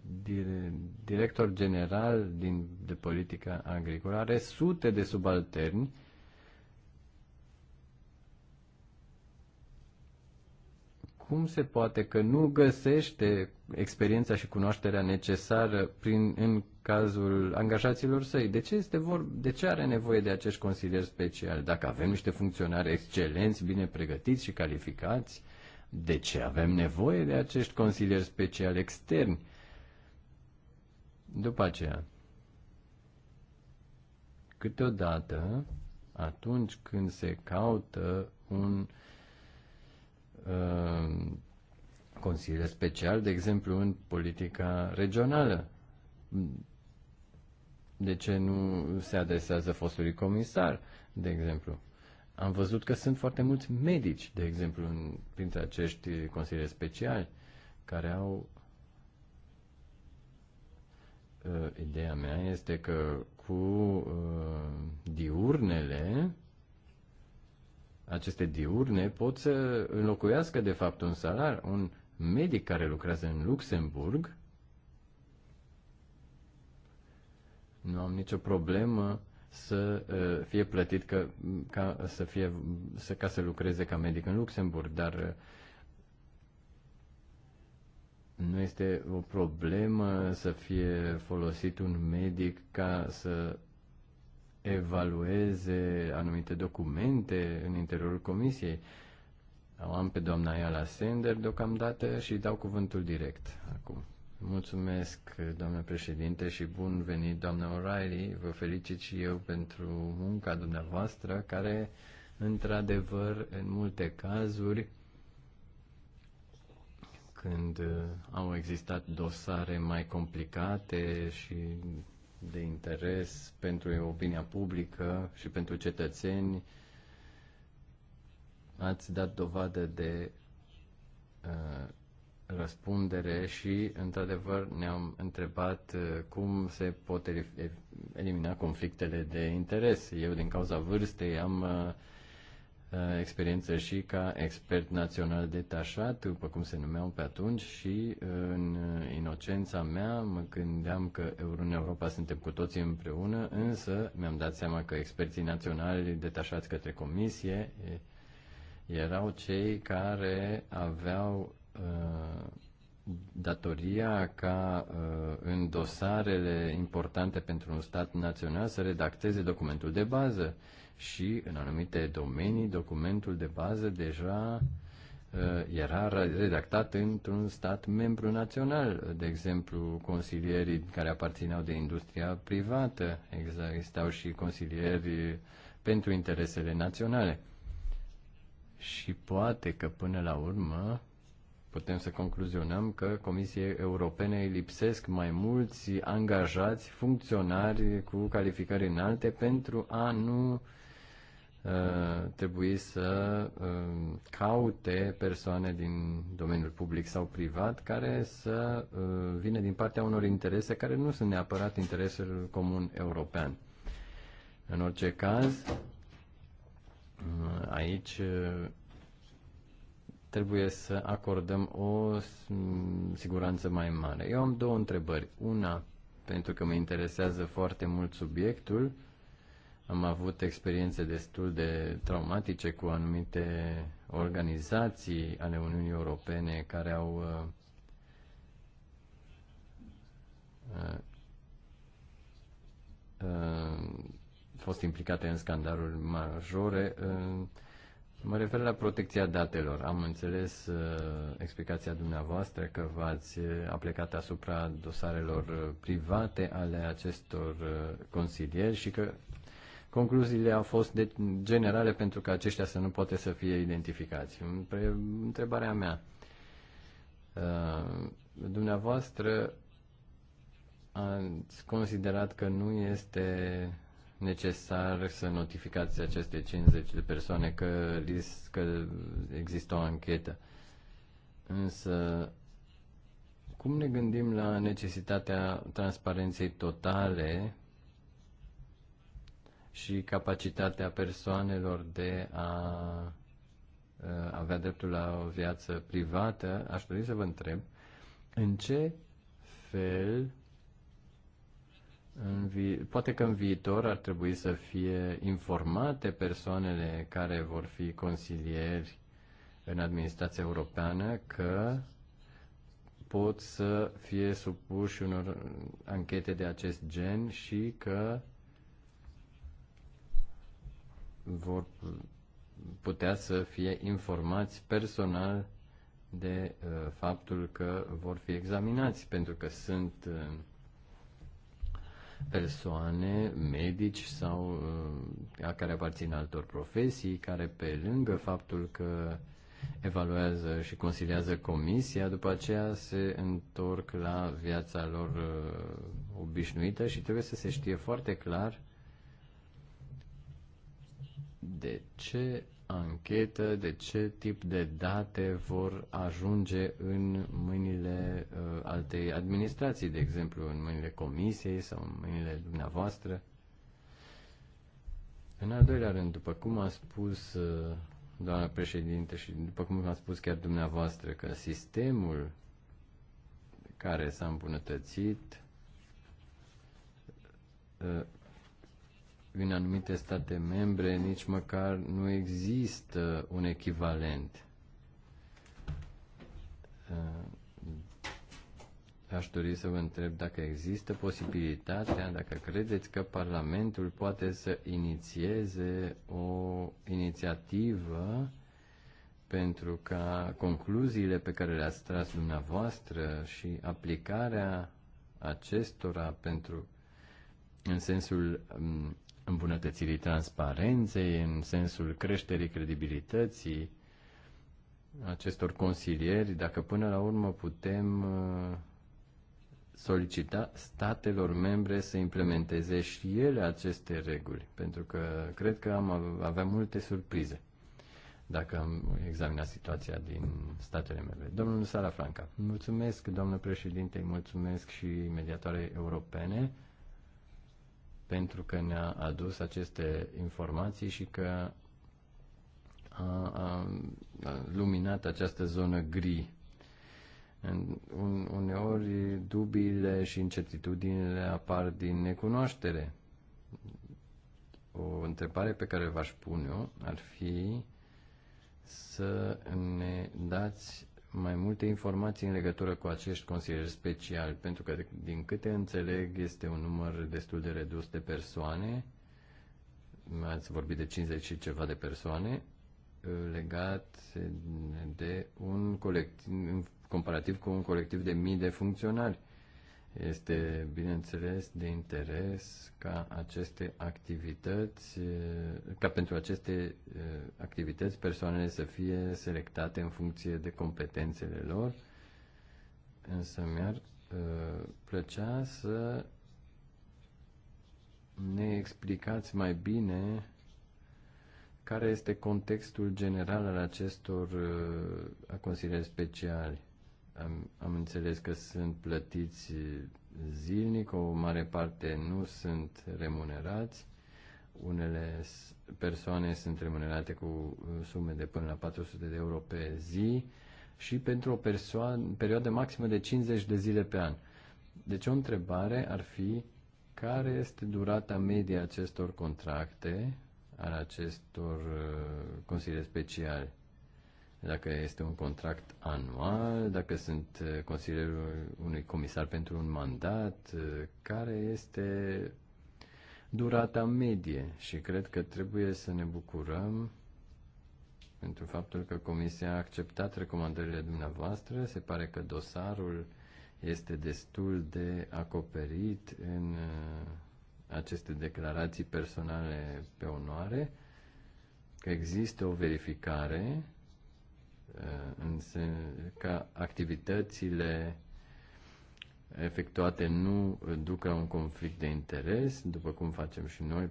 director general din, de politică agricolă are sute de subalterni cum se poate că nu găsește experiența și cunoașterea necesară prin, în cazul angajaților săi? De ce, este vor, de ce are nevoie de acești consilieri speciali? Dacă avem niște funcționari excelenți, bine pregătiți și calificați, uh, de ce avem nevoie de acești consilieri speciali externi? După aceea, câteodată, atunci când se caută un uh, consilier special, de exemplu, în politica regională, de ce nu se adresează fostului comisar, de exemplu? Am văzut că sunt foarte mulți medici, de exemplu, în, printre acești consilieri speciali, care au. Uh, ideea mea este că cu uh, diurnele, aceste diurne pot să înlocuiască, de fapt, un salar. Un medic care lucrează în Luxemburg, nu am nicio problemă să fie plătit că, ca, să fie, să, ca să lucreze ca medic în Luxemburg, dar nu este o problemă să fie folosit un medic ca să evalueze anumite documente în interiorul comisiei. am pe doamna Iala Sender deocamdată și dau cuvântul direct acum. Mulțumesc, doamnă președinte, și bun venit, doamnă O'Reilly. Vă felicit și eu pentru munca dumneavoastră, care, într-adevăr, în multe cazuri, când uh, au existat dosare mai complicate și de interes pentru opinia publică și pentru cetățeni, ați dat dovadă de uh, răspundere și, într-adevăr, ne-am întrebat uh, cum se pot elimina conflictele de interes. Eu, din cauza vârstei, am uh, uh, experiență și ca expert național detașat, după cum se numeau pe atunci, și în inocența mea mă gândeam că în Europa suntem cu toții împreună, însă mi-am dat seama că experții naționali detașați către comisie erau cei care aveau Uh, datoria ca uh, în dosarele importante pentru un stat național să redacteze documentul de bază și în anumite domenii documentul de bază deja uh, era redactat într-un stat membru național. De exemplu, consilierii care aparțineau de industria privată, existau și consilieri pentru interesele naționale. Și poate că până la urmă putem să concluzionăm că Comisiei Europene îi lipsesc mai mulți angajați, funcționari cu calificări înalte pentru a nu uh, trebui să uh, caute persoane din domeniul public sau privat care să uh, vină din partea unor interese care nu sunt neapărat interesul comun european. În orice caz, uh, aici uh, trebuie să acordăm o siguranță mai mare. Eu am două întrebări. Una, pentru că mă interesează foarte mult subiectul, am avut experiențe destul de traumatice cu anumite organizații ale Uniunii Europene care au uh, uh, uh fost implicate în scandaluri majore. Uh, Mă refer la protecția datelor. Am înțeles uh, explicația dumneavoastră că v-ați uh, aplicat asupra dosarelor uh, private ale acestor uh, consilieri și că concluziile au fost de- generale pentru că aceștia să nu poate să fie identificați. Întrebarea mea. Uh, dumneavoastră ați considerat că nu este necesar să notificați aceste 50 de persoane că, că există o anchetă. Însă, cum ne gândim la necesitatea transparenței totale și capacitatea persoanelor de a avea dreptul la o viață privată, aș dori să vă întreb în ce fel în vi- poate că în viitor ar trebui să fie informate persoanele care vor fi consilieri în administrația europeană că pot să fie supuși unor anchete de acest gen și că vor putea să fie informați personal de uh, faptul că vor fi examinați pentru că sunt uh, persoane, medici sau uh, care aparțin altor profesii, care pe lângă faptul că evaluează și consiliază comisia, după aceea se întorc la viața lor uh, obișnuită și trebuie să se știe foarte clar de ce anchetă de ce tip de date vor ajunge în mâinile uh, altei administrații, de exemplu, în mâinile comisiei sau în mâinile dumneavoastră. În al doilea rând, după cum a spus uh, doamna președinte și după cum a spus chiar dumneavoastră, că sistemul care s-a îmbunătățit uh, în anumite state membre nici măcar nu există un echivalent. Uh, aș dori să vă întreb dacă există posibilitatea, dacă credeți că Parlamentul poate să inițieze o inițiativă pentru ca concluziile pe care le-ați tras dumneavoastră și aplicarea acestora pentru în sensul um, îmbunătățirii transparenței, în sensul creșterii credibilității acestor consilieri, dacă până la urmă putem uh, solicita statelor membre să implementeze și ele aceste reguli, pentru că cred că am avea multe surprize dacă am examinat situația din statele membre. Domnul Sara Franca, mulțumesc, domnul președinte, mulțumesc și mediatoare europene pentru că ne-a adus aceste informații și că a, a, a luminat această zonă gri. Uneori dubiile și incertitudinile apar din necunoaștere. O întrebare pe care v-aș pune-o ar fi să ne dați mai multe informații în legătură cu acești consilieri speciali, pentru că, din câte înțeleg, este un număr destul de redus de persoane. Ați vorbit de 50 și ceva de persoane uh, legat de un colectiv, comparativ cu un colectiv de mii de funcționari. Este, bineînțeles, de interes ca aceste activități, ca pentru aceste activități persoanele să fie selectate în funcție de competențele lor, însă mi-ar plăcea să ne explicați mai bine care este contextul general al acestor consilieri speciali am, am înțeles că sunt plătiți zilnic, o mare parte nu sunt remunerați. Unele persoane sunt remunerate cu uh, sume de până la 400 de euro pe zi și pentru o persoană, perioadă maximă de 50 de zile pe an. Deci o întrebare ar fi care este durata medie acestor contracte, al acestor uh, consilii speciale? dacă este un contract anual, dacă sunt eh, consilierul unui comisar pentru un mandat, eh, care este durata medie și cred că trebuie să ne bucurăm pentru faptul că Comisia a acceptat recomandările dumneavoastră. Se pare că dosarul este destul de acoperit în eh, aceste declarații personale pe onoare, că există o verificare Uh, însă ca activitățile efectuate nu duc la un conflict de interes, după cum facem și noi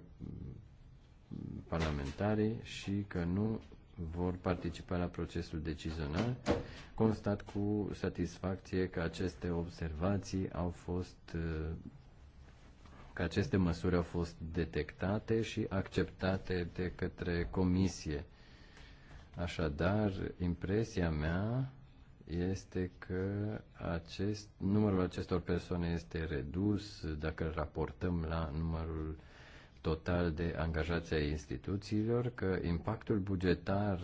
parlamentarii, și că nu vor participa la procesul decizional. Constat cu satisfacție că aceste observații au fost uh, că aceste măsuri au fost detectate și acceptate de către comisie Așadar, impresia mea este că acest, numărul acestor persoane este redus dacă îl raportăm la numărul total de angajați ai instituțiilor, că impactul bugetar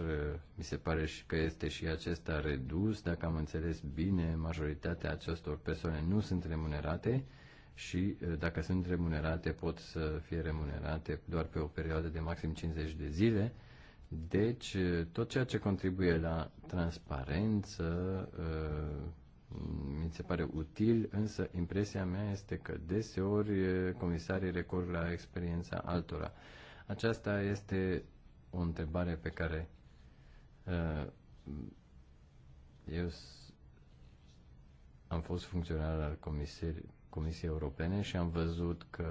mi se pare și că este și acesta redus, dacă am înțeles bine, majoritatea acestor persoane nu sunt remunerate și eh, dacă sunt remunerate pot să fie remunerate doar pe o perioadă de maxim 50 de zile deci, eh, tot ceea ce contribuie la transparență eh, mi se pare util, însă impresia mea este că deseori eh, comisarii recurg la experiența altora. Aceasta este o întrebare pe care eu am fost funcționar al Comisiei Europene și am văzut că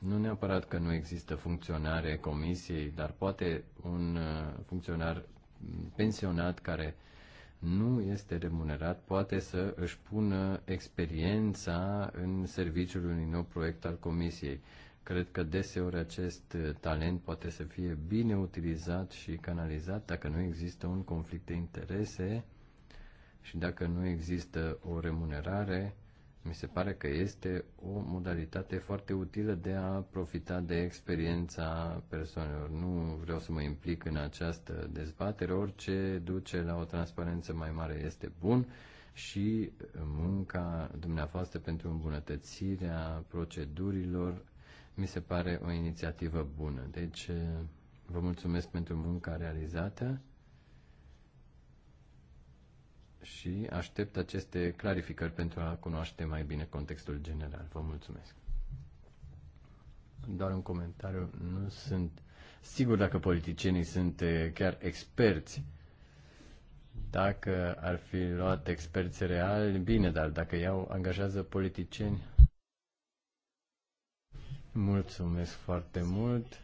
nu neapărat că nu există funcționare comisiei, dar poate un uh, funcționar pensionat care nu este remunerat poate să își pună experiența în serviciul unui nou proiect al comisiei. Cred că deseori acest uh, talent poate să fie bine utilizat și canalizat dacă nu există un conflict de interese și dacă nu există o remunerare mi se pare că este o modalitate foarte utilă de a profita de experiența persoanelor. Nu vreau să mă implic în această dezbatere, orice duce la o transparență mai mare este bun și munca dumneavoastră pentru îmbunătățirea procedurilor mi se pare o inițiativă bună. Deci, vă mulțumesc pentru munca realizată și aștept aceste clarificări pentru a cunoaște mai bine contextul general. Vă mulțumesc. Doar un comentariu. Nu sunt sigur dacă politicienii sunt eh, chiar experți. Dacă ar fi luat experți reali, bine, dar dacă iau, angajează politicieni. Mulțumesc foarte mult.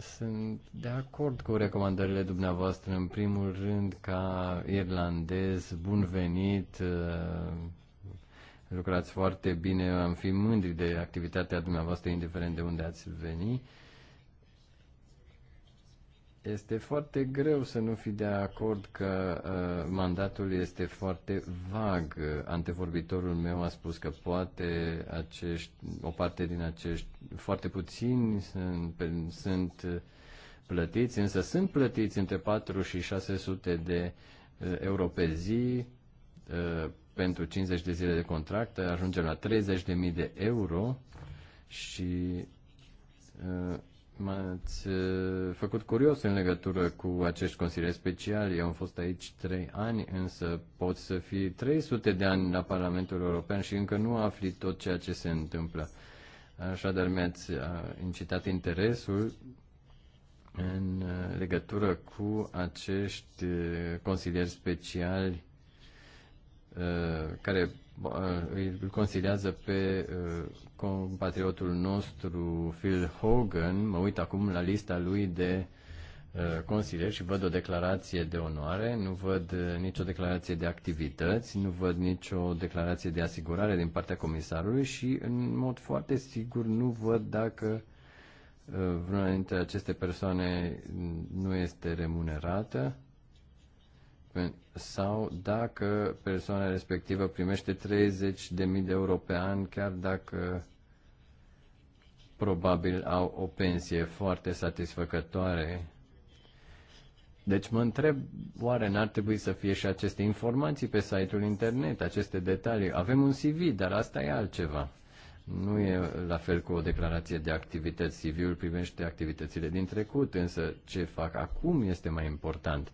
Sunt de acord cu recomandările dumneavoastră, în primul rând, ca irlandez, bun venit, uh, lucrați foarte bine, am fi mândri de activitatea dumneavoastră, indiferent de unde ați veni. Este foarte greu să nu fi de acord că uh, mandatul este foarte vag. Antevorbitorul meu a spus că poate acești, o parte din acești, foarte puțini sunt, pe, sunt uh, plătiți, însă sunt plătiți între 4 și 600 de uh, euro pe zi uh, pentru 50 de zile de contract, Ajungem la 30.000 de euro și uh, m-ați uh, făcut curios în legătură cu acești consilieri speciali. Eu am fost aici trei ani, însă pot să fi 300 de ani la Parlamentul European și încă nu afli tot ceea ce se întâmplă. Așadar, mi-ați uh, incitat interesul în uh, legătură cu acești consilieri speciali care îl considează pe uh, compatriotul nostru Phil Hogan. Mă uit acum la lista lui de uh, consilier și văd o declarație de onoare, nu văd uh, nicio declarație de activități, nu văd nicio declarație de asigurare din partea comisarului și în mod foarte sigur nu văd dacă vreuna dintre aceste persoane nu este remunerată sau dacă persoana respectivă primește 30.000 de euro pe an, chiar dacă probabil au o pensie foarte satisfăcătoare. Deci mă întreb, oare n-ar trebui să fie și aceste informații pe site-ul internet, aceste detalii? Avem un CV, dar asta e altceva. Nu e la fel cu o declarație de activități. CV-ul privește activitățile din trecut, însă ce fac acum este mai important.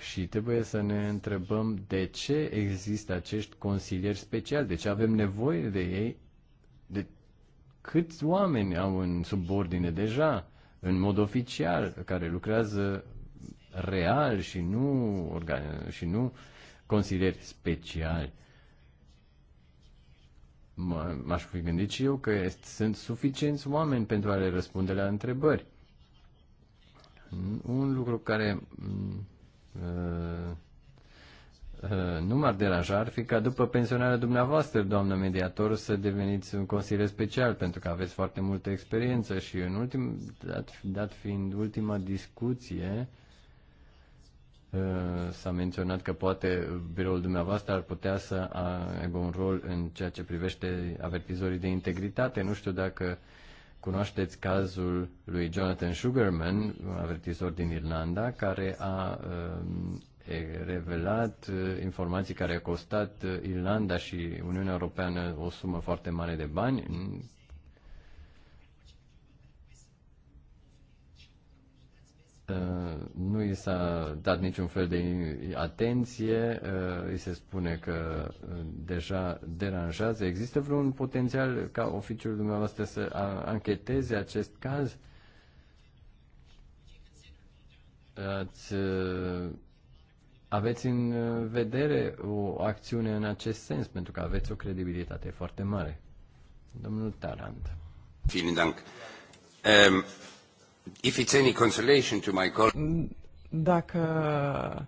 Și trebuie să ne întrebăm de ce există acești consilieri speciali, de ce avem nevoie de ei, de câți oameni au în subordine deja, în mod oficial, care lucrează real și nu, organ, și nu consilieri speciali. M-aș fi gândit și eu că sunt suficienți oameni pentru a le răspunde la întrebări. Un lucru care Uh, uh, nu m-ar deranja ar fi ca după pensionarea dumneavoastră, doamnă mediator, să deveniți un consilier special, pentru că aveți foarte multă experiență și în ultim, dat, dat fiind ultima discuție, uh, s-a menționat că poate biroul dumneavoastră ar putea să aibă un rol în ceea ce privește avertizorii de integritate. Nu știu dacă uh, Cunoașteți cazul lui Jonathan Sugarman, un avertisor din Irlanda, care a uh, revelat uh, informații care a costat uh, Irlanda și Uniunea Europeană o sumă foarte mare de bani Uh, nu i s-a dat niciun fel de atenție, uh, îi se spune că uh, deja deranjează. Există vreun potențial ca oficiul dumneavoastră să ancheteze acest caz? Ați, aveți în vedere o acțiune în acest sens, pentru că aveți o credibilitate foarte mare. Domnul Tarant. Vielen Dank. Ähm, If it's any consolation to my colleague... Dacă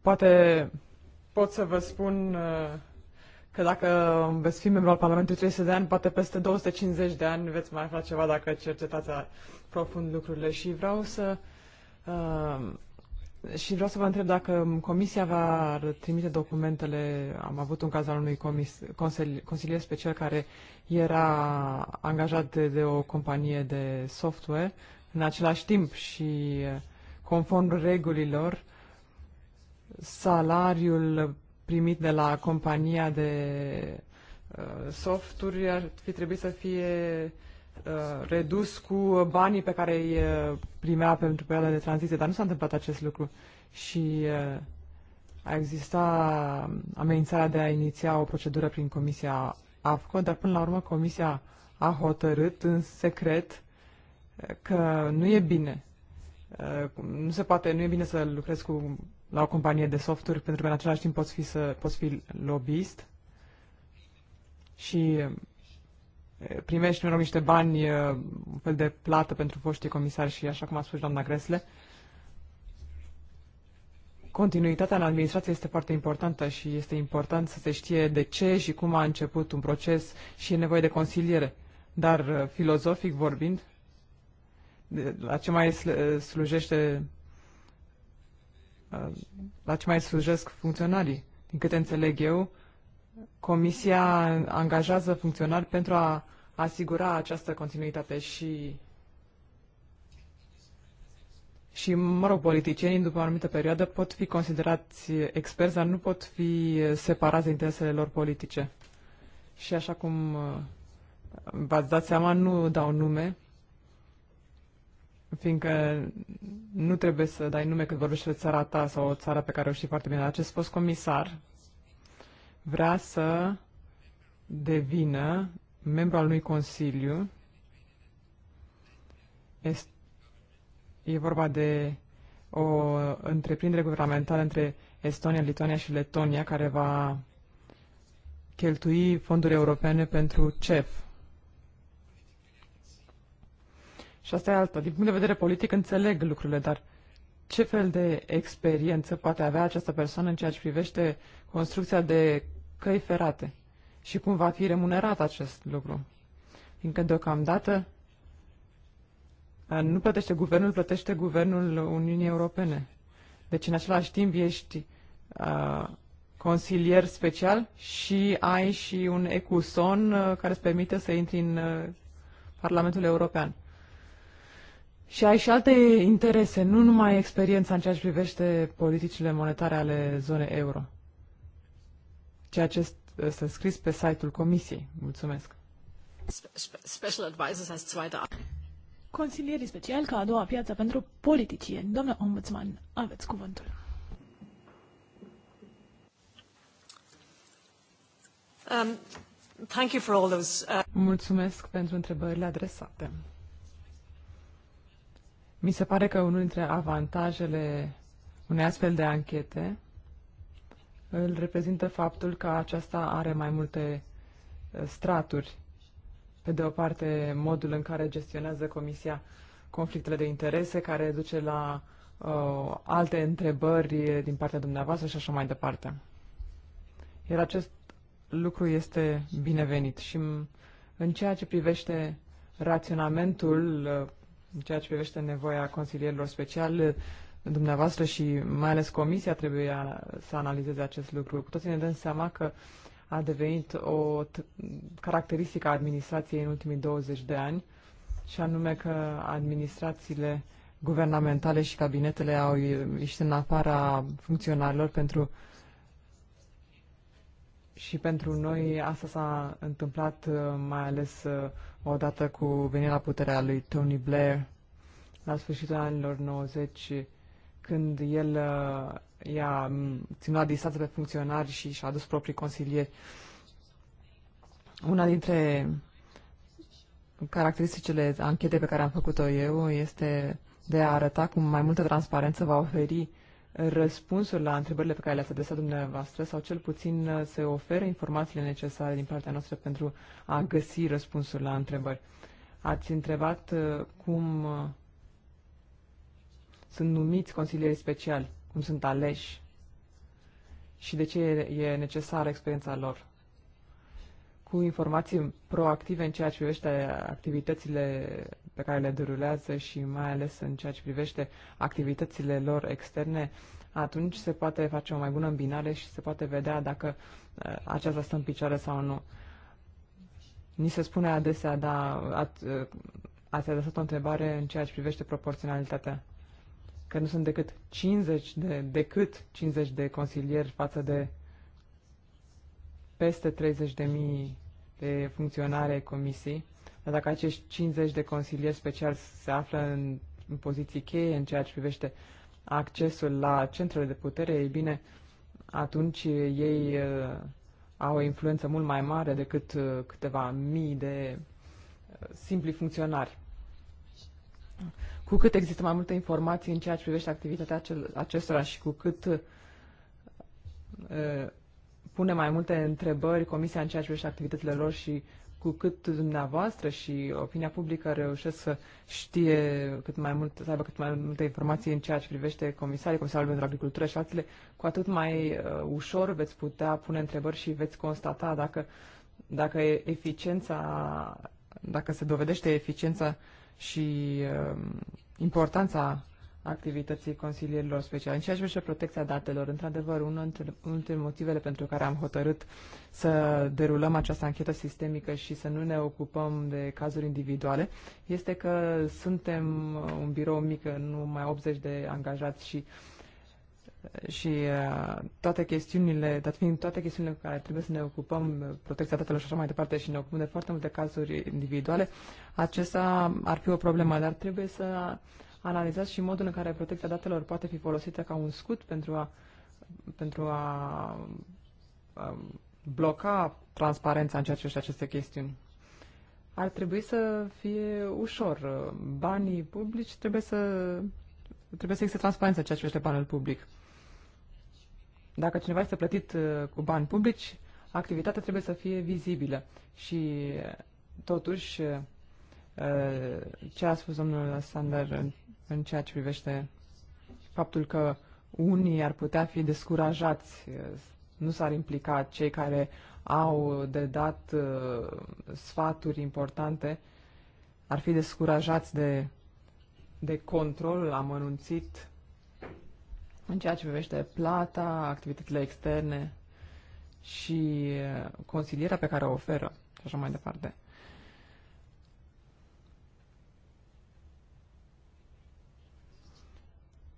poate pot să vă spun uh, că dacă veți fi membru al Parlamentului 300 de ani, poate peste 250 de ani veți mai face ceva dacă cercetați profund lucrurile și vreau să uh, și vreau să vă întreb dacă comisia va trimite documentele, am avut un caz al unui comis, consili, consilier special care era angajat de, de o companie de software în același timp și conform regulilor salariul primit de la compania de uh, softuri ar fi trebuit să fie Uh, redus cu banii pe care îi uh, primea pentru perioada de tranziție, dar nu s-a întâmplat acest lucru. Și uh, a existat amenințarea de a iniția o procedură prin Comisia AFCO, dar până la urmă Comisia a hotărât în secret că nu e bine. Nu se poate, nu e bine să lucrezi cu, la o companie de software pentru că în același timp poți fi, să, poți fi lobbyist și primești, mă rog, niște bani, uh, un fel de plată pentru foștii comisari și, așa cum a spus doamna Gresle, continuitatea în administrație este foarte importantă și este important să se știe de ce și cum a început un proces și e nevoie de consiliere. Dar, uh, filozofic vorbind, la ce mai uh, slujește la ce mai slujesc funcționarii? Din câte înțeleg eu, Comisia angajează funcționari pentru a asigura această continuitate și și, mă rog, politicienii după o anumită perioadă pot fi considerați experți, dar nu pot fi separați de interesele lor politice. Și așa cum uh, v-ați dat seama, nu dau nume, fiindcă nu trebuie să dai nume când vorbești de țara ta sau o țară pe care o știi foarte bine. Acest fost comisar vrea să devină membru al unui consiliu. Este, e vorba de o întreprindere guvernamentală între Estonia, Lituania și Letonia care va cheltui fonduri europene pentru CEF. Și asta e alta. Din punct de vedere politic înțeleg lucrurile, dar ce fel de experiență poate avea această persoană în ceea ce privește construcția de căi ferate și cum va fi remunerat acest lucru. Fiindcă deocamdată nu plătește guvernul, plătește guvernul Uniunii Europene. Deci în același timp ești uh, consilier special și ai și un ecuson uh, care îți permite să intri în uh, Parlamentul European și ai și alte interese, nu numai experiența în ceea ce privește politicile monetare ale zonei euro. Ceea ce este scris pe site-ul Comisiei. Mulțumesc. Special Advisors als zweiter Consilierii speciali ca a doua piață pentru politicieni. Domnule ombudsman, aveți cuvântul. Um, thank you for all those, uh... Mulțumesc pentru întrebările adresate. Mi se pare că unul dintre avantajele unei astfel de anchete îl reprezintă faptul că aceasta are mai multe eh, straturi. Pe de o parte, modul în care gestionează Comisia conflictele de interese, care duce la uh, alte întrebări din partea dumneavoastră și așa mai departe. Iar acest lucru este binevenit și în ceea ce privește raționamentul uh, în ceea ce privește nevoia consilierilor special, dumneavoastră și mai ales comisia trebuie să analizeze acest lucru. Cu toții ne dăm seama că a devenit o caracteristică a administrației în ultimii 20 de ani, și anume că administrațiile guvernamentale și cabinetele au ieșit în afara funcționarilor pentru și pentru noi asta s-a întâmplat mai ales odată cu venirea puterea lui Tony Blair la sfârșitul anilor 90, când el uh, i-a mm, ținut distanță pe funcționari și și-a adus proprii consilieri. Una dintre caracteristicile anchetei pe care am făcut-o eu este de a arăta cum mai multă transparență va oferi răspunsuri la întrebările pe care le-ați adresat dumneavoastră sau cel puțin să ofere informațiile necesare din partea noastră pentru a găsi răspunsuri la întrebări. Ați întrebat uh, cum uh, sunt numiți consilierii speciali, cum sunt aleși și de ce e necesară experiența lor. Cu informații proactive în ceea ce privește activitățile pe care le derulează și mai ales în ceea ce privește activitățile lor externe, atunci se poate face o mai bună îmbinare și se poate vedea dacă uh, aceasta stă în picioare sau nu. Ni se spune adesea, da, ați, uh, ați adresat o întrebare în ceea ce privește proporționalitatea. Că nu sunt decât 50 de, decât 50 de consilieri față de peste 30.000 de funcționare ai comisiei dacă acești 50 de consilieri speciali se află în, în poziții cheie în ceea ce privește accesul la centrele de putere, ei bine, atunci ei uh, au o influență mult mai mare decât uh, câteva mii de uh, simpli funcționari. Cu cât există mai multe informații în ceea ce privește activitatea acel, acestora și cu cât uh, pune mai multe întrebări Comisia în ceea ce privește activitățile lor și cu cât dumneavoastră și opinia publică reușesc să știe cât mai mult, să aibă cât mai multe informații în ceea ce privește comisarii, comisarul pentru agricultură și altele, cu atât mai uh, ușor veți putea pune întrebări și veți constata dacă, dacă e eficiența, dacă se dovedește eficiența și uh, importanța activității consilierilor speciale. În ceea ce protecția datelor, într-adevăr, unul dintre, unul dintre motivele pentru care am hotărât să derulăm această anchetă sistemică și să nu ne ocupăm de cazuri individuale este că suntem un birou mic, numai 80 de angajați și și uh, toate chestiunile, dat fiind toate chestiunile cu care trebuie să ne ocupăm, protecția datelor și așa mai departe, și ne ocupăm de foarte multe cazuri individuale, acesta ar fi o problemă, dar trebuie să analizat și modul în care protecția datelor poate fi folosită ca un scut pentru a, pentru a, a um, bloca transparența în ceea ce aceste chestiuni. Ar trebui să fie ușor. Banii publici trebuie să, trebuie să existe transparență în ceea ce este banul public. Dacă cineva este plătit uh, cu bani publici, activitatea trebuie să fie vizibilă și totuși ce a spus domnul Sander în, în ceea ce privește faptul că unii ar putea fi descurajați, nu s-ar implica cei care au de dat uh, sfaturi importante, ar fi descurajați de, de control, amănunțit în ceea ce privește plata, activitățile externe și uh, consilierea pe care o oferă și așa mai departe.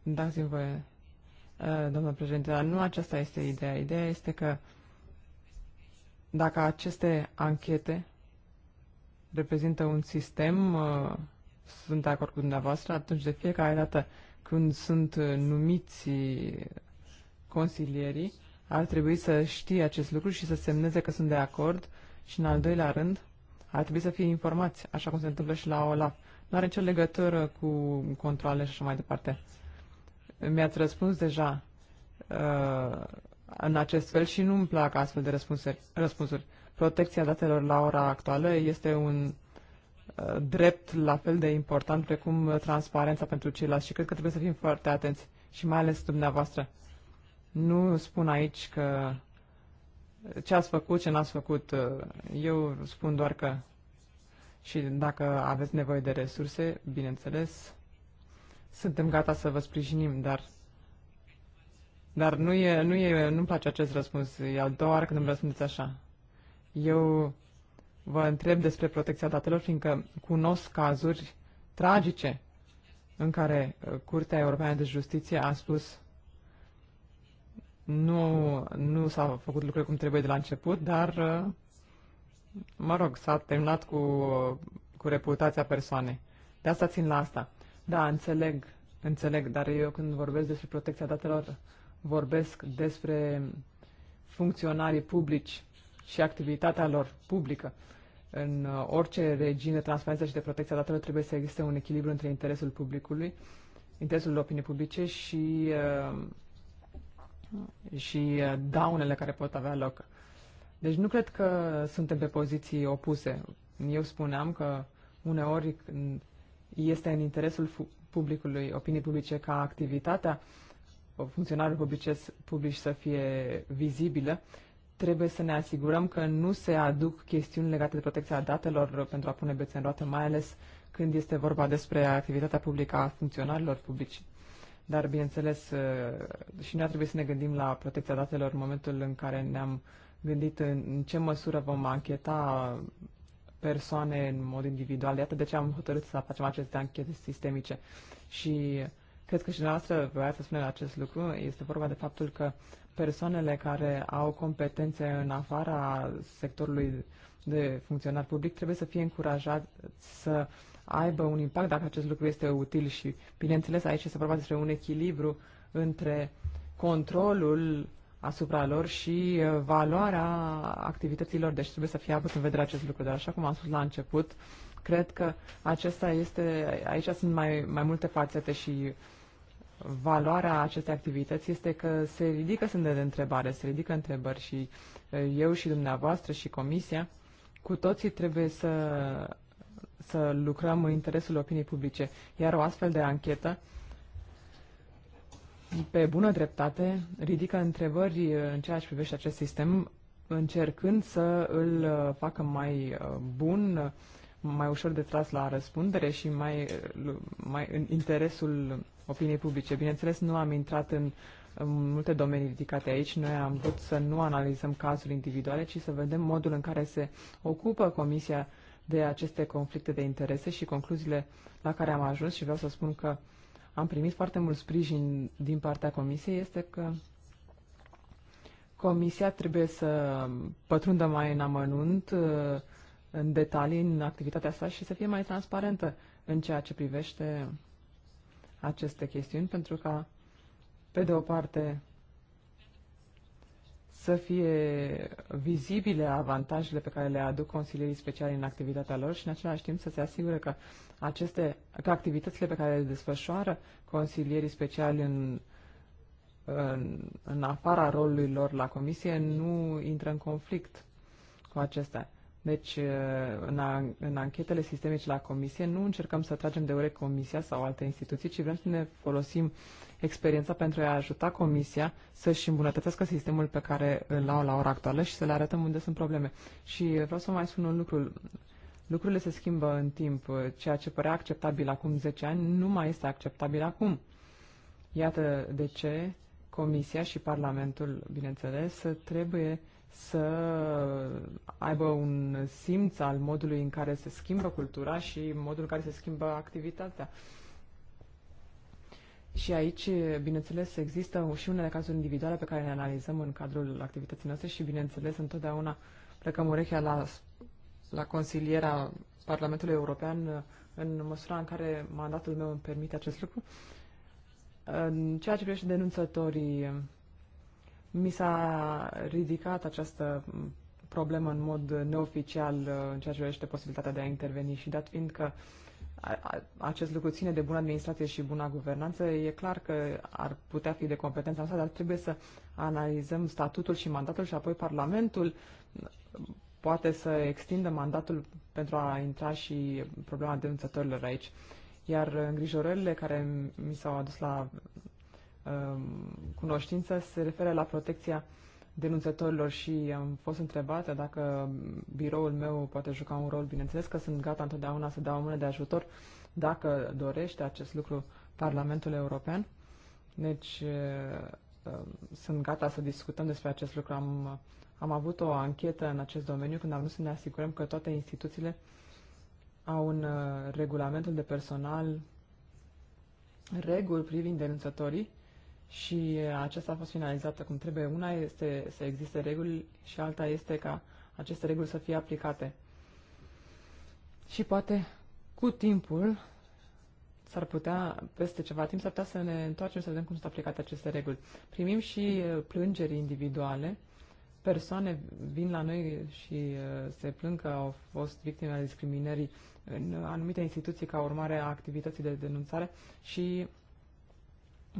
Dați-mi voie, ă, domnul președinte, dar nu aceasta este ideea. Ideea este că dacă aceste anchete reprezintă un sistem, ă, sunt de acord cu dumneavoastră, atunci de fiecare dată când sunt numiți consilierii, ar trebui să știe acest lucru și să semneze că sunt de acord și, în al doilea rând, ar trebui să fie informați, așa cum se întâmplă și la OLAF. Nu are nicio legătură cu controle și așa mai departe. Mi-ați răspuns deja uh, în acest fel și nu-mi plac astfel de răspunsuri. răspunsuri. Protecția datelor la ora actuală este un uh, drept la fel de important precum transparența pentru ceilalți și cred că trebuie să fim foarte atenți și mai ales dumneavoastră. Nu spun aici că ce ați făcut, ce n-ați făcut. Uh, eu spun doar că și dacă aveți nevoie de resurse, bineînțeles, suntem gata să vă sprijinim, dar dar nu e, nu e, nu-mi place acest răspuns. E al doua oară când îmi răspundeți așa. Eu vă întreb despre protecția datelor, fiindcă cunosc cazuri tragice în care uh, Curtea Europeană de Justiție a spus nu, nu s a făcut lucrurile cum trebuie de la început, dar, uh, mă rog, s-a terminat cu, cu reputația persoanei. De asta țin la asta. Da, înțeleg, înțeleg, dar eu când vorbesc despre protecția datelor, vorbesc despre funcționarii publici și activitatea lor publică. În uh, orice regim de transparență și de protecția datelor trebuie să existe un echilibru între interesul publicului, interesul opiniei publice și, uh, și uh, daunele care pot avea loc. Deci nu cred că suntem pe poziții opuse. Eu spuneam că uneori este în interesul publicului, opinii publice ca activitatea funcționarilor publicesc, publici să fie vizibilă, trebuie să ne asigurăm că nu se aduc chestiuni legate de protecția datelor pentru a pune bețe în roată, mai ales când este vorba despre activitatea publică a funcționarilor publici. Dar, bineînțeles, eh, și noi trebuie să ne gândim la protecția datelor în momentul în care ne-am gândit în ce măsură vom ancheta persoane în mod individual. Iată de ce am hotărât să facem aceste anchete sistemice. Și cred că și dumneavoastră vrea să spunem acest lucru. Este vorba de faptul că persoanele care au competențe în afara sectorului de funcționar public trebuie să fie încurajat să aibă un impact dacă acest lucru este util și, bineînțeles, aici este vorba despre un echilibru între controlul uh, asupra lor și uh, valoarea activităților. Deci trebuie să fie avut în vedere acest lucru. Dar așa cum am spus la început, cred că acesta este, aici sunt mai, mai multe fațete și valoarea acestei activități este că se ridică semne de întrebare, se ridică întrebări și uh, eu și dumneavoastră și comisia, cu toții trebuie să, să lucrăm în interesul opiniei publice. Iar o astfel de anchetă pe bună dreptate, ridică întrebări uh, în ceea ce privește acest sistem, încercând să îl uh, facă mai uh, bun, mai ușor de tras la răspundere și mai, mai în interesul opiniei publice. Bineînțeles, nu am intrat în, în multe domenii ridicate aici. Noi am vrut să nu analizăm cazuri individuale, ci să vedem modul în care se ocupă Comisia de aceste conflicte de interese și concluziile la care am ajuns și vreau să spun că am primit foarte mult sprijin din partea comisiei este că comisia trebuie să pătrundă mai în amănunt, uh, în detalii, în activitatea sa și să fie mai transparentă în ceea ce privește aceste chestiuni, pentru ca, pe de o parte, să fie vizibile avantajele pe care le aduc consilierii speciali în activitatea lor și în același timp să se asigure că, aceste, că activitățile pe care le desfășoară consilierii speciali în, în, în afara rolului lor la comisie nu intră în conflict cu acestea. Deci, în, a, în anchetele sistemice la comisie nu încercăm să tragem de ure comisia sau alte instituții, ci vrem să ne folosim experiența pentru a ajuta Comisia să-și îmbunătățească sistemul pe care îl au la ora actuală și să le arătăm unde sunt probleme. Și vreau să mai spun un lucru. Lucrurile se schimbă în timp. Ceea ce părea acceptabil acum 10 ani nu mai este acceptabil acum. Iată de ce Comisia și Parlamentul, bineînțeles, trebuie să aibă un simț al modului în care se schimbă cultura și modul în care se schimbă activitatea. Și aici, bineînțeles, există și unele cazuri individuale pe care le analizăm în cadrul activității noastre și, bineînțeles, întotdeauna plecăm urechea la, la consilierea Parlamentului European uh, în măsura în care mandatul meu îmi permite acest lucru. În ceea ce privește denunțătorii, mi s-a ridicat această problemă în mod neoficial uh, în ceea ce privește posibilitatea de a interveni și dat fiind că uh, acest lucru ține de bună administrație și bună guvernanță, e clar că ar putea fi de competența noastră, dar trebuie să analizăm statutul și mandatul și apoi Parlamentul poate să extindă mandatul pentru a intra și problema denunțătorilor aici. Iar îngrijorările care mi s-au adus la uh, cunoștință se referă la protecția uh, denunțătorilor și am fost întrebată dacă biroul meu poate juca un rol. Bineînțeles că sunt gata întotdeauna să dau o mână de ajutor dacă dorește acest lucru Parlamentul European. Deci sunt gata să discutăm despre acest lucru. Am, am avut o anchetă în acest domeniu când am vrut să ne asigurăm că toate instituțiile au un regulamentul de personal reguli privind denunțătorii și aceasta a fost finalizată cum trebuie. Una este să existe reguli și alta este ca aceste reguli să fie aplicate. Și poate cu timpul s-ar putea, peste ceva timp, s-ar putea să ne întoarcem să vedem cum sunt aplicate aceste reguli. Primim și uh, plângeri individuale. Persoane vin la noi și uh, se plâng că au fost victime ale discriminării în anumite instituții ca urmare a activității de denunțare și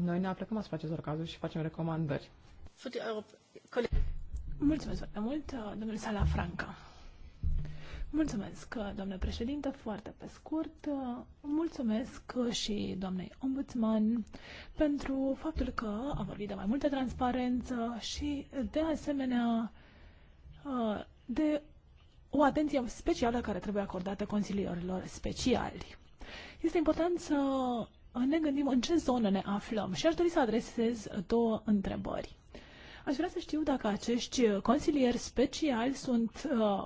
noi ne aplicăm asupra acestor cazuri și facem recomandări. Mulțumesc foarte mult, domnul Sala Franca. Mulțumesc, doamnă președintă, foarte pe scurt. Mulțumesc și doamnei ombudsman pentru faptul că a vorbit de mai multă transparență și, de asemenea, de o atenție specială care trebuie acordată consilierilor speciali. Este important să ne gândim în ce zonă ne aflăm și aș dori să adresez două întrebări. Aș vrea să știu dacă acești consilieri speciali sunt uh,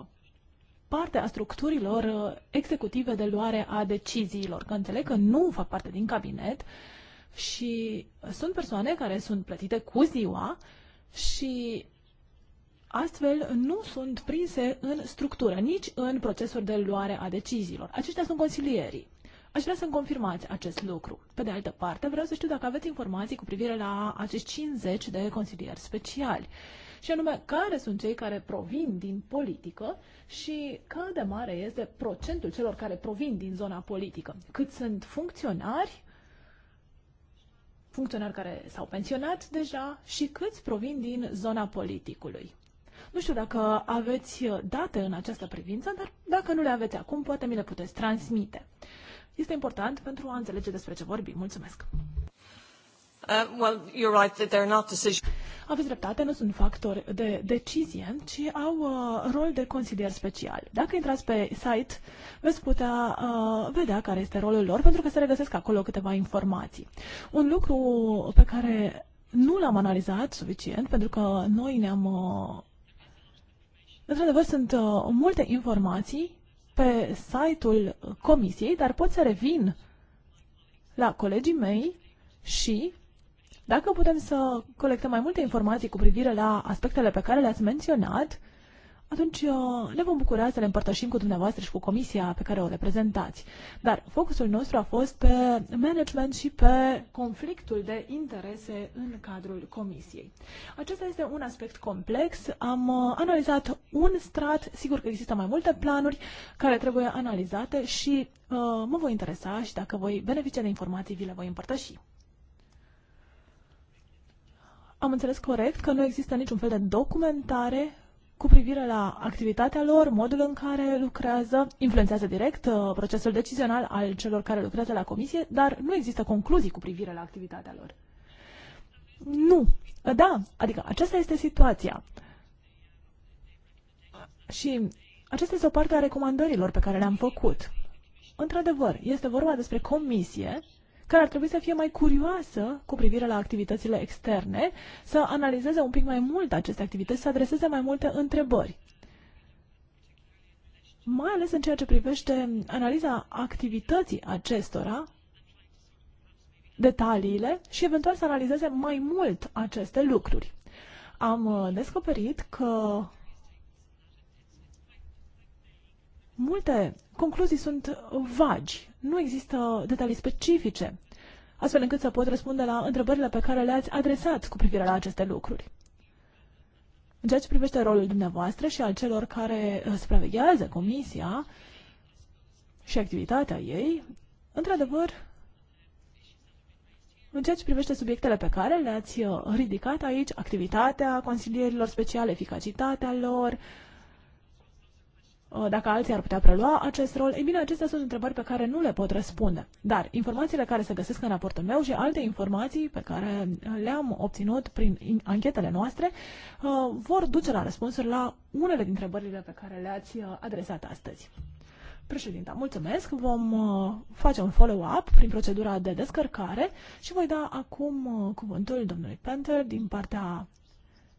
parte a structurilor uh, executive de luare a deciziilor, că înțeleg că nu fac parte din cabinet și sunt persoane care sunt plătite cu ziua și astfel nu sunt prinse în structură, nici în procesul de luare a deciziilor. Aceștia sunt consilierii. Aș vrea să-mi confirmați acest lucru. Pe de altă parte, vreau să știu dacă aveți informații cu privire la acești 50 de consilieri speciali. Și anume, care sunt cei care provin din politică și cât de mare este procentul celor care provin din zona politică? Cât sunt funcționari funcționari care s-au pensionat deja și câți provin din zona politicului. Nu știu dacă aveți date în această privință, dar dacă nu le aveți acum, poate mi le puteți transmite este important pentru a înțelege despre ce vorbim. Mulțumesc! Uh, well, you're right that they're not decision. Aveți dreptate, nu sunt factori de decizie, ci au uh, rol de consilier special. Dacă intrați pe site, veți putea uh, vedea care este rolul lor, pentru că se regăsesc acolo câteva informații. Un lucru pe care nu l-am analizat suficient, pentru că noi ne-am... Uh, Într-adevăr, sunt uh, multe informații pe site-ul comisiei, dar pot să revin la colegii mei și dacă putem să colectăm mai multe informații cu privire la aspectele pe care le-ați menționat, atunci uh, ne vom bucura să le împărtășim cu dumneavoastră și cu comisia pe care o reprezentați. Dar focusul nostru a fost pe management și pe conflictul de interese în cadrul comisiei. Acesta este un aspect complex. Am uh, analizat un strat, sigur că există mai multe planuri care trebuie analizate și uh, mă voi interesa și dacă voi beneficia de informații, vi le voi împărtăși. Am înțeles corect că nu există niciun fel de documentare cu privire la activitatea lor, modul în care lucrează, influențează direct uh, procesul decizional al celor care lucrează la comisie, dar nu există concluzii cu privire la activitatea lor. Nu. Da, adică aceasta este situația. Și aceasta este o parte a recomandărilor pe care le-am făcut. Într-adevăr, este vorba despre comisie care ar trebui să fie mai curioasă cu privire la activitățile externe, să analizeze un pic mai mult aceste activități, să adreseze mai multe întrebări mai ales în ceea ce privește analiza activității acestora, detaliile și eventual să analizeze mai mult aceste lucruri. Am uh, descoperit că multe concluzii sunt vagi nu există detalii specifice, astfel încât să pot răspunde la întrebările pe care le-ați adresat cu privire la aceste lucruri. În ceea ce privește rolul dumneavoastră și al celor care uh, supraveghează comisia și activitatea ei, într-adevăr, în ceea ce privește subiectele pe care le-ați uh, ridicat aici, activitatea consilierilor speciale, eficacitatea lor, uh, Uh, dacă alții ar putea prelua acest rol, ei bine, acestea sunt întrebări pe care nu le pot răspunde. Dar informațiile care se găsesc în raportul meu și alte informații pe care uh, le-am obținut prin anchetele noastre uh, vor duce la răspunsuri la unele dintre întrebările pe care le-ați adresat astăzi. Președinta, mulțumesc. Vom face un follow-up prin procedura de descărcare și voi da acum cuvântul domnului Penter din partea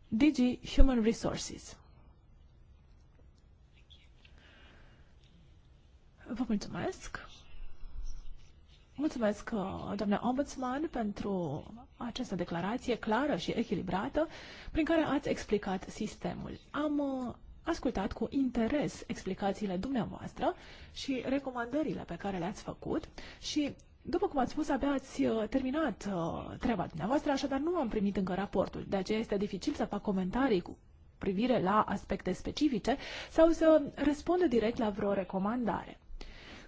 Digi Human Resources. Vă mulțumesc! Mulțumesc, uh, doamna ombudsman, pentru această declarație clară și echilibrată prin care ați explicat sistemul. Am uh, ascultat cu interes explicațiile dumneavoastră și recomandările pe care le-ați făcut și după cum ați spus, abia ați uh, terminat treaba dumneavoastră, așadar nu am primit încă raportul. De aceea este dificil să fac comentarii cu privire la aspecte specifice sau să răspundă direct la vreo recomandare.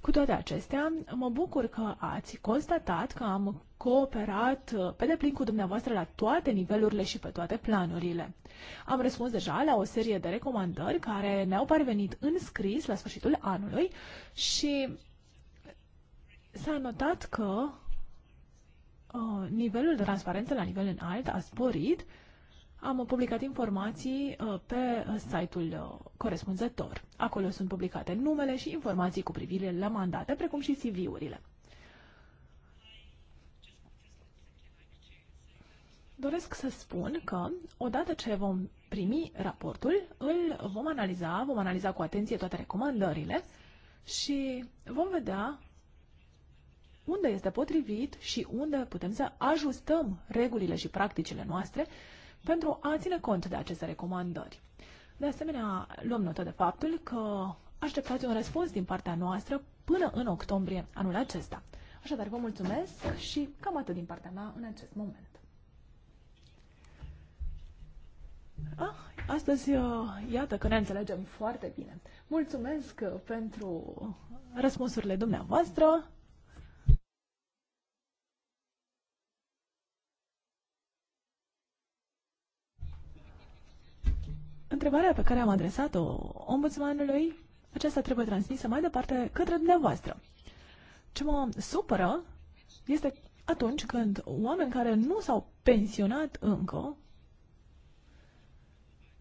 Cu toate acestea, mă bucur că ați constatat că am cooperat uh, pe deplin cu dumneavoastră la toate nivelurile și pe toate planurile. Am răspuns deja la o serie de recomandări care ne-au parvenit în scris la sfârșitul anului și s-a notat că uh, nivelul de transparență la nivel înalt a sporit am publicat informații uh, pe site-ul uh, corespunzător. Acolo sunt publicate numele și informații cu privire la mandate, precum și CV-urile. Doresc să spun că odată ce vom primi raportul, îl vom analiza, vom analiza cu atenție toate recomandările și vom vedea unde este potrivit și unde putem să ajustăm regulile și practicile noastre pentru a ține cont de aceste recomandări. De asemenea, luăm notă de faptul că așteptați un răspuns din partea noastră până în octombrie anul acesta. Așadar, vă mulțumesc și cam atât din partea mea în acest moment. Ah, astăzi, uh, iată că ne înțelegem foarte bine. Mulțumesc uh, pentru răspunsurile dumneavoastră. întrebarea pe care am adresat-o ombudsmanului, aceasta trebuie transmisă mai departe către dumneavoastră. Ce mă supără este atunci când oameni care nu s-au pensionat încă,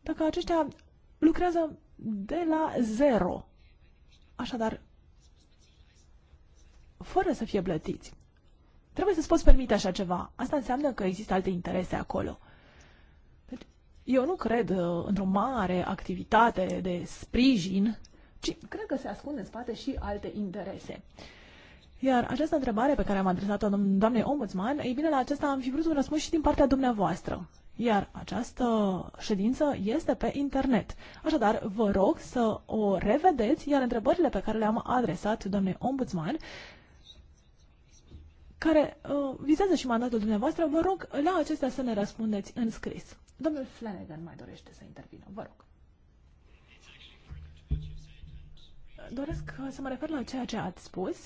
dacă aceștia lucrează de la zero, așadar, fără să fie plătiți. Trebuie să-ți poți permite așa ceva. Asta înseamnă că există alte interese acolo eu nu cred uh, într-o mare activitate de sprijin, ci cred că se ascund în spate și alte interese. Iar această întrebare pe care am adresat-o doamnei ombudsman, ei bine, la acesta am fi vrut un răspuns și din partea dumneavoastră. Iar această ședință este pe internet. Așadar, vă rog să o revedeți, iar întrebările pe care le-am adresat doamnei ombudsman, care uh, vizează și mandatul dumneavoastră, vă rog la acestea să ne răspundeți în scris. Domnul Flanagan mai dorește să intervină. Vă rog. Doresc să mă refer la ceea ce ați spus,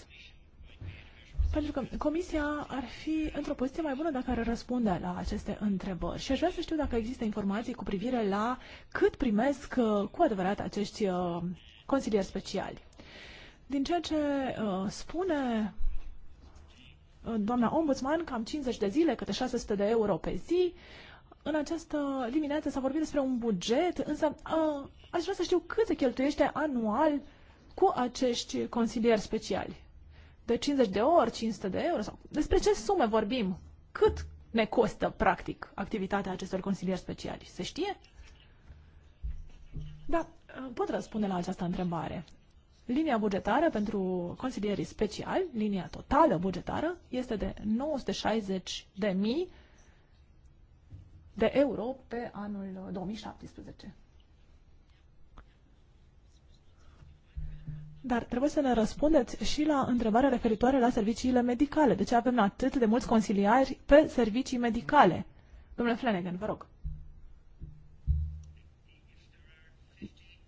pentru că Comisia ar fi într-o poziție mai bună dacă ar răspunde la aceste întrebări. Și aș vrea să știu dacă există informații cu privire la cât primesc uh, cu adevărat acești uh, consilieri speciali. Din ceea ce uh, spune doamna ombudsman, cam 50 de zile, câte 600 de euro pe zi, în această dimineață s-a vorbit despre un buget, însă a, aș vrea să știu cât se cheltuiește anual cu acești consilieri speciali. De 50 de ori, 500 de euro? Sau despre ce sume vorbim? Cât ne costă, practic, activitatea acestor consilieri speciali? Se știe? Da, pot răspunde la această întrebare. Linia bugetară pentru consilierii speciali, linia totală bugetară, este de 960.000 de euro pe anul 2017. Dar trebuie să ne răspundeți și la întrebarea referitoare la serviciile medicale. De ce avem atât de mulți consiliari pe servicii medicale? Domnule Flanagan, vă rog.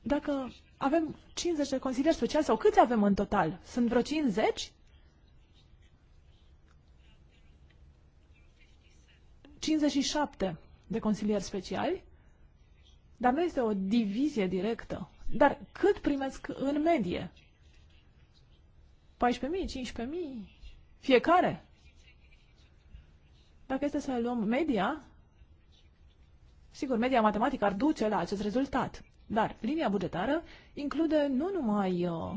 Dacă avem 50 de consiliari speciali sau câți avem în total? Sunt vreo 50? 57 de consilieri speciali, dar nu este o divizie directă. Dar cât primesc în medie? 14.000, 15.000? Fiecare? Dacă este să luăm media, sigur, media matematică ar duce la acest rezultat. Dar linia bugetară include nu numai uh,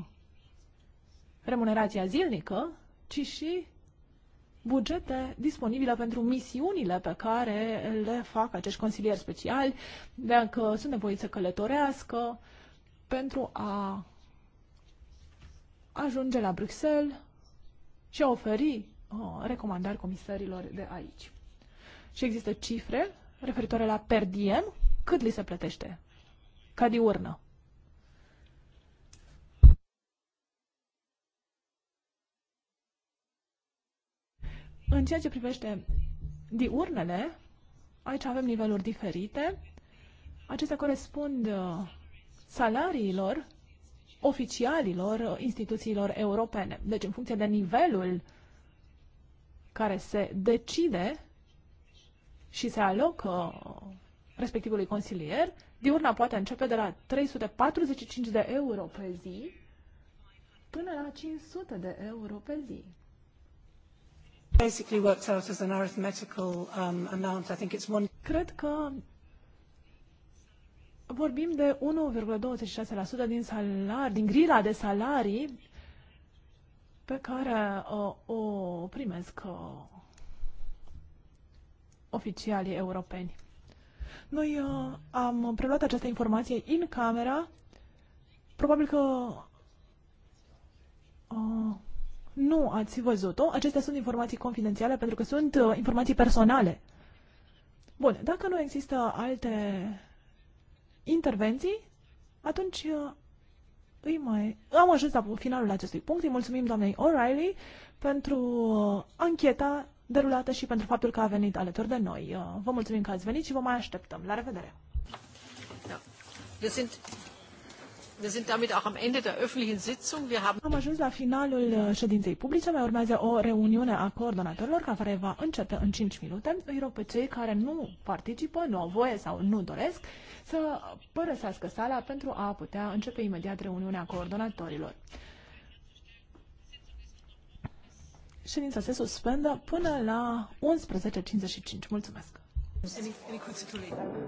remunerația zilnică, ci și bugete disponibile pentru misiunile pe care le fac acești consilieri speciali, dacă sunt nevoiți să călătorească pentru a ajunge la Bruxelles și a oferi uh, recomandări comisarilor de aici. Și există cifre referitoare la per diem, cât li se plătește ca diurnă. În ceea ce privește diurnele, aici avem niveluri diferite. Acestea corespund uh, salariilor oficialilor uh, instituțiilor europene. Deci, în funcție de nivelul care se decide și se alocă respectivului consilier, diurna poate începe de la 345 de euro pe zi până la 500 de euro pe zi. Basically works out as an arithmetical um, amount. I think it's one... Cred că vorbim de 1,26% din salari, din grila de salarii pe care uh, o primesc uh, oficialii europeni. Noi uh, am preluat această informație în camera. Probabil că uh, nu ați văzut-o. Acestea sunt informații confidențiale pentru că sunt uh, informații personale. Bun, dacă nu există alte intervenții, atunci uh, îi mai... Am ajuns la finalul acestui punct. Îi mulțumim doamnei O'Reilly pentru uh, ancheta derulată și pentru faptul că a venit alături de noi. Uh, vă mulțumim că ați venit și vă mai așteptăm. La revedere! Da. Am ajuns la finalul uh, ședinței publice. Mai urmează o reuniune a coordonatorilor care va începe în 5 minute. Îi rog pe cei care nu participă, nu au voie sau nu doresc să părăsească sala pentru a putea începe imediat reuniunea coordonatorilor. Ședința se suspendă până la 11.55. Mulțumesc! Any, any